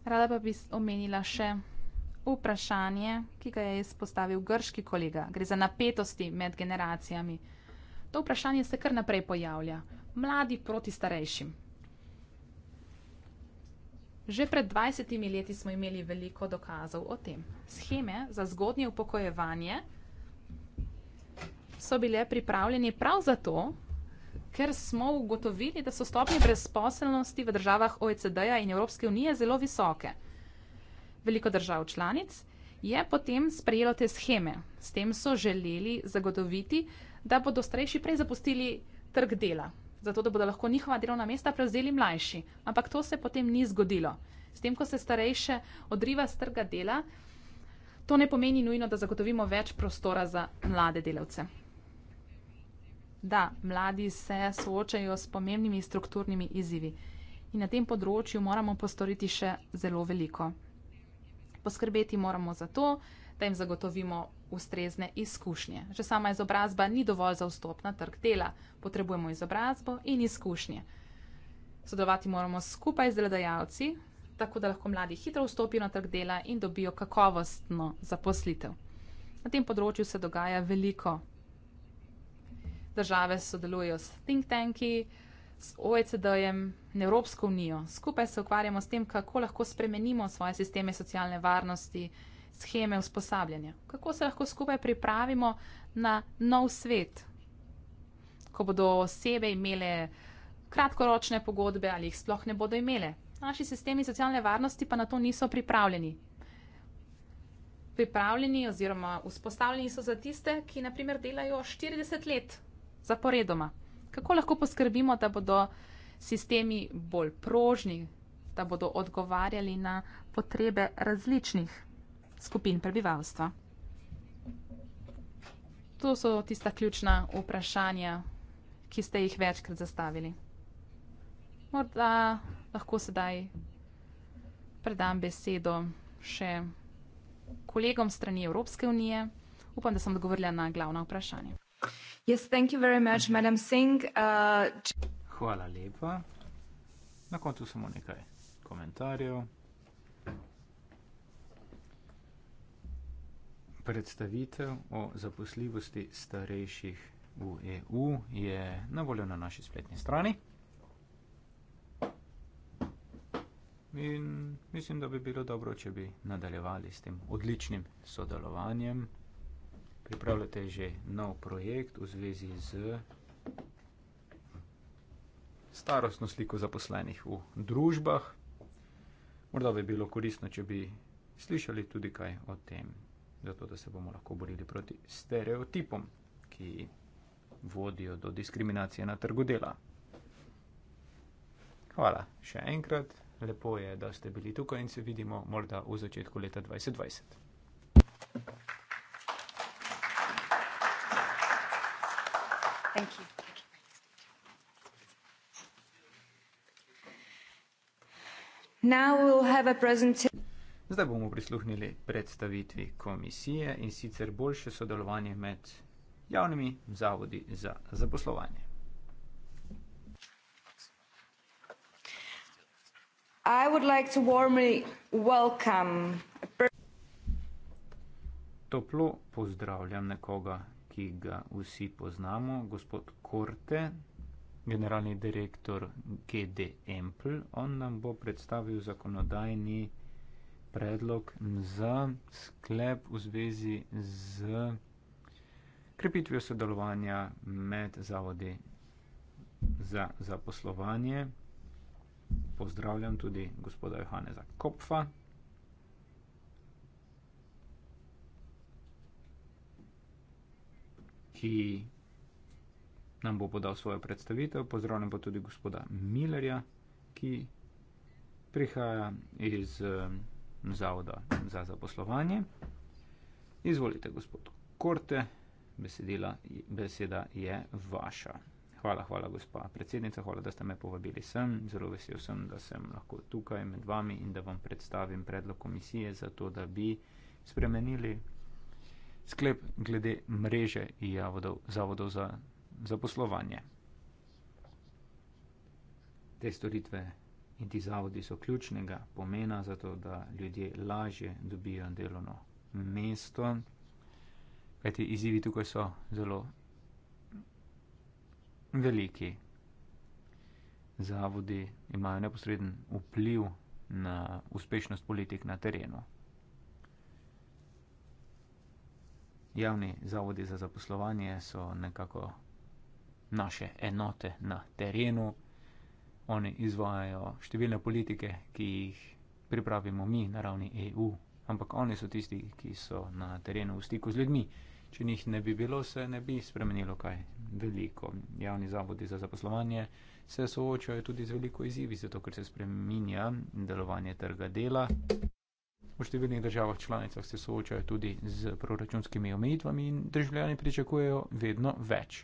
Rada pa bi omenila še vprašanje, ki ga je izpostavil grški kolega. Gre za napetosti med generacijami. To vprašanje se kar naprej pojavlja. Mladi proti starejšim. Že pred dvajsetimi leti smo imeli veliko dokazov o tem. Sheme za zgodnje upokojevanje so bile pripravljene prav zato, ker smo ugotovili, da so stopnje brezposelnosti v državah OECD-ja in Evropske unije zelo visoke. Veliko držav članic je potem sprejelo te scheme. S tem so želeli zagotoviti, da bodo starejši prej zapustili trg dela, zato da bodo lahko njihova delovna mesta prevzeli mlajši. Ampak to se potem ni zgodilo. S tem, ko se starejše odriva z trga dela, to ne pomeni nujno, da zagotovimo več prostora za mlade delavce da mladi se soočajo s pomembnimi strukturnimi izzivi. In na tem področju moramo postoriti še zelo veliko. Poskrbeti moramo za to, da jim zagotovimo ustrezne izkušnje. Že sama izobrazba ni dovolj za vstop na trg dela. Potrebujemo izobrazbo in izkušnje. Sodelovati moramo skupaj z delodajalci, tako da lahko mladi hitro vstopijo na trg dela in dobijo kakovostno zaposlitev. Na tem področju se dogaja veliko države sodelujejo s think tanki, s OECD-jem, Evropsko unijo. Skupaj se ukvarjamo s tem, kako lahko spremenimo svoje sisteme socialne varnosti, scheme usposabljanja. Kako se lahko skupaj pripravimo na nov svet, ko bodo osebe imele kratkoročne pogodbe ali jih sploh ne bodo imele. Naši sistemi socialne varnosti pa na to niso pripravljeni. Pripravljeni oziroma usposabljeni so za tiste, ki naprimer delajo 40 let zaporedoma. Kako lahko poskrbimo, da bodo sistemi bolj prožni, da bodo odgovarjali na potrebe različnih skupin prebivalstva? To so tista ključna vprašanja, ki ste jih večkrat zastavili. Morda lahko sedaj predam besedo še kolegom strani Evropske unije. Upam, da sem odgovorila na glavna vprašanja. Yes, thank you very much, Madam Singh. Uh, Hvala lepa. Na koncu samo nekaj komentarjev. Predstavitev o zaposljivosti starejših v EU je na voljo na naši spletni strani. In mislim, da bi bilo dobro, če bi nadaljevali s tem odličnim sodelovanjem pripravljate že nov projekt v zvezi z starostno sliko zaposlenih v družbah. Morda bi bilo koristno, če bi slišali tudi kaj o tem, zato da se bomo lahko borili proti stereotipom, ki vodijo do diskriminacije na trgu dela. Hvala še enkrat, lepo je, da ste bili tukaj in se vidimo morda v začetku leta 2020. Zdaj bomo prisluhnili predstavitvi komisije in sicer boljše sodelovanje med javnimi zavodi za zaposlovanje. Like to Toplo pozdravljam nekoga, ki ga vsi poznamo, gospod Korte generalni direktor GD Ample. On nam bo predstavil zakonodajni predlog za sklep v zvezi z krepitvijo sodelovanja med zavodi za zaposlovanje. Pozdravljam tudi gospoda Johaneza Kopfa. Ki nam bo podal svojo predstavitev. Pozdravljen pa tudi gospoda Millerja, ki prihaja iz Zavoda za zaposlovanje. Izvolite, gospod Korte, Besedila, beseda je vaša. Hvala, hvala, gospa predsednica, hvala, da ste me povabili sem. Zelo vesel sem, da sem lahko tukaj med vami in da vam predstavim predlog komisije za to, da bi spremenili sklep glede mreže javodov, zavodov za zaposlovanje. Te storitve in ti zavodi so ključnega pomena za to, da ljudje lažje dobijo delovno mesto, kajti izzivi tukaj so zelo veliki. Zavodi imajo neposreden vpliv na uspešnost politik na terenu. Javni zavodi za zaposlovanje so nekako naše enote na terenu. Oni izvajajo številne politike, ki jih pripravimo mi na ravni EU, ampak oni so tisti, ki so na terenu v stiku z ljudmi. Če njih ne bi bilo, se ne bi spremenilo kaj veliko. Javni zavodi za zaposlovanje se soočajo tudi z veliko izzivi, zato ker se spreminja delovanje trga dela. V številnih državah članicah se soočajo tudi z proračunskimi omejitvami in državljani pričakujejo vedno več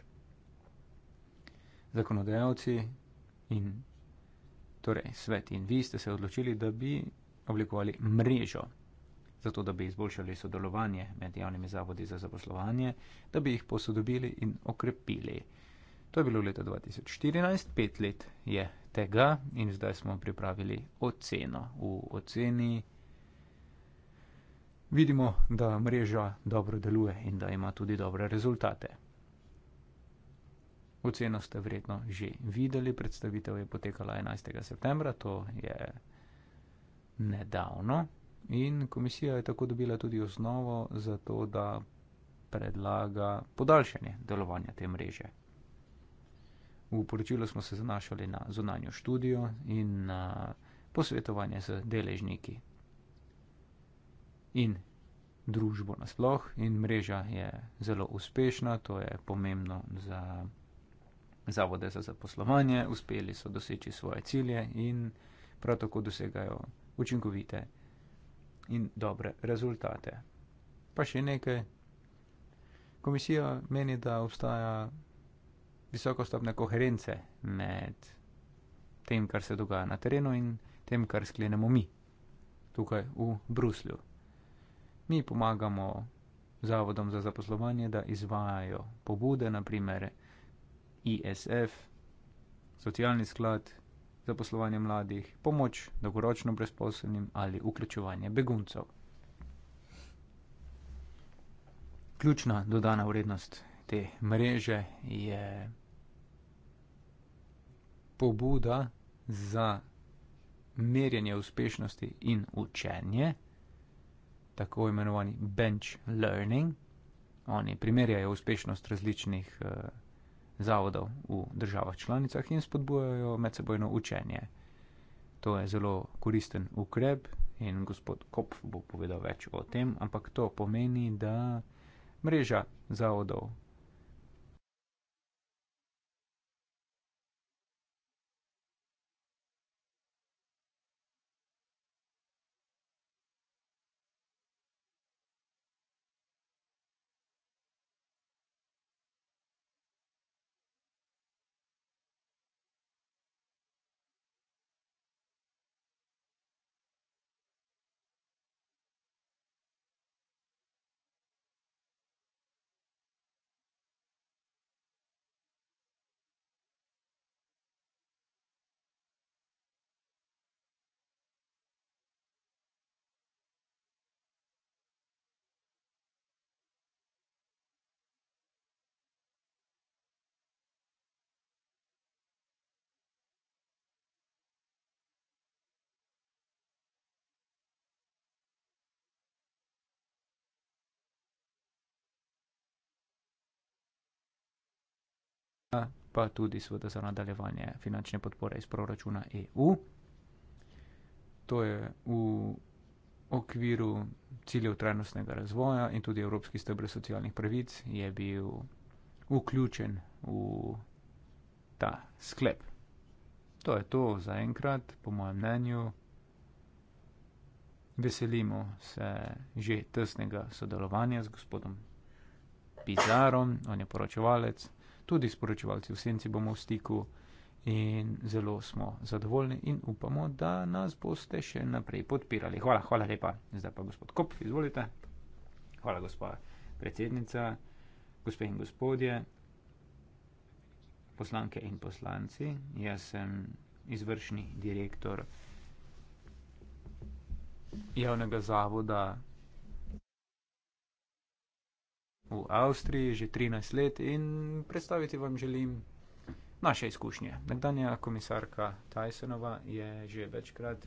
zakonodajalci in torej svet in vi ste se odločili, da bi oblikovali mrežo, zato da bi izboljšali sodelovanje med javnimi zavodi za zaposlovanje, da bi jih posodobili in okrepili. To je bilo leta 2014, pet let je tega in zdaj smo pripravili oceno. V oceni vidimo, da mreža dobro deluje in da ima tudi dobre rezultate. Oceno ste vredno že videli, predstavitev je potekala 11. septembra, to je nedavno. In komisija je tako dobila tudi osnovo za to, da predlaga podaljšanje delovanja te mreže. V poročilu smo se zanašali na zunanjo študijo in na posvetovanje z deležniki in družbo nasploh. In mreža je zelo uspešna, to je pomembno za zavode za zaposlovanje, uspeli so doseči svoje cilje in prav tako dosegajo učinkovite in dobre rezultate. Pa še nekaj. Komisija meni, da obstaja visoka stopnja koherence med tem, kar se dogaja na terenu in tem, kar sklenemo mi tukaj v Bruslju. Mi pomagamo zavodom za zaposlovanje, da izvajajo pobude, naprimer ISF, socialni sklad za poslovanje mladih, pomoč dolgoročno brezposobnim ali vključevanje beguncev. Ključna dodana vrednost te mreže je pobuda za merjenje uspešnosti in učenje, tako imenovani bench learning. Oni primerjajo uspešnost različnih uh, zavodov v državah članicah in spodbujajo medsebojno učenje. To je zelo koristen ukrep in gospod Kopf bo povedal več o tem, ampak to pomeni, da mreža zavodov pa tudi seveda za nadaljevanje finančne podpore iz proračuna EU. To je v okviru ciljev trajnostnega razvoja in tudi Evropski stebr socialnih pravic je bil vključen v ta sklep. To je to za enkrat, po mojem mnenju. Veselimo se že tesnega sodelovanja z gospodom Pizarom, on je poročevalec tudi sporočevalci v senci bomo v stiku in zelo smo zadovoljni in upamo, da nas boste še naprej podpirali. Hvala, hvala lepa. Zdaj pa gospod Kopf, izvolite. Hvala, gospa predsednica, gospe in gospodje, poslanke in poslanci. Jaz sem izvršni direktor javnega zavoda v Avstriji že 13 let in predstaviti vam želim naše izkušnje. Nekdanja komisarka Tysonova je že večkrat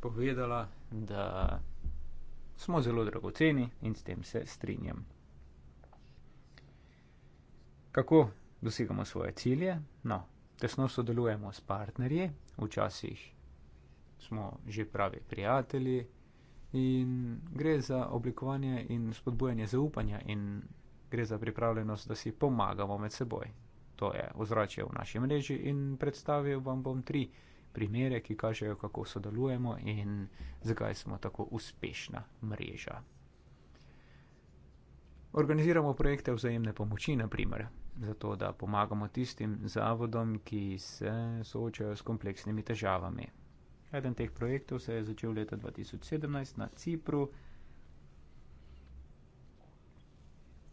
povedala, da smo zelo dragoceni in s tem se strinjam. Kako dosegamo svoje cilje? No, tesno sodelujemo s partnerji, včasih smo že pravi prijatelji. In gre za oblikovanje in spodbujanje zaupanja, in gre za pripravljenost, da si pomagamo med seboj. To je ozračje v naši mreži in predstavil vam bom tri primere, ki kažejo, kako sodelujemo in zakaj smo tako uspešna mreža. Organiziramo projekte vzajemne pomoči, naprimer, zato da pomagamo tistim zavodom, ki se soočajo s kompleksnimi težavami. Eden teh projektov se je začel leta 2017 na Cipru.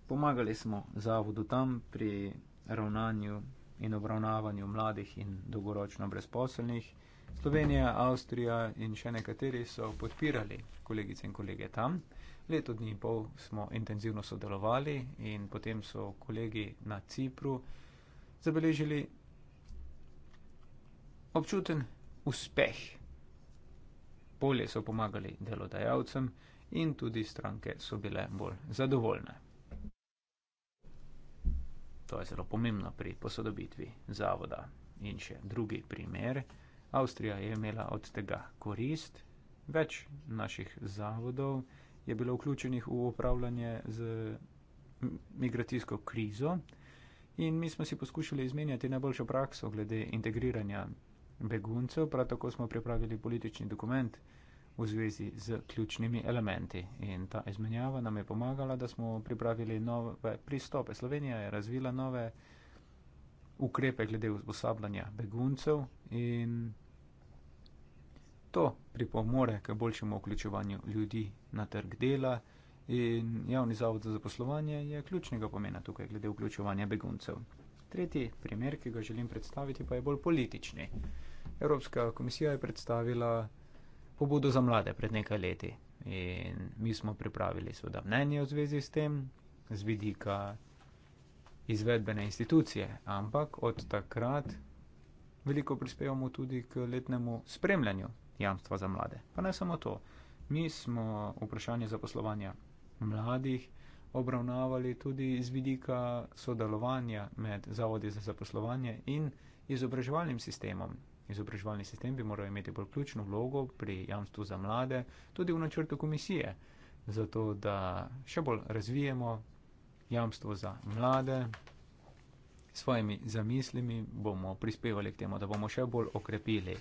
Pomagali smo zavodu tam pri ravnanju in obravnavanju mladih in dolgoročno brezposelnih. Slovenija, Avstrija in še nekateri so podpirali kolegice in kolege tam. Leto dni in pol smo intenzivno sodelovali in potem so kolegi na Cipru zabeležili občuten uspeh bolje so pomagali delodajalcem in tudi stranke so bile bolj zadovoljne. To je zelo pomembno pri posodobitvi zavoda. In še drugi primer. Avstrija je imela od tega korist. Več naših zavodov je bilo vključenih v upravljanje z migracijsko krizo. In mi smo si poskušali izmenjati najboljšo prakso glede integriranja beguncev, prav tako smo pripravili politični dokument v zvezi z ključnimi elementi. In ta izmenjava nam je pomagala, da smo pripravili nove pristope. Slovenija je razvila nove ukrepe glede usposabljanja beguncev in to pripomore k boljšemu vključevanju ljudi na trg dela in javni zavod za zaposlovanje je ključnega pomena tukaj glede vključevanja beguncev. Tretji primer, ki ga želim predstaviti, pa je bolj politični. Evropska komisija je predstavila pobudo za mlade pred nekaj leti in mi smo pripravili seveda mnenje v zvezi s tem, z vidika izvedbene institucije, ampak od takrat veliko prispevamo tudi k letnemu spremljanju jamstva za mlade. Pa ne samo to. Mi smo vprašanje zaposlovanja mladih obravnavali tudi z vidika sodelovanja med zavodi za zaposlovanje in izobraževalnim sistemom izobraževalni sistem bi moral imeti bolj ključno vlogo pri jamstvu za mlade, tudi v načrtu komisije, zato da še bolj razvijemo jamstvo za mlade. S svojimi zamislimi bomo prispevali k temu, da bomo še bolj okrepili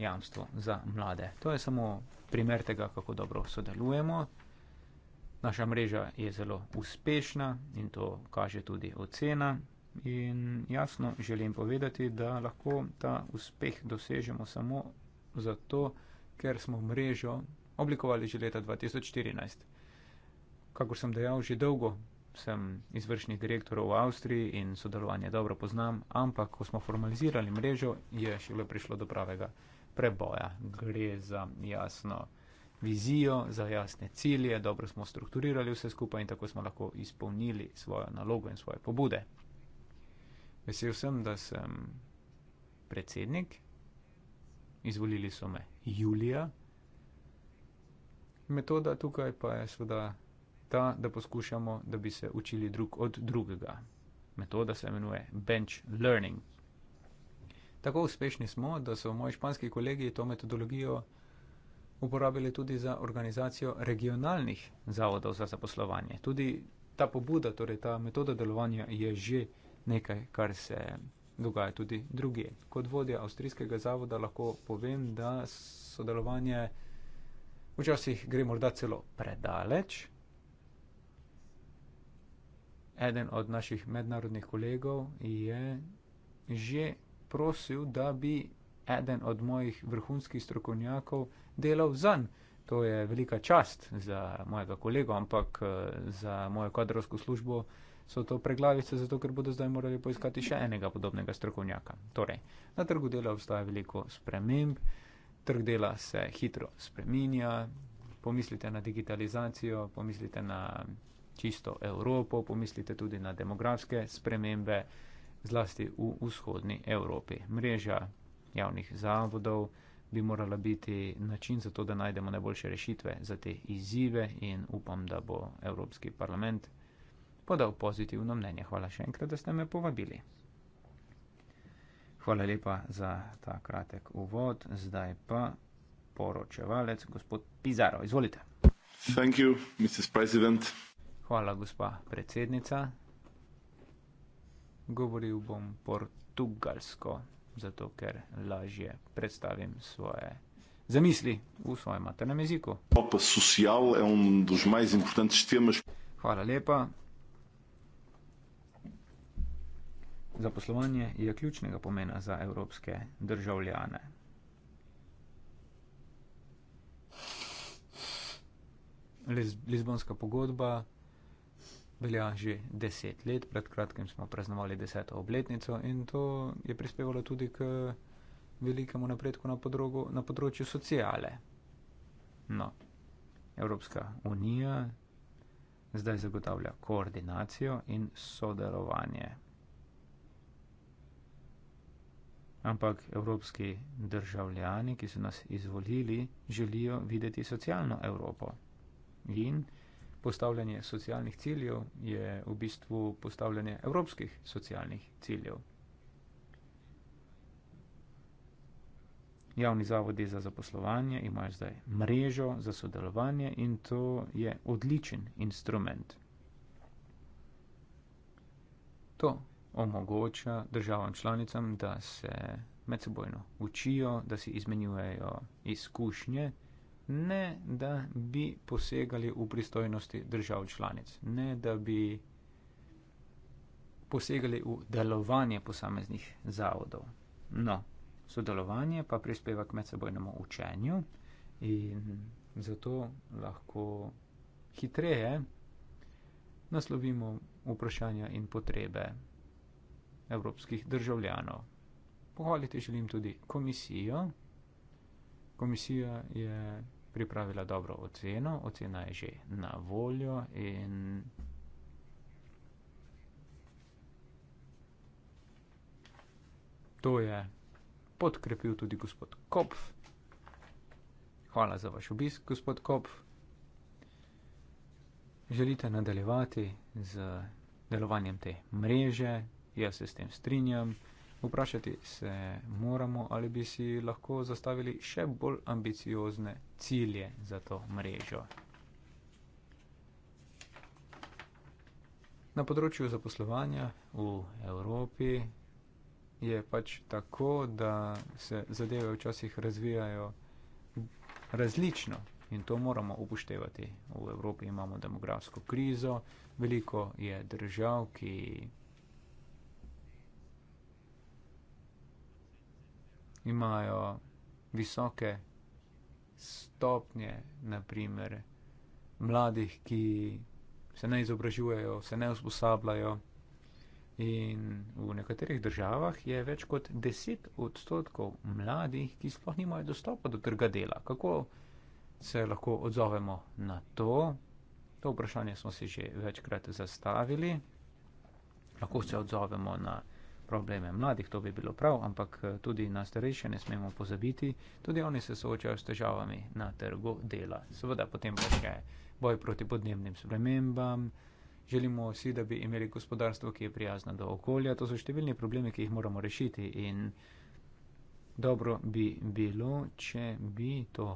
jamstvo za mlade. To je samo primer tega, kako dobro sodelujemo. Naša mreža je zelo uspešna in to kaže tudi ocena. In jasno želim povedati, da lahko ta uspeh dosežemo samo zato, ker smo mrežo oblikovali že leta 2014. Kakor sem dejal, že dolgo sem izvršnih direktorov v Avstriji in sodelovanje dobro poznam, ampak ko smo formalizirali mrežo, je šele prišlo do pravega preboja. Gre za jasno vizijo, za jasne cilje, dobro smo strukturirali vse skupaj in tako smo lahko izpolnili svojo nalogo in svoje pobude. Vesel sem, da sem predsednik. Izvolili so me Julija. Metoda tukaj pa je seveda ta, da poskušamo, da bi se učili drug od drugega. Metoda se imenuje bench learning. Tako uspešni smo, da so moji španski kolegi to metodologijo uporabili tudi za organizacijo regionalnih zavodov za zaposlovanje. Tudi ta pobuda, torej ta metoda delovanja je že nekaj, kar se dogaja tudi druge. Kot vodja avstrijskega zavoda lahko povem, da sodelovanje včasih gre morda celo predaleč. Eden od naših mednarodnih kolegov je že prosil, da bi eden od mojih vrhunskih strokovnjakov delal zanj. To je velika čast za mojega kolega, ampak eh, za mojo kadrovsko službo uh, so to preglavice, zato ker bodo zdaj morali poiskati še enega podobnega strokovnjaka. Torej, na trgu dela obstaja veliko sprememb, trg dela se hitro spreminja, pomislite na digitalizacijo, pomislite na čisto Evropo, pomislite tudi na demografske spremembe, zlasti v vzhodni Evropi. Mreža javnih zavodov bi morala biti način za to, da najdemo najboljše rešitve za te izzive in upam, da bo Evropski parlament podal pozitivno mnenje. Hvala še enkrat, da ste me povabili. Hvala lepa za ta kratek uvod. Zdaj pa poročevalec, gospod Pizarro. Izvolite. Thank you, Mrs. President. Hvala, gospa predsednica. Govoril bom portugalsko, zato ker lažje predstavim svoje zamisli v svojem maternem jeziku. Um Hvala lepa. Zaposlovanje je ključnega pomena za evropske državljane. Lizbonska pogodba velja že deset let, pred kratkim smo praznovali deseto obletnico in to je prispevalo tudi k velikemu napredku na, podrogu, na področju sociale. No, Evropska unija zdaj zagotavlja koordinacijo in sodelovanje. ampak evropski državljani, ki so nas izvolili, želijo videti socialno Evropo. In postavljanje socialnih ciljev je v bistvu postavljanje evropskih socialnih ciljev. Javni zavodi za zaposlovanje imajo zdaj mrežo za sodelovanje in to je odličen instrument. To, omogoča državam članicam, da se medsebojno učijo, da si izmenjujejo izkušnje, ne da bi posegali v pristojnosti držav članic, ne da bi posegali v delovanje posameznih zavodov. No, sodelovanje pa prispeva k medsebojnemu učenju in zato lahko hitreje naslovimo vprašanja in potrebe evropskih državljanov. Pohvaliti želim tudi komisijo. Komisija je pripravila dobro oceno, ocena je že na voljo in to je podkrepil tudi gospod Kopf. Hvala za vaš obisk, gospod Kopf. Želite nadaljevati z delovanjem te mreže, jaz se s tem strinjam. Vprašati se moramo, ali bi si lahko zastavili še bolj ambiciozne cilje za to mrežo. Na področju zaposlovanja v Evropi je pač tako, da se zadeve včasih razvijajo različno in to moramo upoštevati. V Evropi imamo demografsko krizo, veliko je držav, ki imajo visoke stopnje, naprimer mladih, ki se ne izobražujejo, se ne usposabljajo. In v nekaterih državah je več kot 10 odstotkov mladih, ki sploh nimajo dostopa do trga dela. Kako se lahko odzovemo na to? To vprašanje smo si že večkrat zastavili. Lahko se odzovemo na to probleme mladih, to bi bilo prav, ampak eh, tudi na starejše ne smemo pozabiti, tudi oni se soočajo s težavami na trgu dela. Seveda potem pa še boj proti podnebnim spremembam, želimo vsi, da bi imeli gospodarstvo, ki je prijazno do okolja, to so številni problemi, ki jih moramo rešiti in dobro bi bilo, če bi to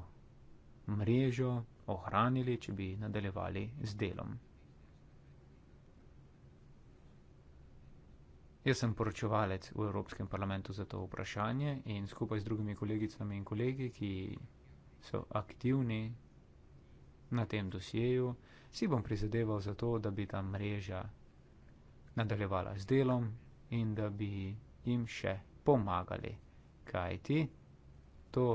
mrežo ohranili, če bi nadaljevali z delom. Jaz sem poročevalec v Evropskem parlamentu za to vprašanje in skupaj z drugimi kolegicami in kolegi, ki so aktivni na tem dosjeju, si bom prizadeval za to, da bi ta mreža nadaljevala z delom in da bi jim še pomagali. Kaj ti? To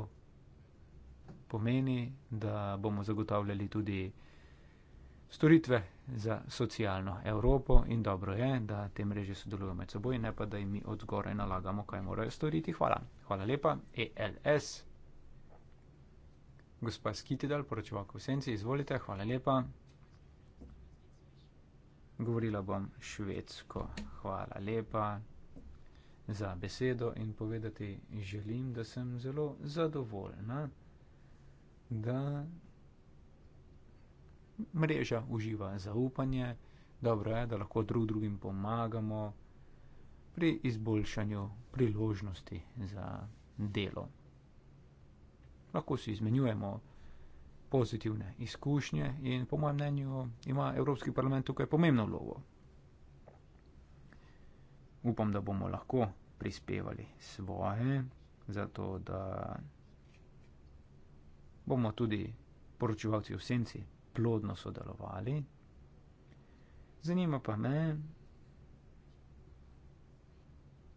pomeni, da bomo zagotavljali tudi storitve za socialno Evropo in dobro je, da te mreže sodelujo med seboj, ne pa da jim mi od zgoraj nalagamo, kaj morajo storiti. Hvala. Hvala lepa. ELS. Gospa Skitidal, poročevalka v senci, izvolite. Hvala lepa. Govorila bom švedsko. Hvala lepa za besedo in povedati želim, da sem zelo zadovoljna, da mreža uživa zaupanje, dobro je, da lahko drug drugim pomagamo pri izboljšanju priložnosti za delo. Lahko si izmenjujemo pozitivne izkušnje in po mojem mnenju ima Evropski parlament tukaj pomembno vlogo. Upam, da bomo lahko prispevali svoje, zato da bomo tudi poročevalci v senci plodno sodelovali. Zanima pa me,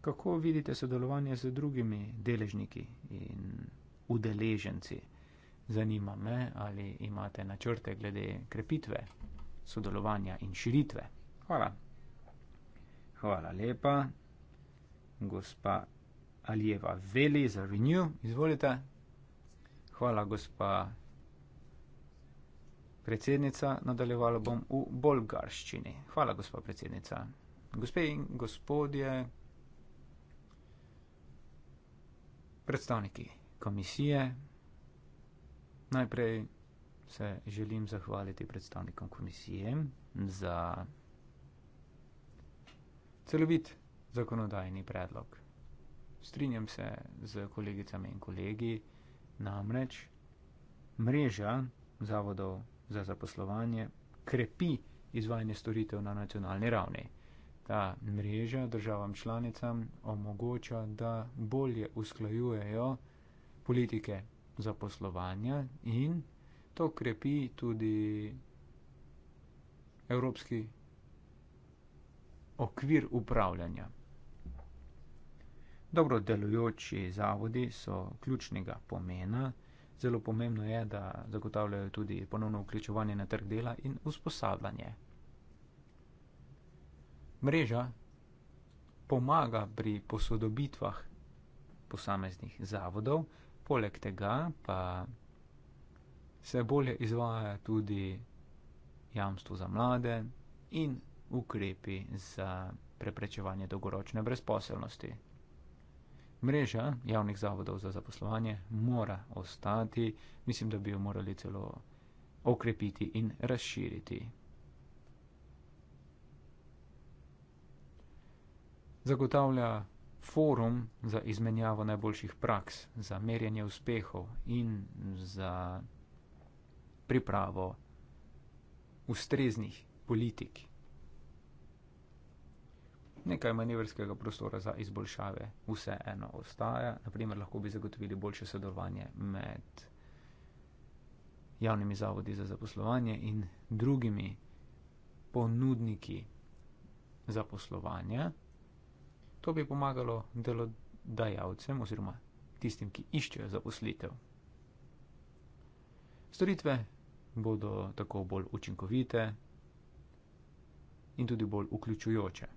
kako vidite sodelovanje z drugimi deležniki in udeleženci. Zanima me, ali imate načrte glede krepitve sodelovanja in širitve. Hvala. Hvala lepa, gospa Alijeva Veli za Renew. Izvolite. Hvala, gospa predsednica, nadaljevala bom v bolgarščini. Hvala, gospa predsednica. Gospe in gospodje, predstavniki komisije, najprej se želim zahvaliti predstavnikom komisije za celovit zakonodajni predlog. Strinjam se z kolegicami in kolegi, namreč mreža zavodov za zaposlovanje krepi izvajanje storitev na nacionalni ravni. Ta mreža državam članicam omogoča, da bolje usklajujejo politike zaposlovanja in to krepi tudi evropski okvir upravljanja. Dobro delujoči zavodi so ključnega pomena zelo pomembno je, da zagotavljajo tudi ponovno vključevanje na trg dela in usposabljanje. Mreža pomaga pri posodobitvah posameznih zavodov, poleg tega pa se bolje izvaja tudi jamstvo za mlade in ukrepi za preprečevanje dolgoročne brezposelnosti mreža javnih zavodov za zaposlovanje mora ostati, mislim, da bi jo morali celo okrepiti in razširiti. Zagotavlja forum za izmenjavo najboljših praks, za merjenje uspehov in za pripravo ustreznih politik nekaj manevrskega prostora za izboljšave vseeno ostaja. Naprimer, lahko bi zagotovili boljše sodelovanje med javnimi zavodi za zaposlovanje in drugimi ponudniki zaposlovanja. To bi pomagalo delodajalcem oziroma tistim, ki iščejo zaposlitev. Storitve bodo tako bolj učinkovite in tudi bolj vključujoče.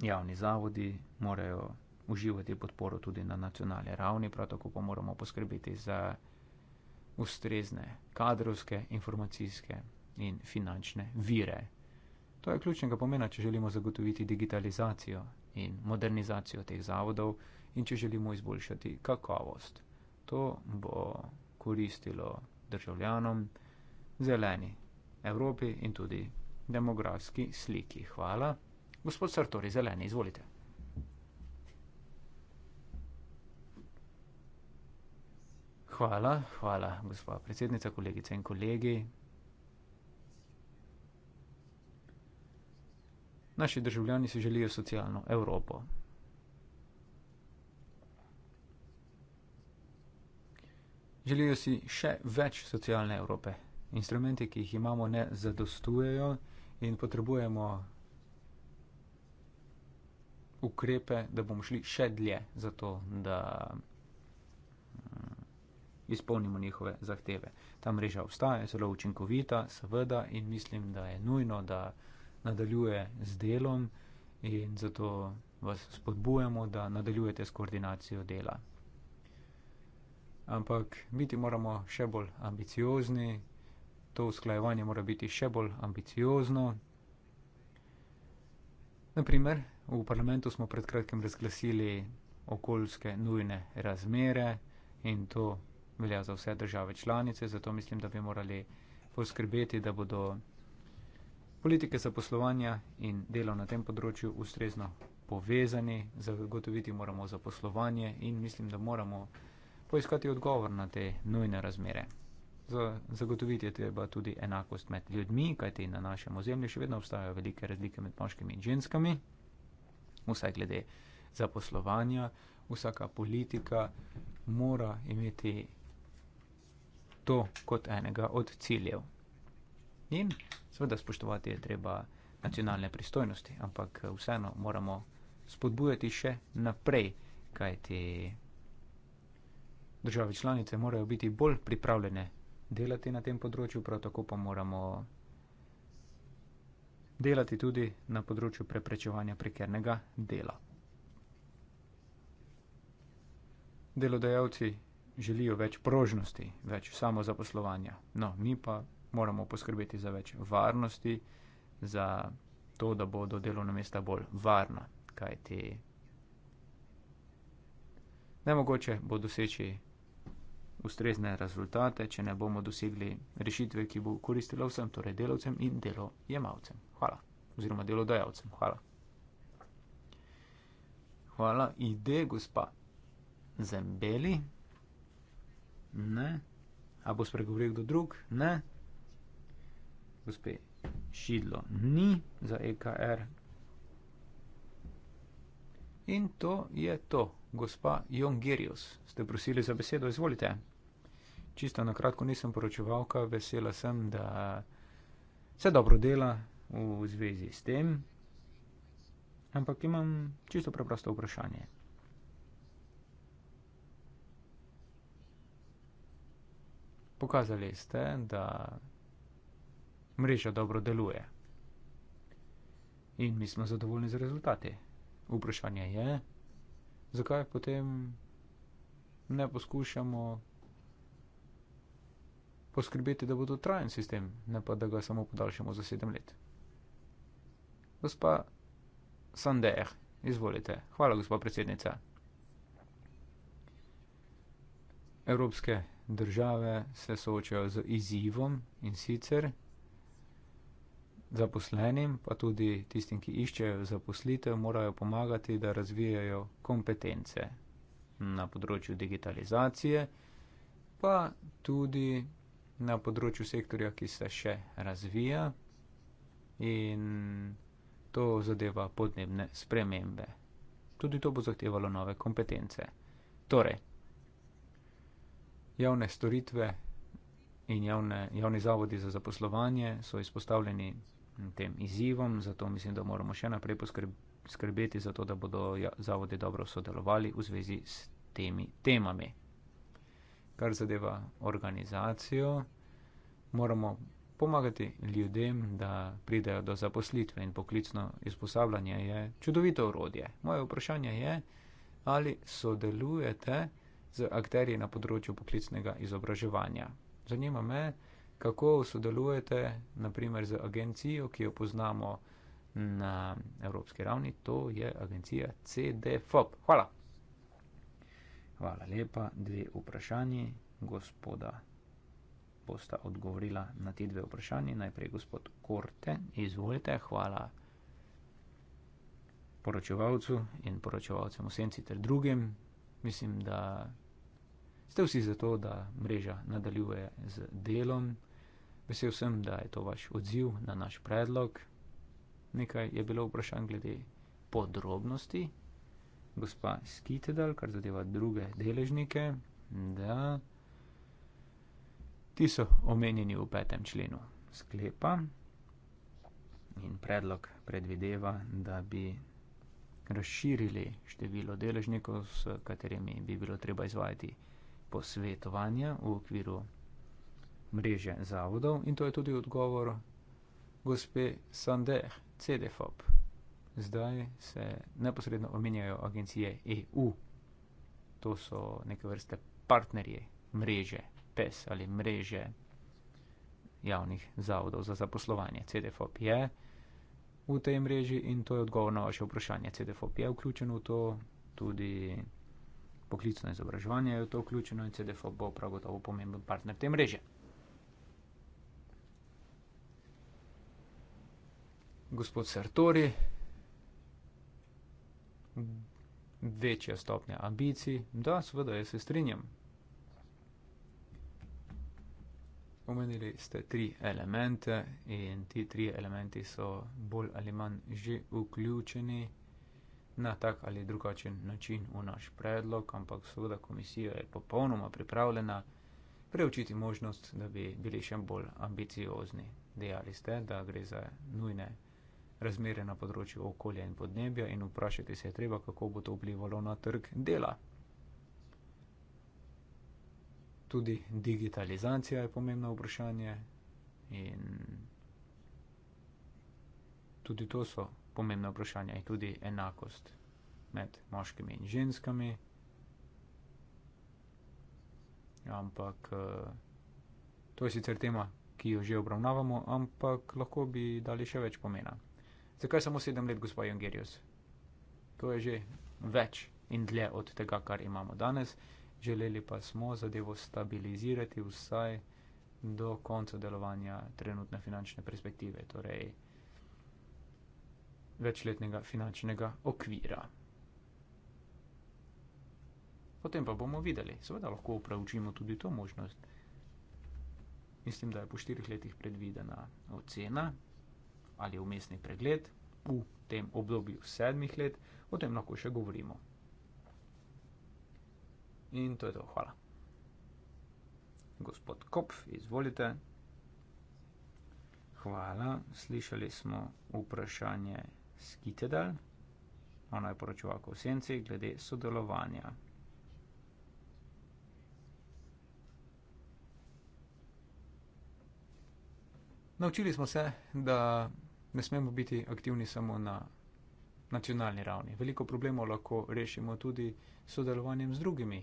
javni zavodi morajo uživati podporo tudi na nacionalni ravni, prav tako pa moramo poskrbeti za ustrezne kadrovske, informacijske in finančne vire. To je ključnega pomena, če želimo zagotoviti digitalizacijo in modernizacijo teh zavodov in če želimo izboljšati kakovost. To bo koristilo državljanom, zeleni Evropi in tudi demografski sliki. Hvala. Gospod Sartori, zeleni, izvolite. Hvala, hvala, gospa predsednica, kolegice in kolegi. Naši državljani si želijo socialno Evropo. Želijo si še več socialne Evrope. Instrumenti, ki jih imamo, ne zadostujejo in potrebujemo ukrepe, da bomo šli še dlje za to, da mm, izpolnimo njihove zahteve. Ta mreža obstaja, je zelo učinkovita, seveda, in mislim, da je nujno, da nadaljuje z delom in zato vas spodbujamo, da nadaljujete s koordinacijo dela. Ampak biti moramo še bolj ambiciozni, to usklajevanje mora biti še bolj ambiciozno, Naprimer, v parlamentu smo pred kratkim razglasili okoljske nujne razmere in to velja za vse države članice, zato mislim, da bi morali poskrbeti, da bodo politike za poslovanje in delo na tem področju ustrezno povezani, zagotoviti moramo zaposlovanje in mislim, da moramo poiskati odgovor na te nujne razmere zagotoviti je treba tudi enakost med ljudmi, kajti na našem ozemlju še vedno obstajajo velike razlike med moškimi in ženskami, vsaj glede zaposlovanja. Vsaka politika mora imeti to kot enega od ciljev. In seveda spoštovati je treba nacionalne pristojnosti, ampak vseeno moramo spodbujati še naprej, kajti države članice morajo biti bolj pripravljene delati na tem področju, prav tako pa moramo delati tudi na področju preprečevanja prekernega dela. Delodajalci želijo več prožnosti, več samozaposlovanja, no mi pa moramo poskrbeti za več varnosti, za to, da bodo delovna mesta bolj varna, kaj ti. Nemogoče bo doseči ustrezne rezultate, če ne bomo dosegli rešitve, ki bo koristila vsem, torej delavcem in delojemalcem. Hvala. Oziroma delodajalcem. Hvala. Hvala, ide, gospa Zembeli. Ne. A bo spregovoril kdo drug? Ne. Gospe Šidlo ni za EKR. In to je to. Gospa Jongerius, ste prosili za besedo, izvolite čisto na kratko nisem poročevalka, vesela sem, da se dobro dela v zvezi s tem. Ampak imam čisto preprosto vprašanje. Pokazali ste, da mreža dobro deluje. In mi smo zadovoljni z rezultati. Vprašanje je, zakaj potem ne poskušamo poskrbeti, da bo to trajen sistem, ne pa da ga samo podaljšamo za sedem let. Gospa Sander, izvolite. Hvala, gospa predsednica. Evropske države se soočajo z izzivom in sicer zaposlenim, pa tudi tistim, ki iščejo zaposlitev, morajo pomagati, da razvijajo kompetence na področju digitalizacije, pa tudi na področju sektorja, ki se še razvija in to zadeva podnebne spremembe. Tudi to bo zahtevalo nove kompetence. Torej, javne storitve in javne, javni zavodi za zaposlovanje so izpostavljeni tem izzivom, zato mislim, da moramo še naprej poskrbeti za to, da bodo ja-, zavodi dobro sodelovali v zvezi s temi temami kar zadeva organizacijo, moramo pomagati ljudem, da pridejo do zaposlitve in poklicno izposabljanje je čudovito urodje. Moje vprašanje je, ali sodelujete z akterji na področju poklicnega izobraževanja. Zanima me, kako sodelujete naprimer z agencijo, ki jo poznamo na evropski ravni, to je agencija CDFOP. Hvala. Hvala lepa. Dve vprašanji. Gospoda bosta odgovorila na ti dve vprašanji. Najprej gospod Korte. Izvolite. Hvala poročevalcu in poročevalcem v senci ter drugim. Mislim, da ste vsi za to, da mreža nadaljuje z delom. Vesel sem, da je to vaš odziv na naš predlog. Nekaj je bilo vprašanj glede podrobnosti, gospa Skitedal, kar zadeva druge deležnike, da ti so omenjeni v petem členu sklepa in predlog predvideva, da bi razširili število deležnikov, s katerimi bi bilo treba izvajati posvetovanja v okviru mreže zavodov in to je tudi odgovor gospe Sander, CDFOP zdaj se neposredno omenjajo agencije EU. To so neke vrste partnerje, mreže, PES ali mreže javnih zavodov za zaposlovanje. CDFOP je v tej mreži in to je odgovor na vaše vprašanje. CDFOP je vključen v to, tudi poklicno izobraževanje je v to vključeno in CDFOP bo prav gotovo pomemben partner te mreže. Gospod Sartori, večja stopnja ambicij. Da, seveda, jaz se strinjam. Omenili ste tri elemente in ti tri elementi so bolj ali manj že vključeni na tak ali drugačen način v naš predlog, ampak seveda komisija je popolnoma pripravljena preučiti možnost, da bi bili še bolj ambiciozni. Dejali ste, da gre za nujne razmere na področju okolja in podnebja in vprašati se je treba, kako bo to vplivalo na trg dela. Tudi digitalizacija je pomembno vprašanje in tudi to so pomembna vprašanja in tudi enakost med moškimi in ženskami. Ampak eh, to je sicer tema, ki jo že obravnavamo, ampak lahko bi dali še več pomena. Zakaj samo sedem let, gospa Jongerius? To je že več in dlje od tega, kar imamo danes. Želeli pa smo zadevo stabilizirati vsaj do konca delovanja trenutne finančne perspektive, torej večletnega finančnega okvira. Potem pa bomo videli, seveda lahko upravčimo tudi to možnost. Mislim, da je po štirih letih predvidena ocena, ali umestni pregled v tem obdobju sedmih let, o tem lahko še govorimo. In to je to, hvala. Gospod Kopf, izvolite. Hvala, slišali smo vprašanje Skitedal, ona je poročevalka v senci, glede sodelovanja. Naučili smo se, da ne smemo biti aktivni samo na nacionalni ravni. Veliko problemov lahko rešimo tudi s sodelovanjem z drugimi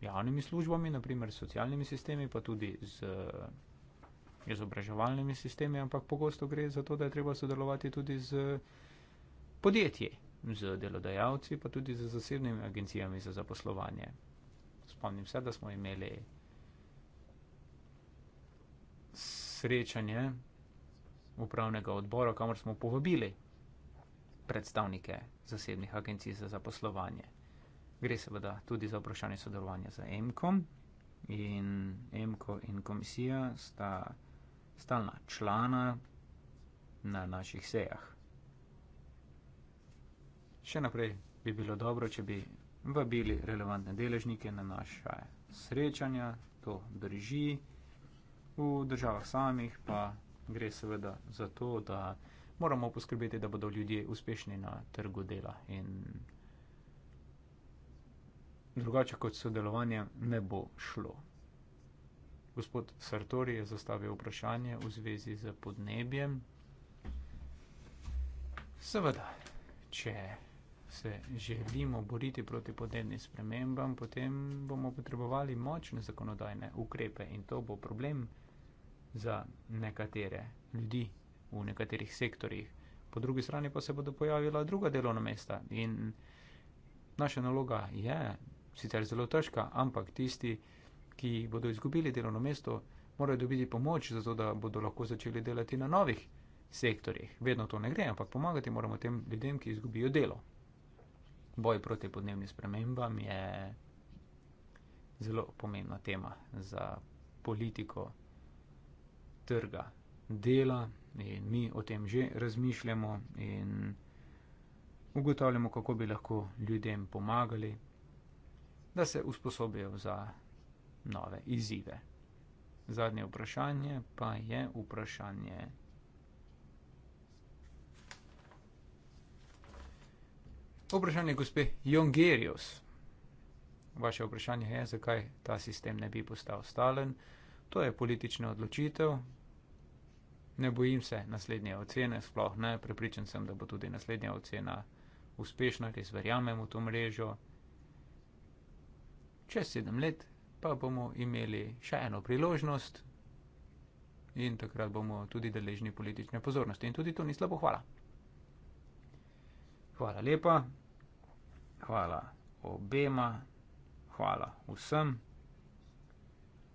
javnimi službami, naprimer s socialnimi sistemi, pa tudi z izobraževalnimi sistemi, ampak pogosto gre za to, da je treba sodelovati tudi z podjetji, z delodajalci, pa tudi z zasebnimi agencijami za zaposlovanje. Spomnim se, da smo imeli srečanje upravnega odbora, kamor smo povabili predstavnike zasebnih agencij za zaposlovanje. Gre seveda tudi za vprašanje sodelovanja z EMKOM in EMKO in komisija sta stalna člana na naših sejah. Še naprej bi bilo dobro, če bi vabili relevantne deležnike na naša srečanja, to drži, v državah samih pa gre seveda za to, da moramo poskrbeti, da bodo ljudje uspešni na trgu dela. In drugače kot sodelovanje ne bo šlo. Gospod Sartori je zastavil vprašanje v zvezi z podnebjem. Seveda, če se želimo boriti proti podnebnim spremembam, potem bomo potrebovali močne zakonodajne ukrepe in to bo problem za nekatere ljudi v nekaterih sektorjih. Po drugi strani pa se bodo pojavila druga delovna mesta in naša naloga je sicer zelo težka, ampak tisti, ki bodo izgubili delovno mesto, morajo dobiti pomoč, zato da bodo lahko začeli delati na novih sektorjih. Vedno to ne gre, ampak pomagati moramo tem ljudem, ki izgubijo delo. Boj proti podnebnim spremembam je zelo pomembna tema za politiko trga dela in mi o tem že razmišljamo in ugotavljamo, kako bi lahko ljudem pomagali, da se usposobijo za nove izzive. Zadnje vprašanje pa je vprašanje. Vprašanje gospe Jongerius. Vaše vprašanje je, zakaj ta sistem ne bi postal stalen. To je politična odločitev, ne bojim se naslednje ocene, sploh ne, prepričan sem, da bo tudi naslednja ocena uspešna, res verjamem v to mrežo. Čez sedem let pa bomo imeli še eno priložnost in takrat bomo tudi deležni politične pozornosti in tudi to ni slabo hvala. Hvala lepa, hvala obema, hvala vsem.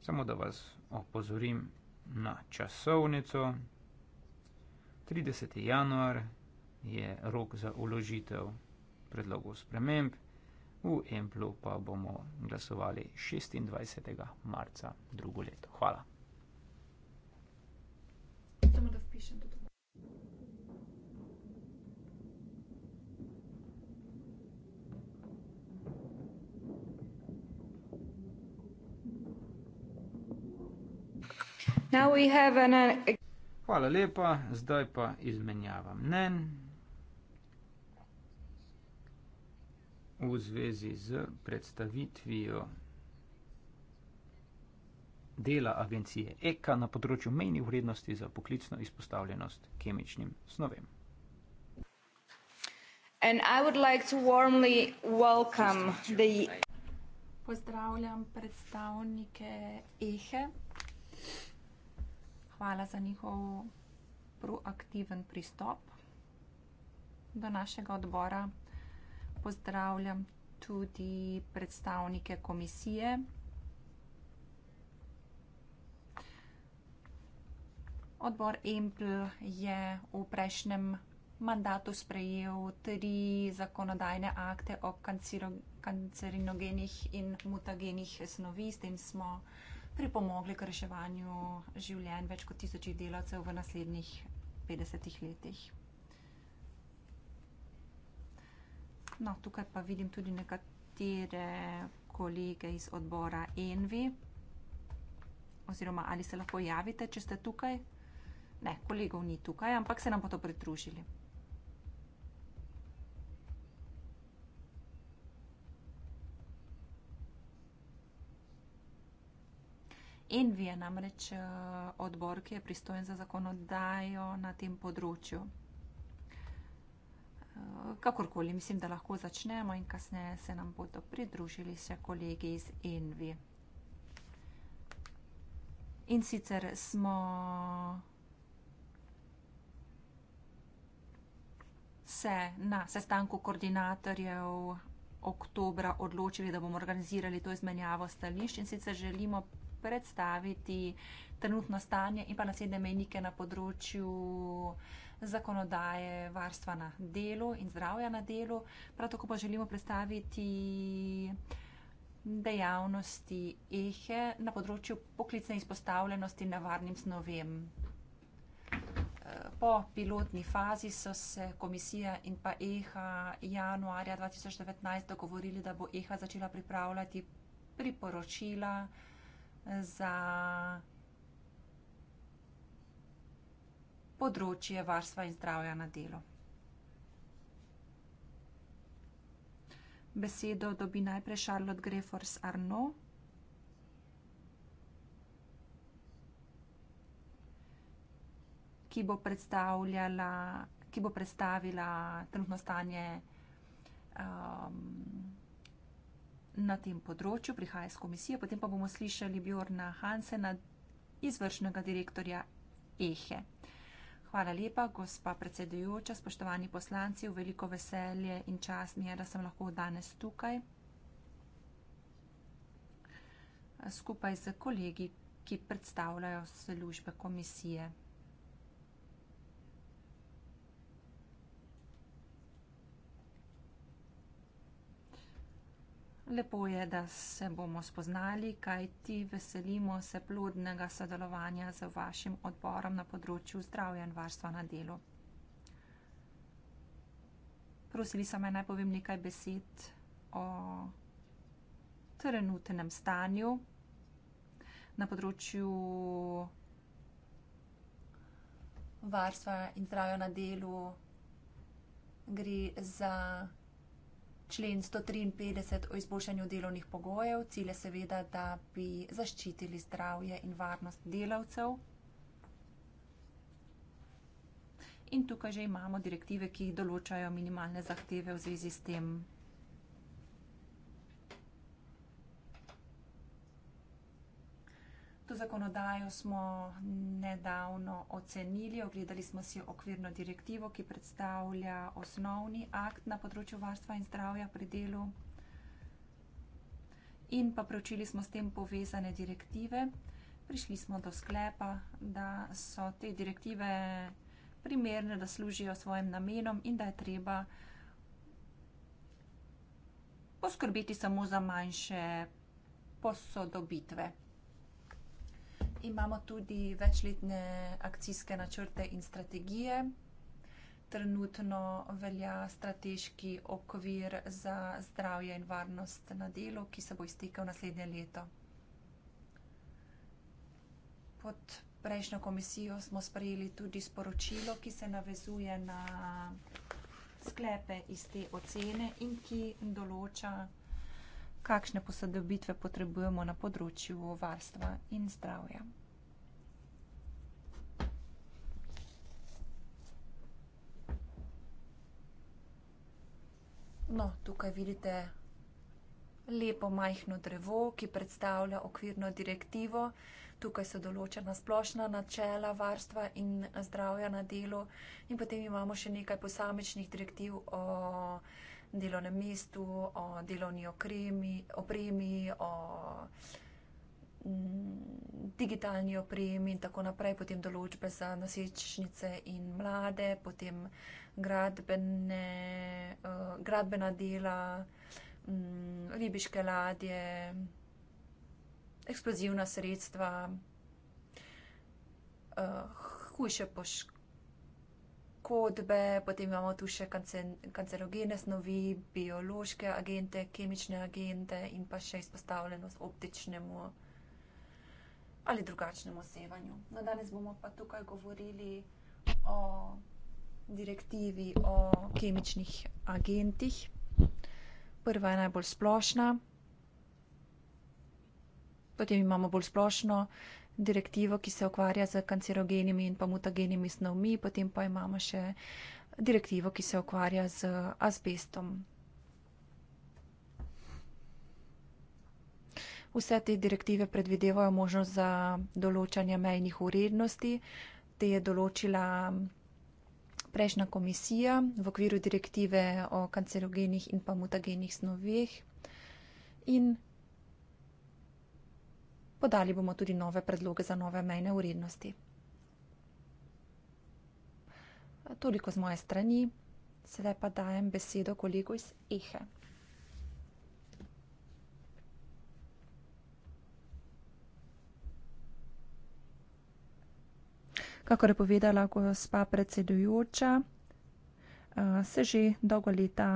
Samo da vas opozorim na časovnico. 30. januar je rok za uložitev predlogov sprememb, v Emplu pa bomo glasovali 26. marca drugo leto. Hvala. Samo da vpišem tudi. Now we have an, an... Uh, Hvala lepa, zdaj pa izmenjava mnen v zvezi z predstavitvijo dela agencije EKA na področju mejnih vrednosti za poklicno izpostavljenost kemičnim snovem. Like Pozdravljam predstavnike EHE. Hvala za njihov proaktiven pristop do našega odbora. Pozdravljam tudi predstavnike komisije. Odbor EMPL je v prejšnjem mandatu sprejel tri zakonodajne akte o kancerogenih in mutagenih snovi. S tem smo pripomogli k reševanju življenj več kot tisočih delavcev v naslednjih 50 letih. No, tukaj pa vidim tudi nekatere kolege iz odbora Envi. Oziroma, ali se lahko javite, če ste tukaj? Ne, kolegov ni tukaj, ampak se nam bodo pridružili. Envi je namreč eh, odbor, ki je pristojen za zakonodajo na tem področju. Eh, kakorkoli, mislim, da lahko začnemo in kasneje se nam bodo pridružili še kolegi iz Envi. In sicer smo se na sestanku koordinatorjev oktobra odločili, da bomo organizirali to izmenjavo stališč, in sicer želimo predstaviti trenutno stanje in pa naslednje menike na področju zakonodaje varstva na delu in zdravja na delu. Prav tako pa želimo predstaviti dejavnosti EHE na področju poklicne izpostavljenosti nevarnim snovem. Po pilotni fazi so se komisija in pa EHA januarja 2019 dogovorili, da bo EHA začela pripravljati priporočila za področje varstva in zdravja na delu. Besedo dobi najprej Charlotte Grefors Arno. Ki bo predstavljala, ki bo predstavila trenutno stanje, um, na tem področju, prihaja iz komisije, potem pa bomo slišali Bjorna Hansena, izvršnega direktorja EHE. Hvala lepa, gospa predsedujoča, spoštovani poslanci, v veliko veselje in čas mi je, da sem lahko danes tukaj skupaj z kolegi, ki predstavljajo službe komisije. lepo je, da se bomo spoznali, kaj ti veselimo se plodnega sodelovanja z vašim odborom na področju zdravja in varstva na delu. Prosili so me naj povem nekaj besed o trenutnem stanju na področju varstva in zdravja na delu. Gre za člen 153 o izboljšanju delovnih pogojev. Cilj je seveda, da bi zaščitili zdravje in varnost delavcev. In tukaj že imamo direktive, ki jih določajo minimalne zahteve v zvezi s tem zakonodajo smo nedavno ocenili, ogledali smo si okvirno direktivo, ki predstavlja osnovni akt na področju varstva in zdravja pri delu. In pa preučili smo s tem povezane direktive. Prišli smo do sklepa, da so te direktive primerne, da služijo svojim namenom in da je treba poskrbeti samo za manjše posodobitve imamo tudi večletne akcijske načrte in strategije. Trenutno velja strateški okvir za zdravje in varnost na delu, ki se bo iztekel naslednje leto. Pod prejšnjo komisijo smo sprejeli tudi sporočilo, ki se navezuje na sklepe iz te ocene in ki določa, kakšne posodobitve potrebujemo na področju varstva in zdravja. No, tukaj vidite lepo majhno drevo, ki predstavlja okvirno direktivo. Tukaj so določena splošna načela varstva in zdravja na delu. In potem imamo še nekaj posamičnih direktiv o delovnem mestu, o delovni okremi, opremi, o mm, digitalni opremi in tako naprej, potem določbe za nasečnice in mlade, potem gradbene, uh, gradbena dela, um, ribiške ladje, eksplozivna sredstva, uh, hujše poškodbe poškodbe, potem imamo tu še kancen, kancerogene snovi, biološke agente, kemične agente in pa še izpostavljenost optičnemu ali drugačnemu sevanju. No, danes bomo pa tukaj govorili o direktivi o kemičnih agentih. Prva je najbolj splošna, potem imamo bolj splošno direktivo, ki se ukvarja z kancerogenimi in pa mutagenimi snovmi, potem pa imamo še direktivo, ki se ukvarja z azbestom. Vse te direktive predvidevajo možnost za določanje mejnih urednosti. Te je določila prejšnja komisija v okviru direktive o kancerogenih in pa mutagenih snovih. In Podali bomo tudi nove predloge za nove mejne urednosti. Toliko z moje strani, sedaj pa dajem besedo kolegu iz Ehe. Kakor je povedala gospa predsedujoča, eh, se že dolgo leta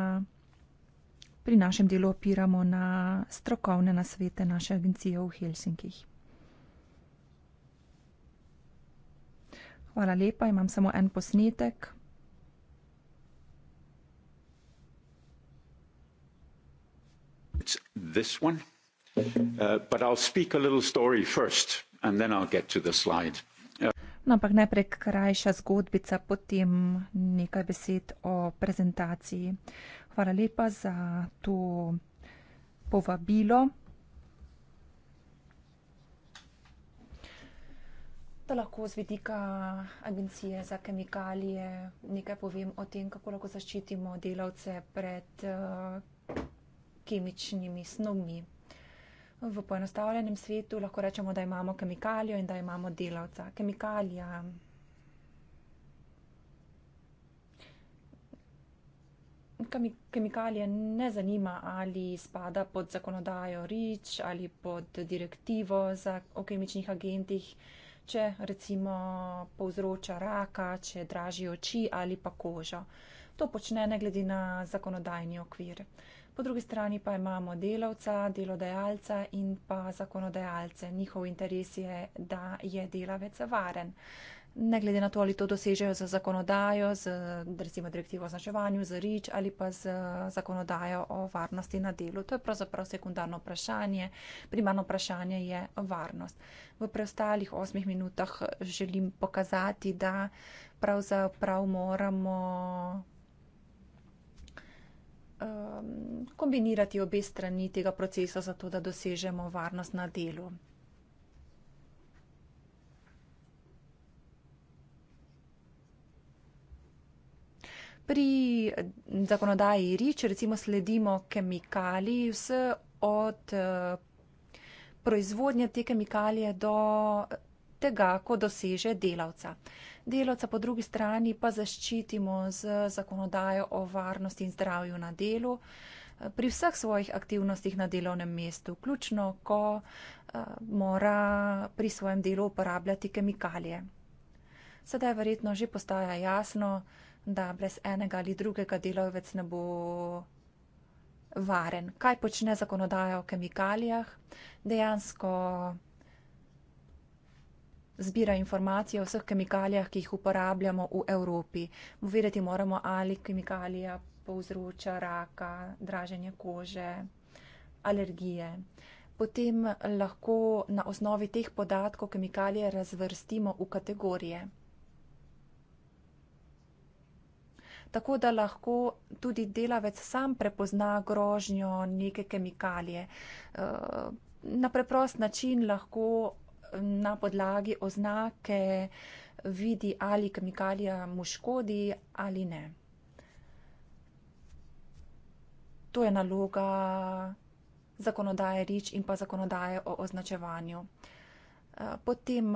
pri našem delu opiramo na strokovne nasvete naše agencije v Helsinkih. Hvala lepa, imam samo en posnetek. It's this one, uh, but I'll speak a little story first and then I'll get to the slide. No, ampak najprej krajša zgodbica, potem nekaj besed o prezentaciji. Hvala lepa za to povabilo. Da lahko z vidika Agencije za kemikalije nekaj povem o tem, kako lahko zaščitimo delavce pred uh, kemičnimi snovmi. V poenostavljenem svetu lahko rečemo, da imamo kemikalijo in da imamo delavca. Kemikalija kemikalije ne zanima, ali spada pod zakonodajo REACH ali pod direktivo za, o kemičnih agentih, če recimo povzroča raka, če draži oči ali pa kožo. To počne ne glede na zakonodajni okvir. Po drugi strani pa imamo delavca, delodajalca in pa zakonodajalce. Njihov interes je, da je delavec varen. Uh, ne glede na to, ali to dosežejo z zakonodajo, z recimo direktivo o značevanju, z rič ali pa z zakonodajo o varnosti na delu. To je pravzaprav sekundarno vprašanje. Primarno vprašanje je varnost. V preostalih osmih minutah želim pokazati, da pravzaprav moramo um, kombinirati obe strani tega procesa, zato da dosežemo varnost na delu. pri eh, zakonodaji REACH recimo sledimo kemikaliji vse od eh, proizvodnje te kemikalije do eh, tega, ko doseže delavca. Delavca po drugi strani pa zaščitimo z zakonodajo o varnosti in zdravju na delu pri vseh svojih aktivnostih na delovnem mestu, vključno, ko mora pri svojem delu uporabljati kemikalije. Sedaj verjetno že postaja jasno, da brez enega ali drugega delovec ne bo varen. Kaj počne zakonodaja o kemikalijah? Dejansko zbira informacije o vseh kemikalijah, ki jih uporabljamo v Evropi. Vedeti moramo, ali kemikalija povzroča raka, draženje kože, alergije. Potem lahko na osnovi teh podatkov kemikalije razvrstimo v kategorije. tako da lahko tudi delavec sam prepozna grožnjo neke kemikalije. Eh, na preprost način lahko eh, na podlagi oznake vidi, ali kemikalija mu škodi ali ne. To je naloga zakonodaje REACH in pa zakonodaje o označevanju. Eh, potem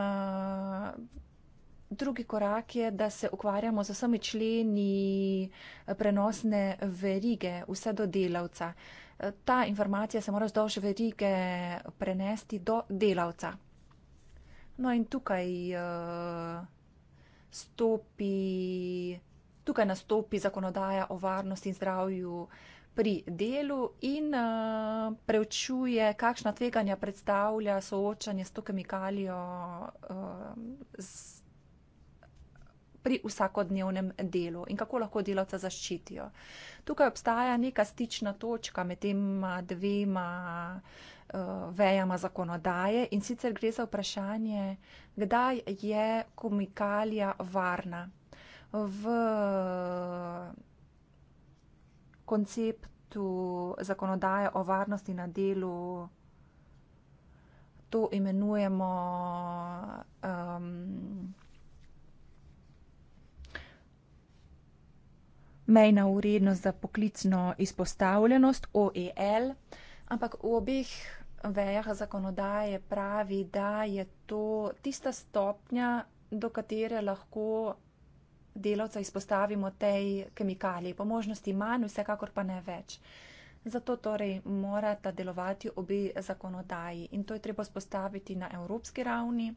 drugi korak je, da se ukvarjamo z vsemi členi eh, prenosne verige, vse do delavca. Eh, ta informacija se mora zdolž verige prenesti do delavca. No in tukaj eh, stopi, tukaj nastopi zakonodaja o varnosti in zdravju pri delu in preučuje, kakšna tveganja predstavlja soočanje s to kemikalijo z pri vsakodnevnem delu in kako lahko delavca zaščitijo. Tukaj obstaja neka stična točka med tema dvema uh, vejama zakonodaje in sicer gre za vprašanje, kdaj je komikalija varna. V konceptu zakonodaje o varnosti na delu to imenujemo um, mejna urednost za poklicno izpostavljenost OEL, ampak v obih vejah zakonodaje pravi, da je to tista stopnja, do katere lahko delavca izpostavimo tej kemikaliji. Po možnosti manj, vsekakor pa ne več. Zato torej morata delovati obi zakonodaji in to je treba spostaviti na evropski ravni.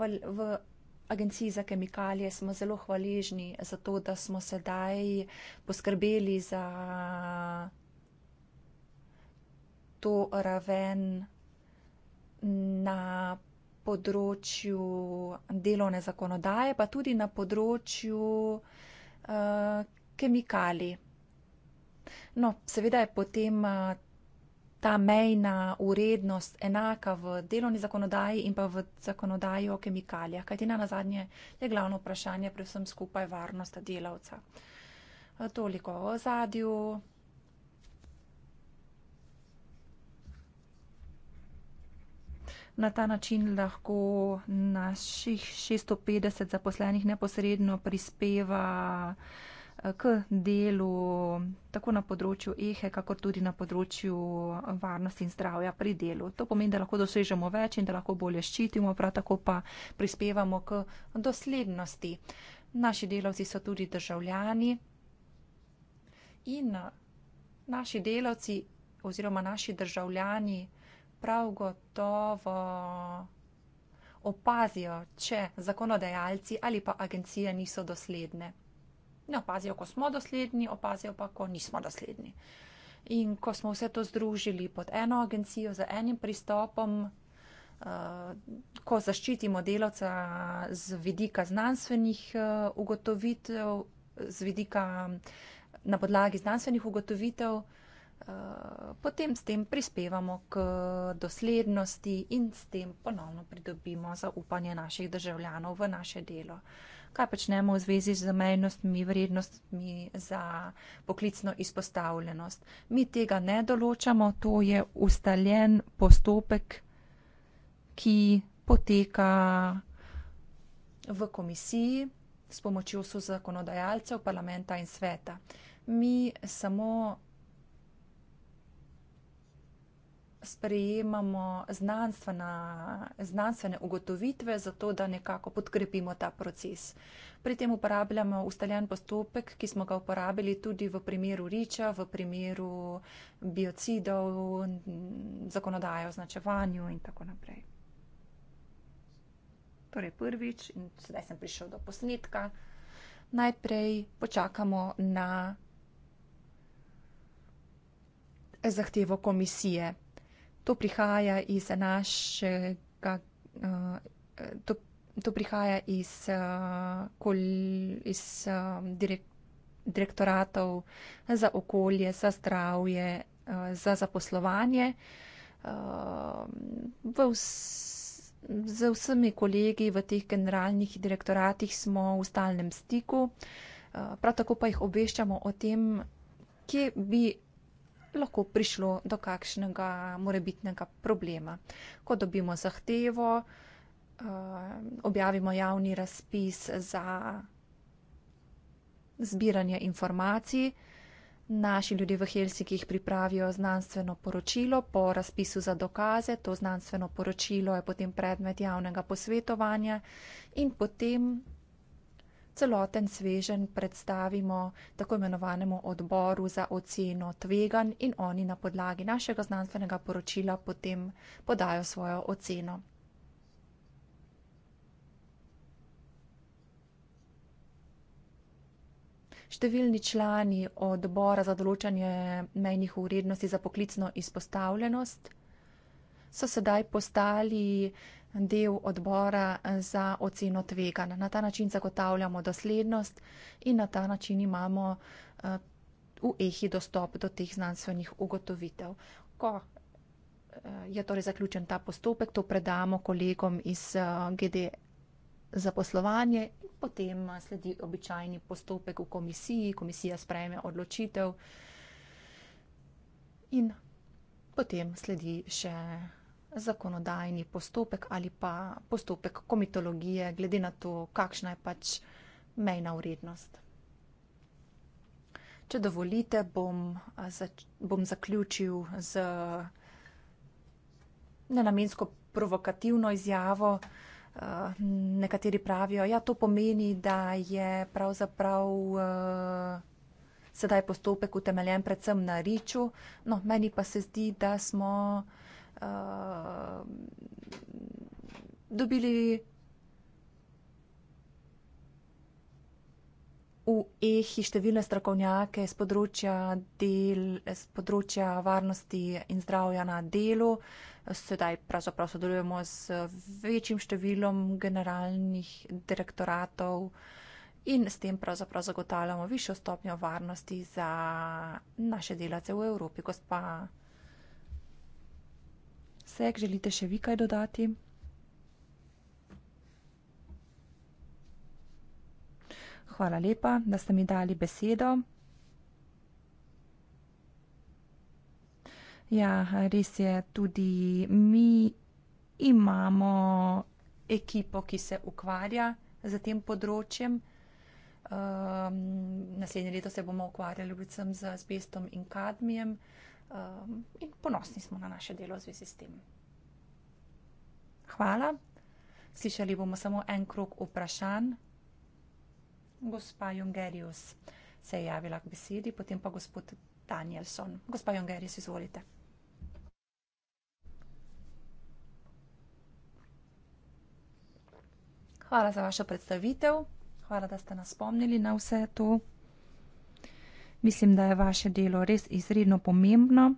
V agenciji za kemikalije smo zelo hvaležni za to, da smo sedaj poskrbeli za to raven na področju delovne zakonodaje, pa tudi na področju uh, kemikalij. No, seveda je potem uh, ta mejna urednost enaka v delovni zakonodaji in pa v zakonodaji o kemikalijah. Kaj ti na nazadnje je glavno vprašanje, predvsem skupaj varnost delavca. E, toliko o zadju. Na ta način lahko naših 650 zaposlenih neposredno prispeva k delu tako na področju ehe, kakor tudi na področju varnosti in zdravja pri delu. To pomeni, da lahko dosežemo več in da lahko bolje ščitimo, prav tako pa prispevamo k doslednosti. Naši delavci so tudi državljani in naši delavci oziroma naši državljani prav gotovo opazijo, če zakonodajalci ali pa agencije niso dosledne ne opazijo, ko smo dosledni, opazijo pa, ko nismo dosledni. In ko smo vse to združili pod eno agencijo z enim pristopom, eh, ko zaščitimo delavca z vidika znanstvenih eh, ugotovitev, z vidika na podlagi znanstvenih ugotovitev, eh, potem s tem prispevamo k doslednosti in s tem ponovno pridobimo zaupanje naših državljanov v naše delo kaj počnemo v zvezi z mejnostmi, vrednostmi za poklicno izpostavljenost. Mi tega ne določamo, to je ustaljen postopek, ki poteka v komisiji s pomočjo so zakonodajalcev, parlamenta in sveta. Mi samo sprejemamo znanstvene ugotovitve, zato da nekako podkrepimo ta proces. Pri tem uporabljamo ustaljen postopek, ki smo ga uporabili tudi v primeru riča, v primeru biocidov, zakonodaje o značevanju in tako naprej. Torej prvič in sedaj sem prišel do posnetka. Najprej počakamo na zahtevo komisije to prihaja iz našega. Uh, to, To prihaja iz, uh, kol, iz um, direk, direktoratov za okolje, za zdravje, uh, za zaposlovanje. Uh, vse, z vsemi kolegi v teh generalnih direktoratih smo v stalnem stiku, uh, prav tako pa jih obveščamo o tem, kje bi lahko prišlo do kakšnega morebitnega problema. Ko dobimo zahtevo, eh, objavimo javni razpis za zbiranje informacij, naši ljudje v Helsiki jih pripravijo znanstveno poročilo po razpisu za dokaze, to znanstveno poročilo je potem predmet javnega posvetovanja in potem celoten svežen predstavimo tako imenovanemu odboru za oceno tvegan in oni na podlagi našega znanstvenega poročila potem podajo svojo oceno. Številni člani odbora za določanje mejnih urednosti za poklicno izpostavljenost so sedaj postali del odbora eh, za oceno tveganja. Na ta način zagotavljamo doslednost in na ta način imamo eh, v EHI dostop do teh znanstvenih ugotovitev. Ko eh, je torej zaključen ta postopek, to predamo kolegom iz GD za poslovanje in potem sledi običajni postopek v komisiji, komisija sprejme odločitev in potem sledi še zakonodajni postopek ali pa postopek komitologije, glede na to, kakšna je pač mejna urednost. Če dovolite, bom, zač, bom zaključil z nenamensko provokativno izjavo. Nekateri pravijo, ja, to pomeni, da je pravzaprav uh, sedaj postopek utemeljen predvsem na riču, no, meni pa se zdi, da smo uh, uh, dobili v EHI številne strokovnjake z področja, del, z področja varnosti in zdravja na delu. Sedaj pravzaprav sodelujemo z večjim številom generalnih direktoratov. In s tem pravzaprav zagotavljamo višjo stopnjo varnosti za naše delavce v Evropi, gospa obseg, želite še vi kaj dodati? Hvala lepa, da ste mi dali besedo. Ja, res je, tudi mi imamo ekipo, ki se ukvarja z tem področjem. Um, naslednje leto se bomo ukvarjali predvsem z azbestom in kadmijem. Uh, um, in ponosni smo na naše delo v zvezi s tem. Hvala. Slišali bomo samo en krok vprašanj. Gospa Jungerius se je javila k besedi, potem pa gospod Danielson. Gospa Jungerius, izvolite. Hvala za vašo predstavitev. Hvala, da ste nas spomnili na vse to. Mislim, da je vaše delo res izredno pomembno.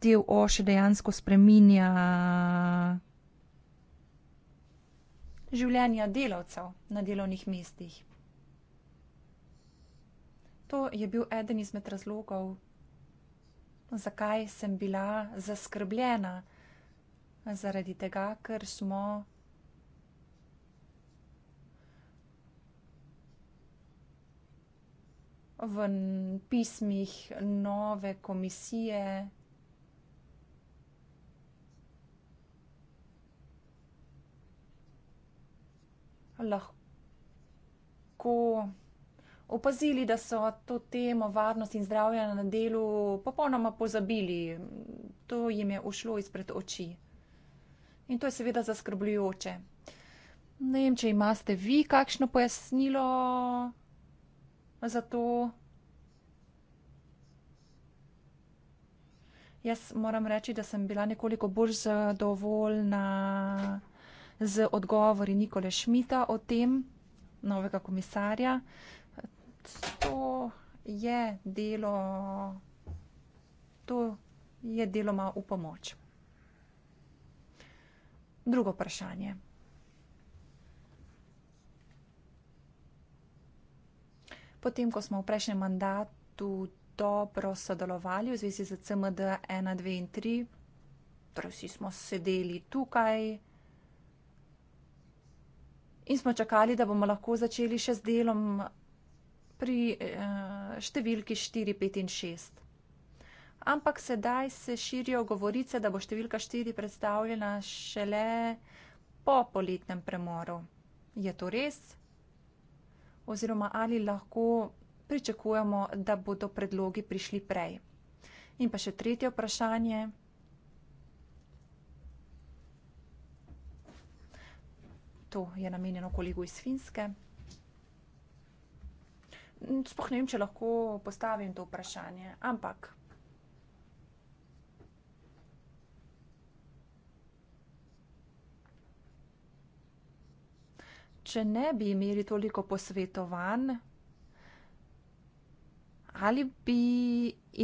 Del O še dejansko spreminja življenja delavcev na delovnih mestih. To je bil eden izmed razlogov, zakaj sem bila zaskrbljena zaradi tega, ker smo v pismih nove komisije lahko opazili, da so to temo varnost in zdravje na delu popolnoma pozabili. To jim je ušlo izpred oči. In to je seveda zaskrbljujoče. Ne vem, če imate vi kakšno pojasnilo za to. Jaz moram reči, da sem bila nekoliko bolj zadovoljna z odgovori Nikole Šmita o tem, novega komisarja. To je delo, to je deloma v pomoč. Drugo vprašanje. Potem, ko smo v prejšnjem mandatu dobro sodelovali v zvezi z CMD 1, 2 in 3, torej vsi smo sedeli tukaj in smo čakali, da bomo lahko začeli še z delom pri eh, številki 4, 5 in 6. Ampak sedaj se širijo govorice, da bo številka štiri predstavljena šele po poletnem premoru. Je to res? Oziroma ali lahko pričakujemo, da bodo predlogi prišli prej? In pa še tretje vprašanje. To je namenjeno kolegu iz Finske. Spohnem, če lahko postavim to vprašanje, ampak. če ne bi imeli toliko posvetovanj, ali bi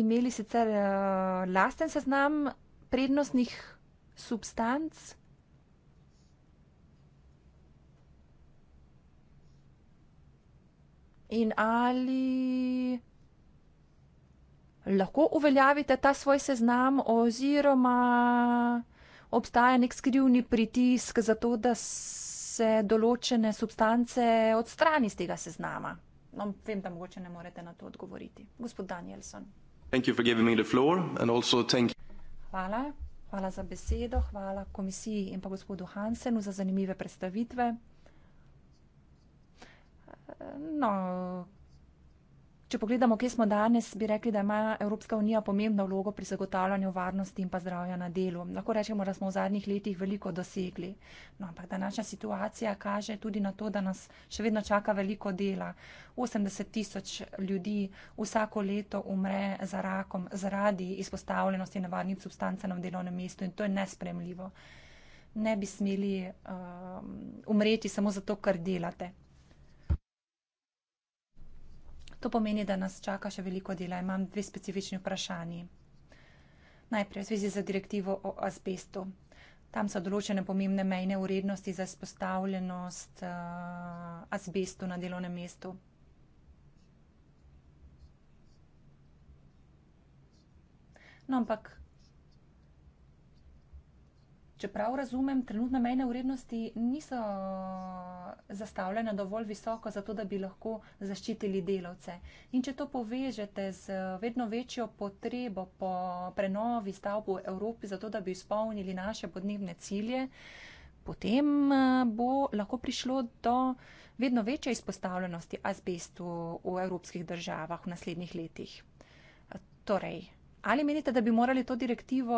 imeli sicer uh, lasten seznam prednostnih substanc? In ali lahko uveljavite ta svoj seznam, oziroma obstaja nek skrivni pritisk za to, da se se določene substance odstrani z tega seznama? No, vem, da mogoče ne morete na to odgovoriti. Gospod Danielson. Hvala. Hvala za besedo, hvala komisiji in pa gospodu Hansenu za zanimive predstavitve. No, Če pogledamo, kje smo danes, bi rekli, da ima Evropska unija pomembno vlogo pri zagotavljanju varnosti in pa zdravja na delu. Lahko rečemo, da smo v zadnjih letih veliko dosegli. No, ampak današnja situacija kaže tudi na to, da nas še vedno čaka veliko dela. 80 tisoč ljudi vsako leto umre za rakom zaradi izpostavljenosti nevarnim substancem na delovnem mestu in to je nespremljivo. Ne bi smeli um, umreti samo zato, ker delate. To pomeni, da nas čaka še veliko dela. Imam dve specifični vprašanji. Najprej v zvezi z direktivo o azbestu. Tam so določene pomembne mejne urednosti za izpostavljenost uh, azbestu na delovnem mestu. No, ampak Čeprav razumem, trenutne mejne vrednosti niso zastavljene dovolj visoko, zato da bi lahko zaščitili delavce. In če to povežete z vedno večjo potrebo po prenovi stavb v Evropi, zato da bi izpolnili naše podnebne cilje, potem eh, bo lahko prišlo do vedno večje izpostavljenosti azbestu v evropskih državah v naslednjih letih. Torej, Ali menite, da bi morali to direktivo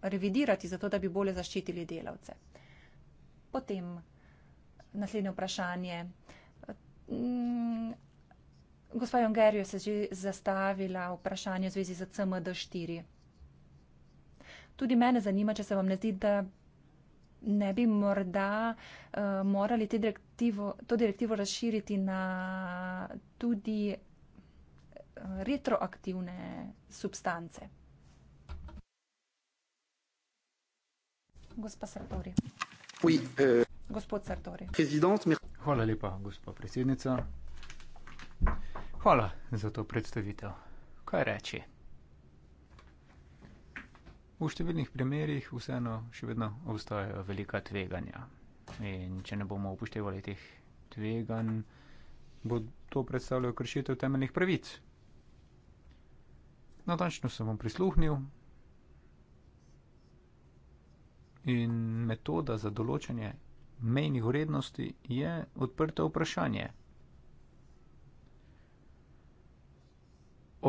revidirati, zato da bi bolje zaščitili delavce? Potem naslednje vprašanje. Mm, gospa Jongerjo se je že zastavila vprašanje v zvezi z CMD4. Tudi mene zanima, če se vam ne zdi, da ne bi morda uh, morali direktivo, to direktivo razširiti na tudi retroaktivne substance. Gospa Sartori. Oui, eh... Gospod Sartori. Hvala lepa, gospa predsednica. Hvala za to predstavitev. Kaj reči? V številnih primerjih vseeno še vedno obstajajo velika tveganja. In če ne bomo upoštevali teh tveganj, bo to predstavljalo kršitev temeljnih pravic, natančno sem vam prisluhnil. In metoda za določanje mejnih vrednosti je odprto vprašanje.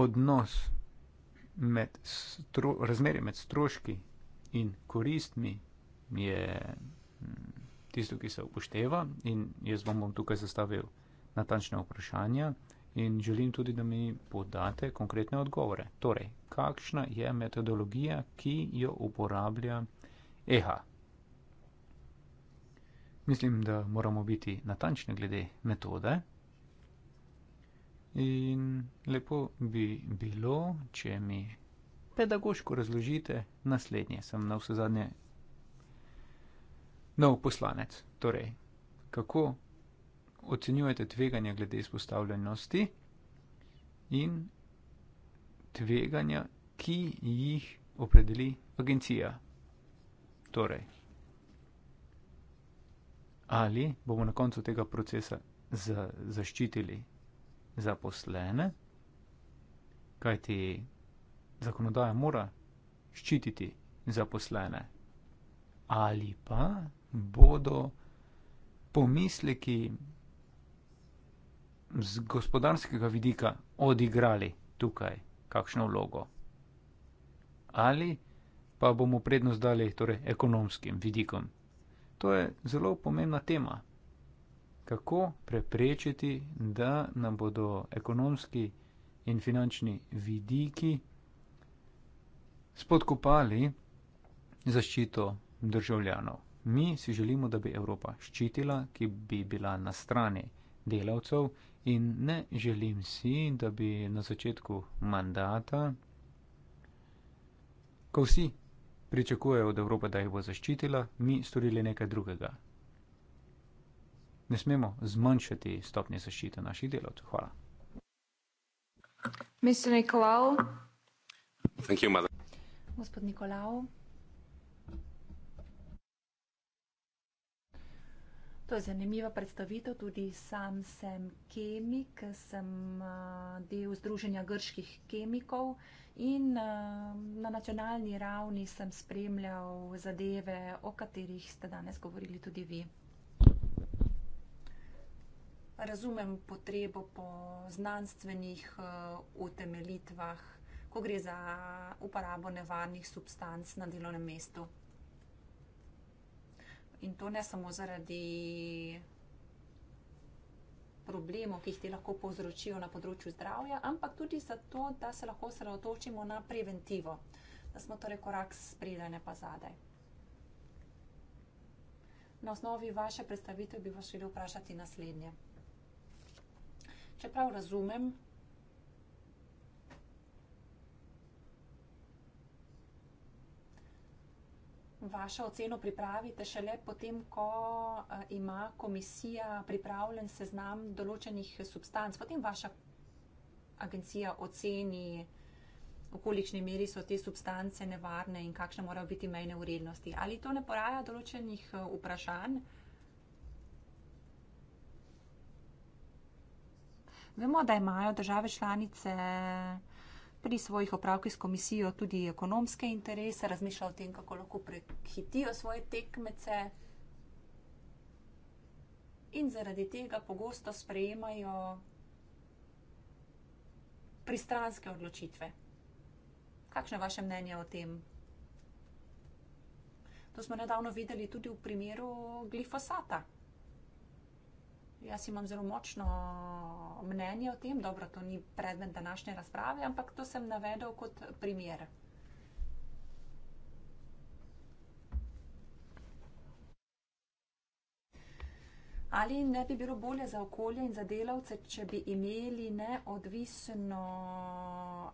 Odnos med stro, razmerje med stroški in koristmi je mm, tisto, ki se upošteva in jaz vam bom tukaj zastavil natančne vprašanja in želim tudi, da mi podate konkretne odgovore. Torej, kakšna je metodologija, ki jo uporablja EHA? Mislim, da moramo biti natančni glede metode. In lepo bi bilo, če mi pedagoško razložite naslednje. Sem na vse zadnje nov poslanec. Torej, kako ocenjujete tveganja glede izpostavljenosti in tveganja, ki jih opredeli agencija. Torej, ali bomo na koncu tega procesa zaščitili zaposlene, kajti zakonodaja mora ščititi zaposlene, ali pa bodo pomisleki, ki z gospodarskega vidika odigrali tukaj kakšno vlogo? Ali pa bomo prednost dali torej, ekonomskim vidikom? To je zelo pomembna tema. Kako preprečiti, da nam bodo ekonomski in finančni vidiki spodkopali zaščito državljanov? Mi si želimo, da bi Evropa ščitila, ki bi bila na strani delavcev In ne želim si, da bi na začetku mandata, ko vsi pričakujejo od Evrope, da jih bo zaščitila, mi storili nekaj drugega. Ne smemo zmanjšati stopnje zaščite naših delovcev. Hvala. Mr. Nikolao. Gospod Nikolao. To je zanimiva predstavitev, tudi sam sem kemik, sem del Združenja grških kemikov in na nacionalni ravni sem spremljal zadeve, o katerih ste danes govorili tudi vi. Razumem potrebo po znanstvenih utemeljitvah, ko gre za uporabo nevarnih substanc na delovnem mestu. In to ne samo zaradi problemov, ki jih ti lahko povzročijo na področju zdravja, ampak tudi zato, da se lahko osredotočimo na preventivo, da smo torej korak spredaj, ne pa zadaj. Na osnovi vaše predstavitve bi vas želel vprašati naslednje. Čeprav razumem, vašo oceno pripravite šele potem, ko eh, ima komisija pripravljen seznam določenih substanc. Potem vaša agencija oceni, v kolikšni meri so te substance nevarne in kakšne morajo biti mejne vrednosti. Ali to ne poraja določenih eh, vprašanj? Vemo, da imajo države članice pri svojih opravkih s komisijo tudi ekonomske interese, razmišlja o tem, kako lahko prehitijo svoje tekmece. In zaradi tega pogosto sprejemajo pristranske odločitve. Kakšno je vaše mnenje o tem? To smo nedavno videli tudi v primeru glifosata. Jaz imam zelo močno mnenje o tem, dobro, to ni predmet današnje razprave, ampak to sem navedel kot primer. Ali ne bi bilo bolje za okolje in za delavce, če bi imeli neodvisno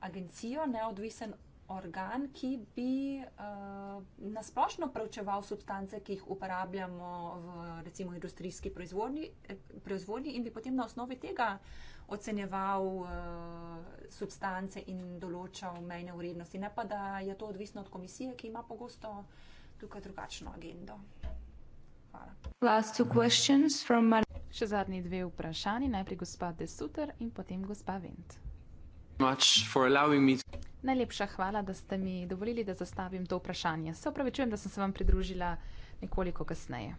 agencijo, neodvisen organ, ki bi uh, eh, nasplošno preučeval substance, ki jih uporabljamo v recimo industrijski proizvodnji, eh, proizvodnji in bi potem na osnovi tega ocenjeval uh, substance in določal mejne vrednosti. Ne pa, da je to odvisno od komisije, ki ima pogosto tukaj drugačno agendo. Hvala. Še zadnji dve vprašanji, najprej gospod Desuter in potem gospa Vint. Najlepša hvala, da ste mi dovolili, da zastavim to vprašanje. Se opravičujem, da sem se vam pridružila nekoliko kasneje.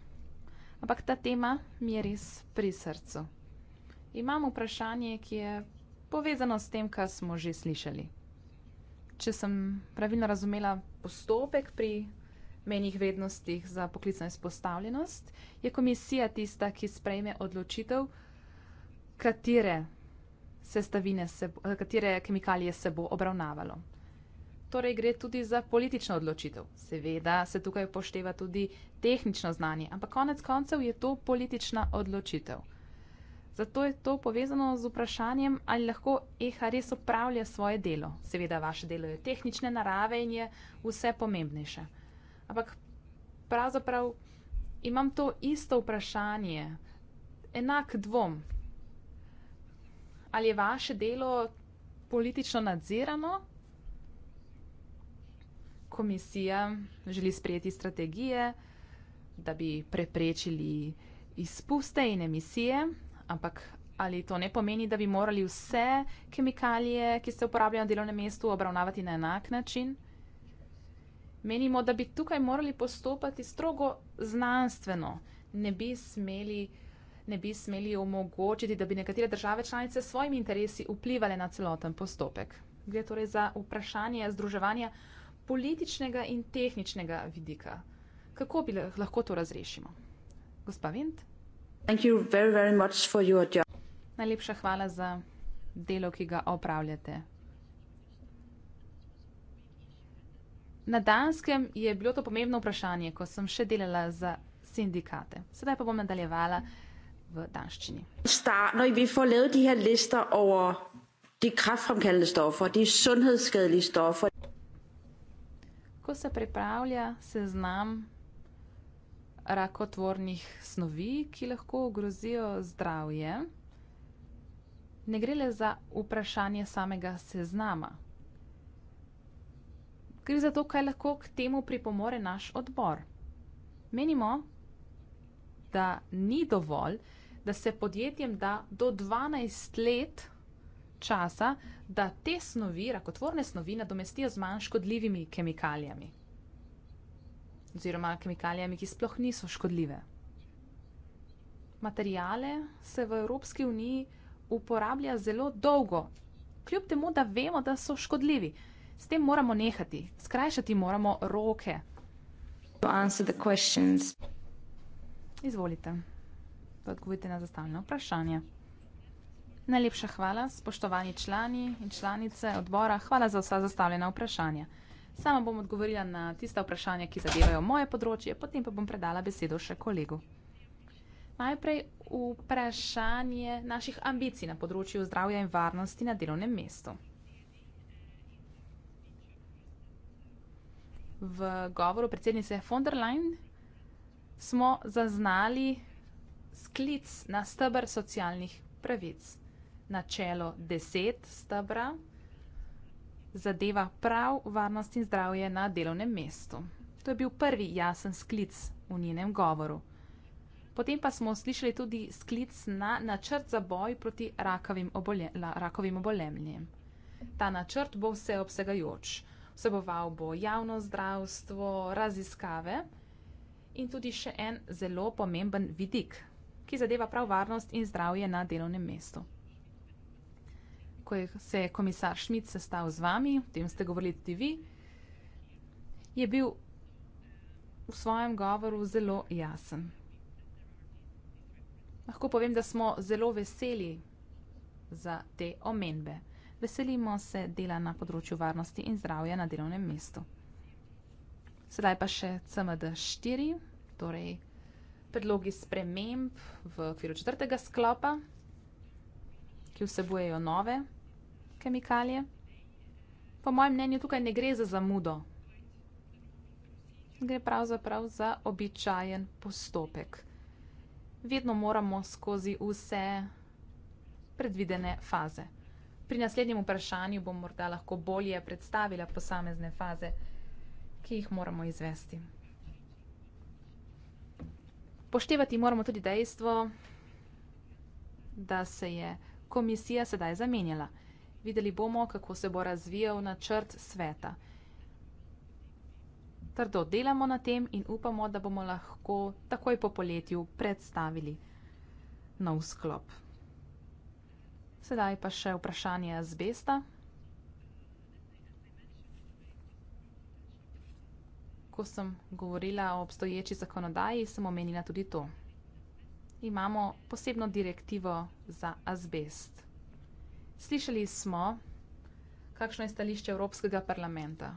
Ampak ta tema mi je res pri srcu. Imam vprašanje, ki je povezano s tem, kar smo že slišali. Če sem pravilno razumela postopek pri menjih vrednostih za poklicno izpostavljenost, je komisija tista, ki sprejme odločitev, katere sestavine, se, eh, katere kemikalije se bo obravnavalo. Torej gre tudi za politično odločitev. Seveda se tukaj upošteva tudi tehnično znanje, ampak konec koncev je to politična odločitev. Zato je to povezano z vprašanjem, ali lahko EH res upravlja svoje delo. Seveda vaše delo je tehnične narave in je vse pomembnejše. Ampak pravzaprav imam to isto vprašanje, enak dvom, Ali je vaše delo politično nadzirano? Komisija želi sprejeti strategije, da bi preprečili izpuste in emisije, ampak ali to ne pomeni, da bi morali vse kemikalije, ki se uporabljajo na delovnem mestu, obravnavati na enak način? Menimo, da bi tukaj morali postopati strogo znanstveno. Ne bi smeli uh, ne bi smeli omogočiti, da bi nekatere države članice s svojimi interesi vplivali na celoten postopek. Gre torej za vprašanje združevanja političnega in tehničnega vidika. Kako bi lahko to razrešimo? Gospa Vint. Very, very Najlepša hvala za delo, ki ga opravljate. Na Danskem je bilo to pomembno vprašanje, ko sem še delala za sindikate. Sedaj pa bom nadaljevala. Mm -hmm v danščini. Når vi får lavet de her lister over de kraftfremkaldende stoffer, de sundhedsskadelige stoffer. Ko se pripravlja seznam rakotvornih snovi, ki lahko ogrozijo zdravje, ne gre le za vprašanje samega seznama. Gre za to, kaj lahko k temu pripomore naš odbor. Menimo, da ni dovolj, da se podjetjem da do 12 let časa, da te snovi, rakotvorne snovi, nadomestijo z manj škodljivimi kemikalijami. Oziroma kemikalijami, ki sploh niso škodljive. Materijale se v Evropski uniji uporablja zelo dolgo, kljub temu, da vemo, da so škodljivi. S tem moramo nehati, skrajšati moramo roke. To answer the questions. Izvolite da odgovorite na zastavljena vprašanja. Najlepša hvala, spoštovani člani in članice odbora, hvala za vsa zastavljena vprašanja. Sama bom odgovorila na tista vprašanja, ki zadevajo moje področje, potem pa bom predala besedo še kolegu. Najprej vprašanje naših ambicij na področju zdravja in varnosti na delovnem mestu. V govoru predsednice von der Leyen smo zaznali sklic na stebr socialnih pravic. Načelo deset stebra zadeva prav varnost in zdravje na delovnem mestu. To je bil prvi jasen sklic v njenem govoru. Potem pa smo slišali tudi sklic na načrt za boj proti rakovim, obole, la, rakovim obolemljem. Ta načrt bo vseobsegajoč. Vseboval bo javno zdravstvo, raziskave in tudi še en zelo pomemben vidik ki zadeva prav varnost in zdravje na delovnem mestu. Ko je se je komisar Šmit sestal z vami, o tem ste govorili tudi vi, je bil v svojem govoru zelo jasen. Lahko povem, da smo zelo veseli za te omenbe. Veselimo se dela na področju varnosti in zdravja na delovnem mestu. Sedaj pa še CMD 4, torej predlogi sprememb v okviru četrtega sklopa, ki vsebujejo nove kemikalije. Po mojem mnenju tukaj ne gre za zamudo. Gre pravzaprav za običajen postopek. Vedno moramo skozi vse predvidene faze. Pri naslednjem vprašanju bom morda lahko bolje predstavila posamezne faze, ki jih moramo izvesti. Poštevati moramo tudi dejstvo, da se je komisija sedaj zamenjala. Videli bomo, kako se bo razvijal načrt sveta. Trdo delamo na tem in upamo, da bomo lahko takoj po poletju predstavili nov sklop. Sedaj pa še vprašanje azbesta. ko sem govorila o obstoječi zakonodaji, sem omenila tudi to. Imamo posebno direktivo za azbest. Slišali smo, kakšno je stališče Evropskega parlamenta.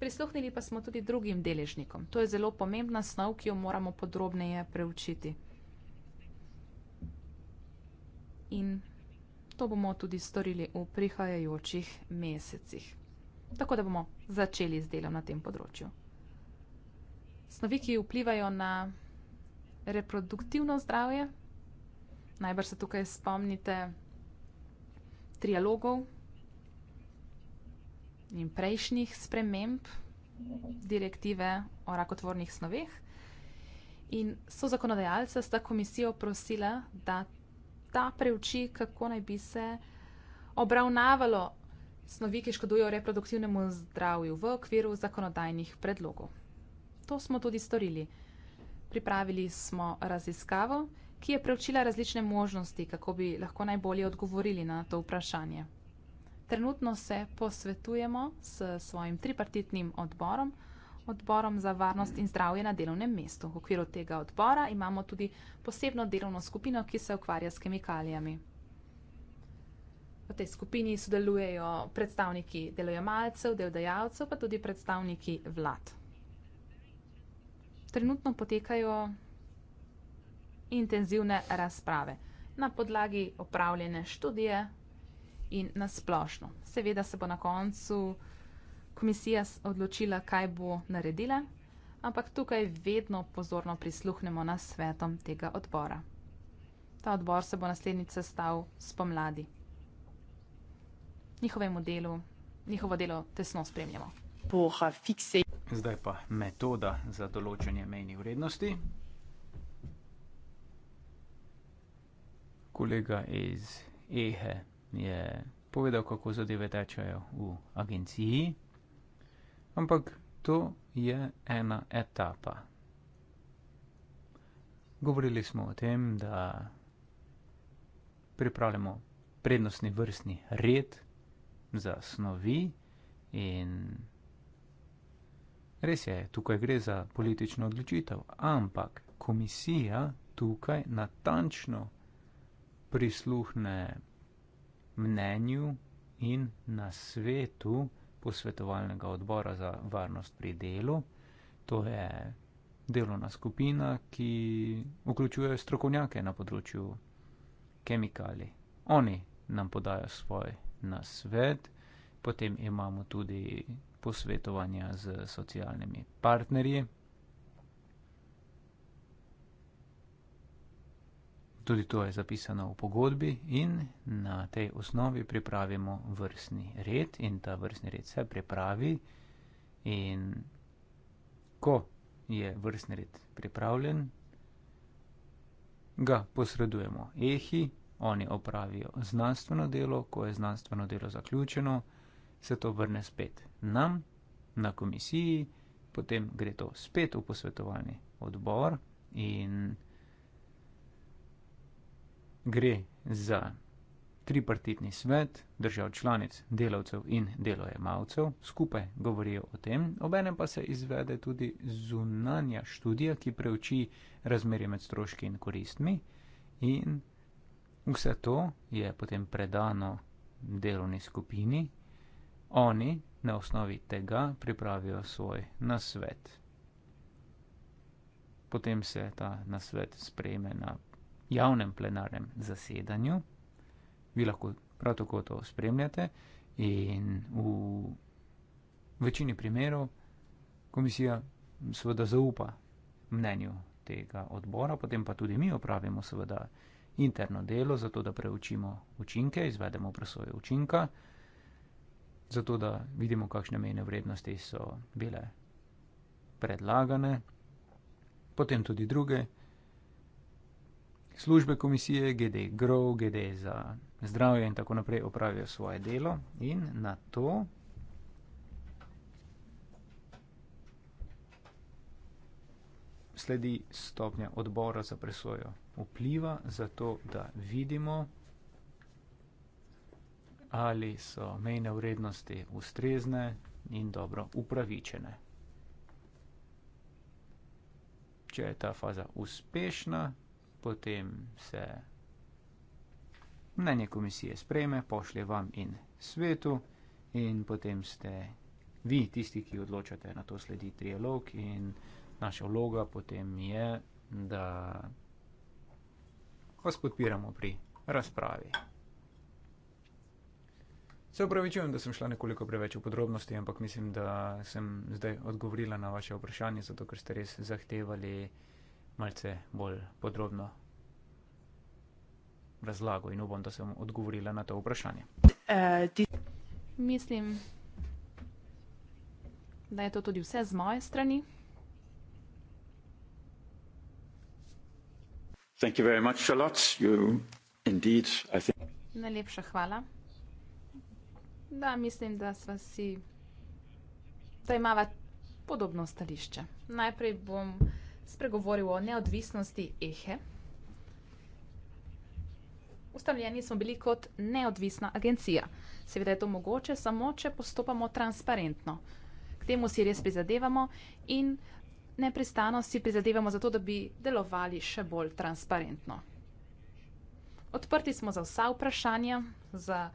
Prisluhnili pa smo tudi drugim deležnikom. To je zelo pomembna snov, ki jo moramo podrobneje preučiti. In to bomo tudi storili v prihajajočih mesecih tako da bomo začeli z delom na tem področju. Snovi, ki vplivajo na reproduktivno zdravje, najbrž se tukaj spomnite trialogov in prejšnjih sprememb direktive o rakotvornih snoveh. In so zakonodajalce sta komisijo prosila, da ta preuči, kako naj bi se obravnavalo snovi, ki škodujo reproduktivnemu zdravju v okviru zakonodajnih predlogov. To smo tudi storili. Pripravili smo raziskavo, ki je preučila različne možnosti, kako bi lahko najbolje odgovorili na to vprašanje. Trenutno se posvetujemo s svojim tripartitnim odborom, odborom za varnost in zdravje na delovnem mestu. V okviru tega odbora imamo tudi posebno delovno skupino, ki se ukvarja s kemikalijami. V tej skupini sodelujejo predstavniki delojemalcev, delodajalcev, pa tudi predstavniki vlad. Trenutno potekajo intenzivne razprave na podlagi opravljene študije in na splošno. Seveda se bo na koncu komisija odločila, kaj bo naredila, ampak tukaj vedno pozorno prisluhnemo na svetom tega odbora. Ta odbor se bo naslednjič sestal spomladi njihovemu delu, njihovo delo tesno spremljamo. Poha, euh, fiksej. Zdaj pa metoda za določanje mejnih vrednosti. Kolega iz EHE je povedal, kako zadeve tečajo v agenciji, ampak to je ena etapa. Govorili smo o tem, da pripravljamo prednostni vrstni red za snovi in res je, tukaj gre za politično odločitev, ampak komisija tukaj natančno prisluhne mnenju in na svetu posvetovalnega odbora za varnost pri delu. To je delovna skupina, ki vključuje strokovnjake na področju kemikali. Oni nam podajo svoj na svet, potem imamo tudi posvetovanja z socialnimi partnerji. Tudi to je zapisano v pogodbi in na tej osnovi pripravimo vrstni red in ta vrstni red se pripravi in ko je vrstni red pripravljen, ga posredujemo EHI, oni opravijo znanstveno delo, ko je znanstveno delo zaključeno, se to vrne spet nam, na komisiji, potem gre to spet v posvetovalni odbor in gre za tripartitni svet držav članic, delavcev in delojemalcev, skupaj govorijo o tem, obenem pa se izvede tudi zunanja študija, ki preuči razmerje med stroški in koristmi in Vse to je potem predano delovni skupini, oni na osnovi tega pripravijo svoj nasvet. Potem se ta nasvet sprejme na javnem plenarnem zasedanju, vi lahko prav tako to spremljate in v večini primerov komisija seveda zaupa mnenju tega odbora, potem pa tudi mi opravimo seveda interno delo, zato da preučimo učinke, izvedemo presojo učinka, zato da vidimo, kakšne mejne vrednosti so bile predlagane, potem tudi druge službe komisije, GD Grow, GD za zdravje in tako naprej opravijo svoje delo in na to sledi stopnja odbora za presojo vpliva za to, da vidimo, ali so mejne vrednosti ustrezne in dobro upravičene. Če je ta faza uspešna, potem se mnenje komisije sprejme, pošlje vam in svetu in potem ste vi tisti, ki odločate, na to sledi trialog in naša vloga potem je, da vas podpiramo pri razpravi. Se upravičujem, da sem šla nekoliko preveč v podrobnosti, ampak mislim, da sem zdaj odgovorila na vaše vprašanje, zato ker ste res zahtevali malce bolj podrobno razlago in upam, da sem odgovorila na to vprašanje. Uh, mislim, da je to tudi vse z moje strani. Najlepša hvala. Da, mislim, da sva si, da imava podobno stališče. Najprej bom spregovoril o neodvisnosti Ehe. Ustanovljeni smo bili kot neodvisna agencija. Seveda je to mogoče samo, če postopamo transparentno. K temu si res prizadevamo in neprestano si prizadevamo za to, da bi delovali še bolj transparentno. Odprti smo za vsa vprašanja, za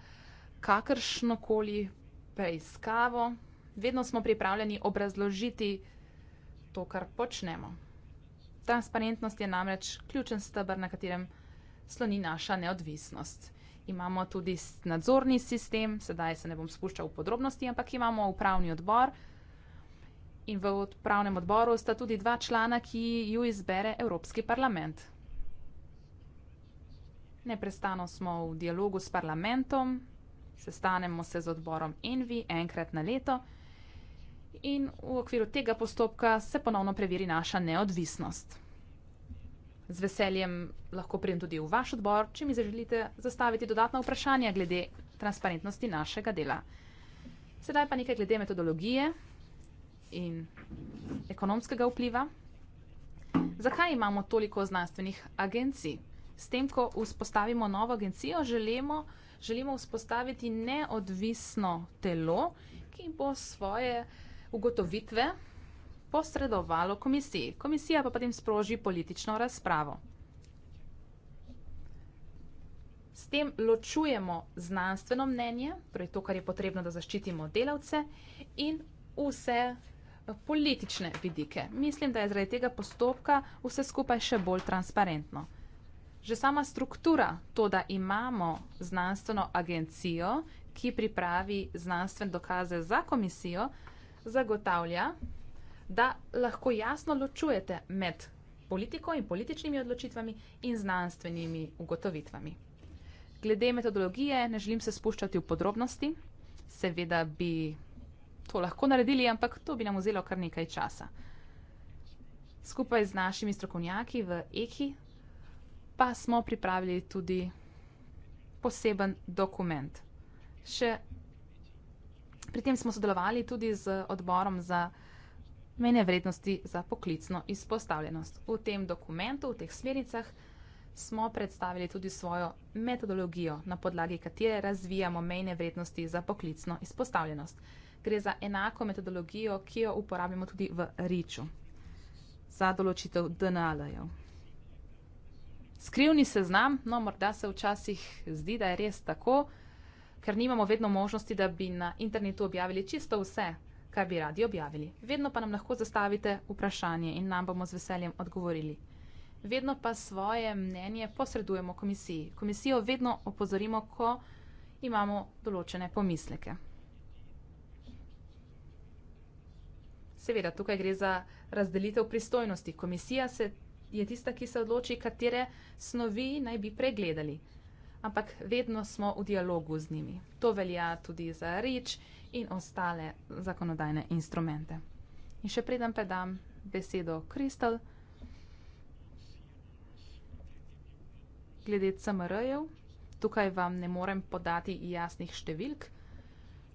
kakršnokoli preiskavo. Vedno smo pripravljeni obrazložiti to, kar počnemo. Transparentnost je namreč ključen steber, na katerem sloni naša neodvisnost. Imamo tudi nadzorni sistem, sedaj se ne bom spuščal v podrobnosti, ampak imamo upravni odbor, In v odpravnem odboru sta tudi dva člana, ki ju izbere Evropski parlament. Neprestano smo v dialogu s parlamentom, sestanemo se z odborom Envi enkrat na leto in v okviru tega postopka se ponovno preveri naša neodvisnost. Z veseljem lahko pridem tudi v vaš odbor, če mi zaželite zastaviti dodatna vprašanja glede transparentnosti našega dela. Sedaj pa nekaj glede metodologije in ekonomskega vpliva? Zakaj imamo toliko znanstvenih agencij? S tem, ko vzpostavimo novo agencijo, želimo, želimo vzpostaviti neodvisno telo, ki bo svoje ugotovitve posredovalo komisiji. Komisija pa potem sproži politično razpravo. S tem ločujemo znanstveno mnenje, torej to, kar je potrebno, da zaščitimo delavce in vse politične vidike. Mislim, da je zaradi tega postopka vse skupaj še bolj transparentno. Že sama struktura, to, da imamo znanstveno agencijo, ki pripravi znanstvene dokaze za komisijo, zagotavlja, da lahko jasno ločujete med politiko in političnimi odločitvami in znanstvenimi ugotovitvami. Glede metodologije ne želim se spuščati v podrobnosti, seveda bi to lahko naredili, ampak to bi nam vzelo kar nekaj časa. Skupaj z našimi strokovnjaki v EKI pa smo pripravili tudi poseben dokument. Še pri tem smo sodelovali tudi z odborom za mene vrednosti za poklicno izpostavljenost. V tem dokumentu, v teh smernicah smo predstavili tudi svojo metodologijo, na podlagi katere razvijamo mejne vrednosti za poklicno izpostavljenost gre za enako metodologijo, ki jo uporabljamo tudi v Riču za določitev DNL-jev. Skrivni seznam, no morda se včasih zdi, da je res tako, ker nimamo vedno možnosti, da bi na internetu objavili čisto vse, kar bi radi objavili. Vedno pa nam lahko zastavite vprašanje in nam bomo z veseljem odgovorili. Vedno pa svoje mnenje posredujemo komisiji. Komisijo vedno opozorimo, ko imamo določene pomisleke. Seveda, tukaj gre za razdelitev pristojnosti. Komisija se, je tista, ki se odloči, katere snovi naj bi pregledali. Ampak vedno smo v dialogu z njimi. To velja tudi za REACH in ostale zakonodajne instrumente. In še preden predam besedo Kristal, glede CMR-jev, tukaj vam ne morem podati jasnih številk,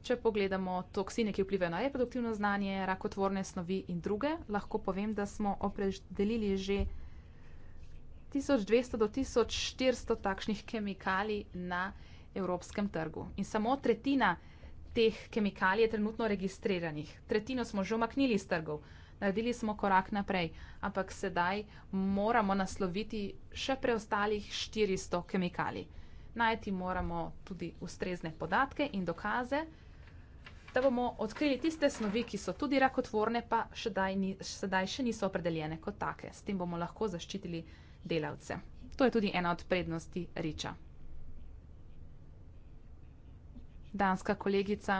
Če pogledamo toksine, ki vplivajo na reproduktivno znanje, rakotvorne snovi in druge, lahko povem, da smo opredelili že 1200 do 1400 takšnih kemikalij na evropskem trgu. In samo tretjina teh kemikalij je trenutno registriranih. Tretjino smo že omaknili iz trgov, naredili smo korak naprej, ampak sedaj moramo nasloviti še preostalih 400 kemikalij. Najti moramo tudi ustrezne podatke in dokaze, da bomo odkrili tiste snovi, ki so tudi rakotvorne, pa sedaj še niso opredeljene kot take. S tem bomo lahko zaščitili delavce. To je tudi ena od prednosti Riča. Danska kolegica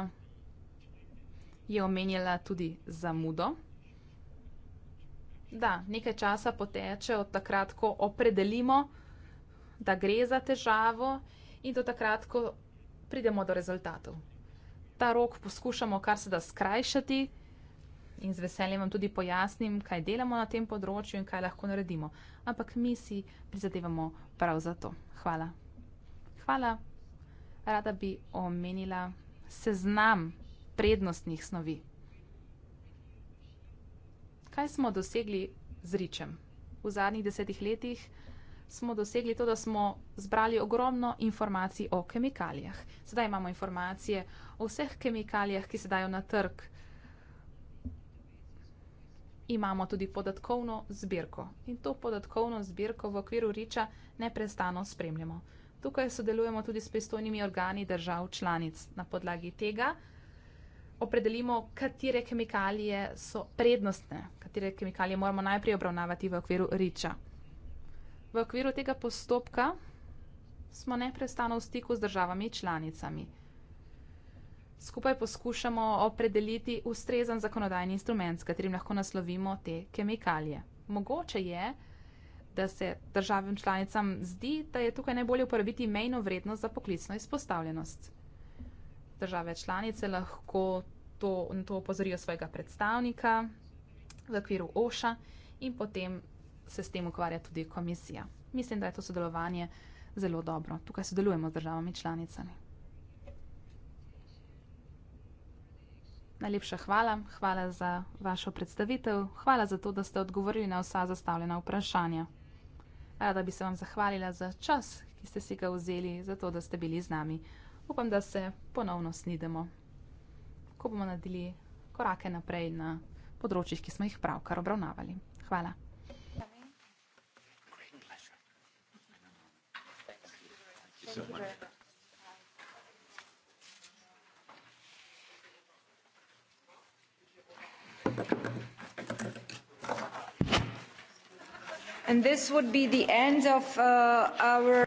je omenjala tudi zamudo. Da, nekaj časa poteče od takrat, ko opredelimo, da gre za težavo in do takrat, ko pridemo do rezultatov ta rok poskušamo kar se da skrajšati in z veseljem vam tudi pojasnim, kaj delamo na tem področju in kaj lahko naredimo. Ampak mi si prizadevamo prav za to. Hvala. Hvala. Rada bi omenila seznam prednostnih snovi. Kaj smo dosegli z ričem? V zadnjih desetih letih smo dosegli to, da smo zbrali ogromno informacij o kemikalijah. Sedaj imamo informacije o vseh kemikalijah, ki se dajo na trg. Imamo tudi podatkovno zbirko in to podatkovno zbirko v okviru Riča neprestano spremljamo. Tukaj sodelujemo tudi s pristojnimi organi držav članic. Na podlagi tega opredelimo, katere kemikalije so prednostne, katere kemikalije moramo najprej obravnavati v okviru Riča. V okviru tega postopka smo neprestano v stiku z državami članicami. Skupaj poskušamo opredeliti ustrezen zakonodajni instrument, s katerim lahko naslovimo te kemikalije. Mogoče je, da se državam članicam zdi, da je tukaj najbolje uporabiti mejno vrednost za poklicno izpostavljenost. Države članice lahko to, to opozorijo svojega predstavnika v okviru OŠA in potem se s tem ukvarja tudi komisija. Mislim, da je to sodelovanje zelo dobro. Tukaj sodelujemo z državami članicami. Najlepša hvala, hvala za vašo predstavitev, hvala za to, da ste odgovorili na vsa zastavljena vprašanja. Rada bi se vam zahvalila za čas, ki ste si ga vzeli, za to, da ste bili z nami. Upam, da se ponovno snidemo, ko bomo nadili korake naprej na področjih, ki smo jih pravkar obravnavali. Hvala. so much. And this would be the end of uh, our.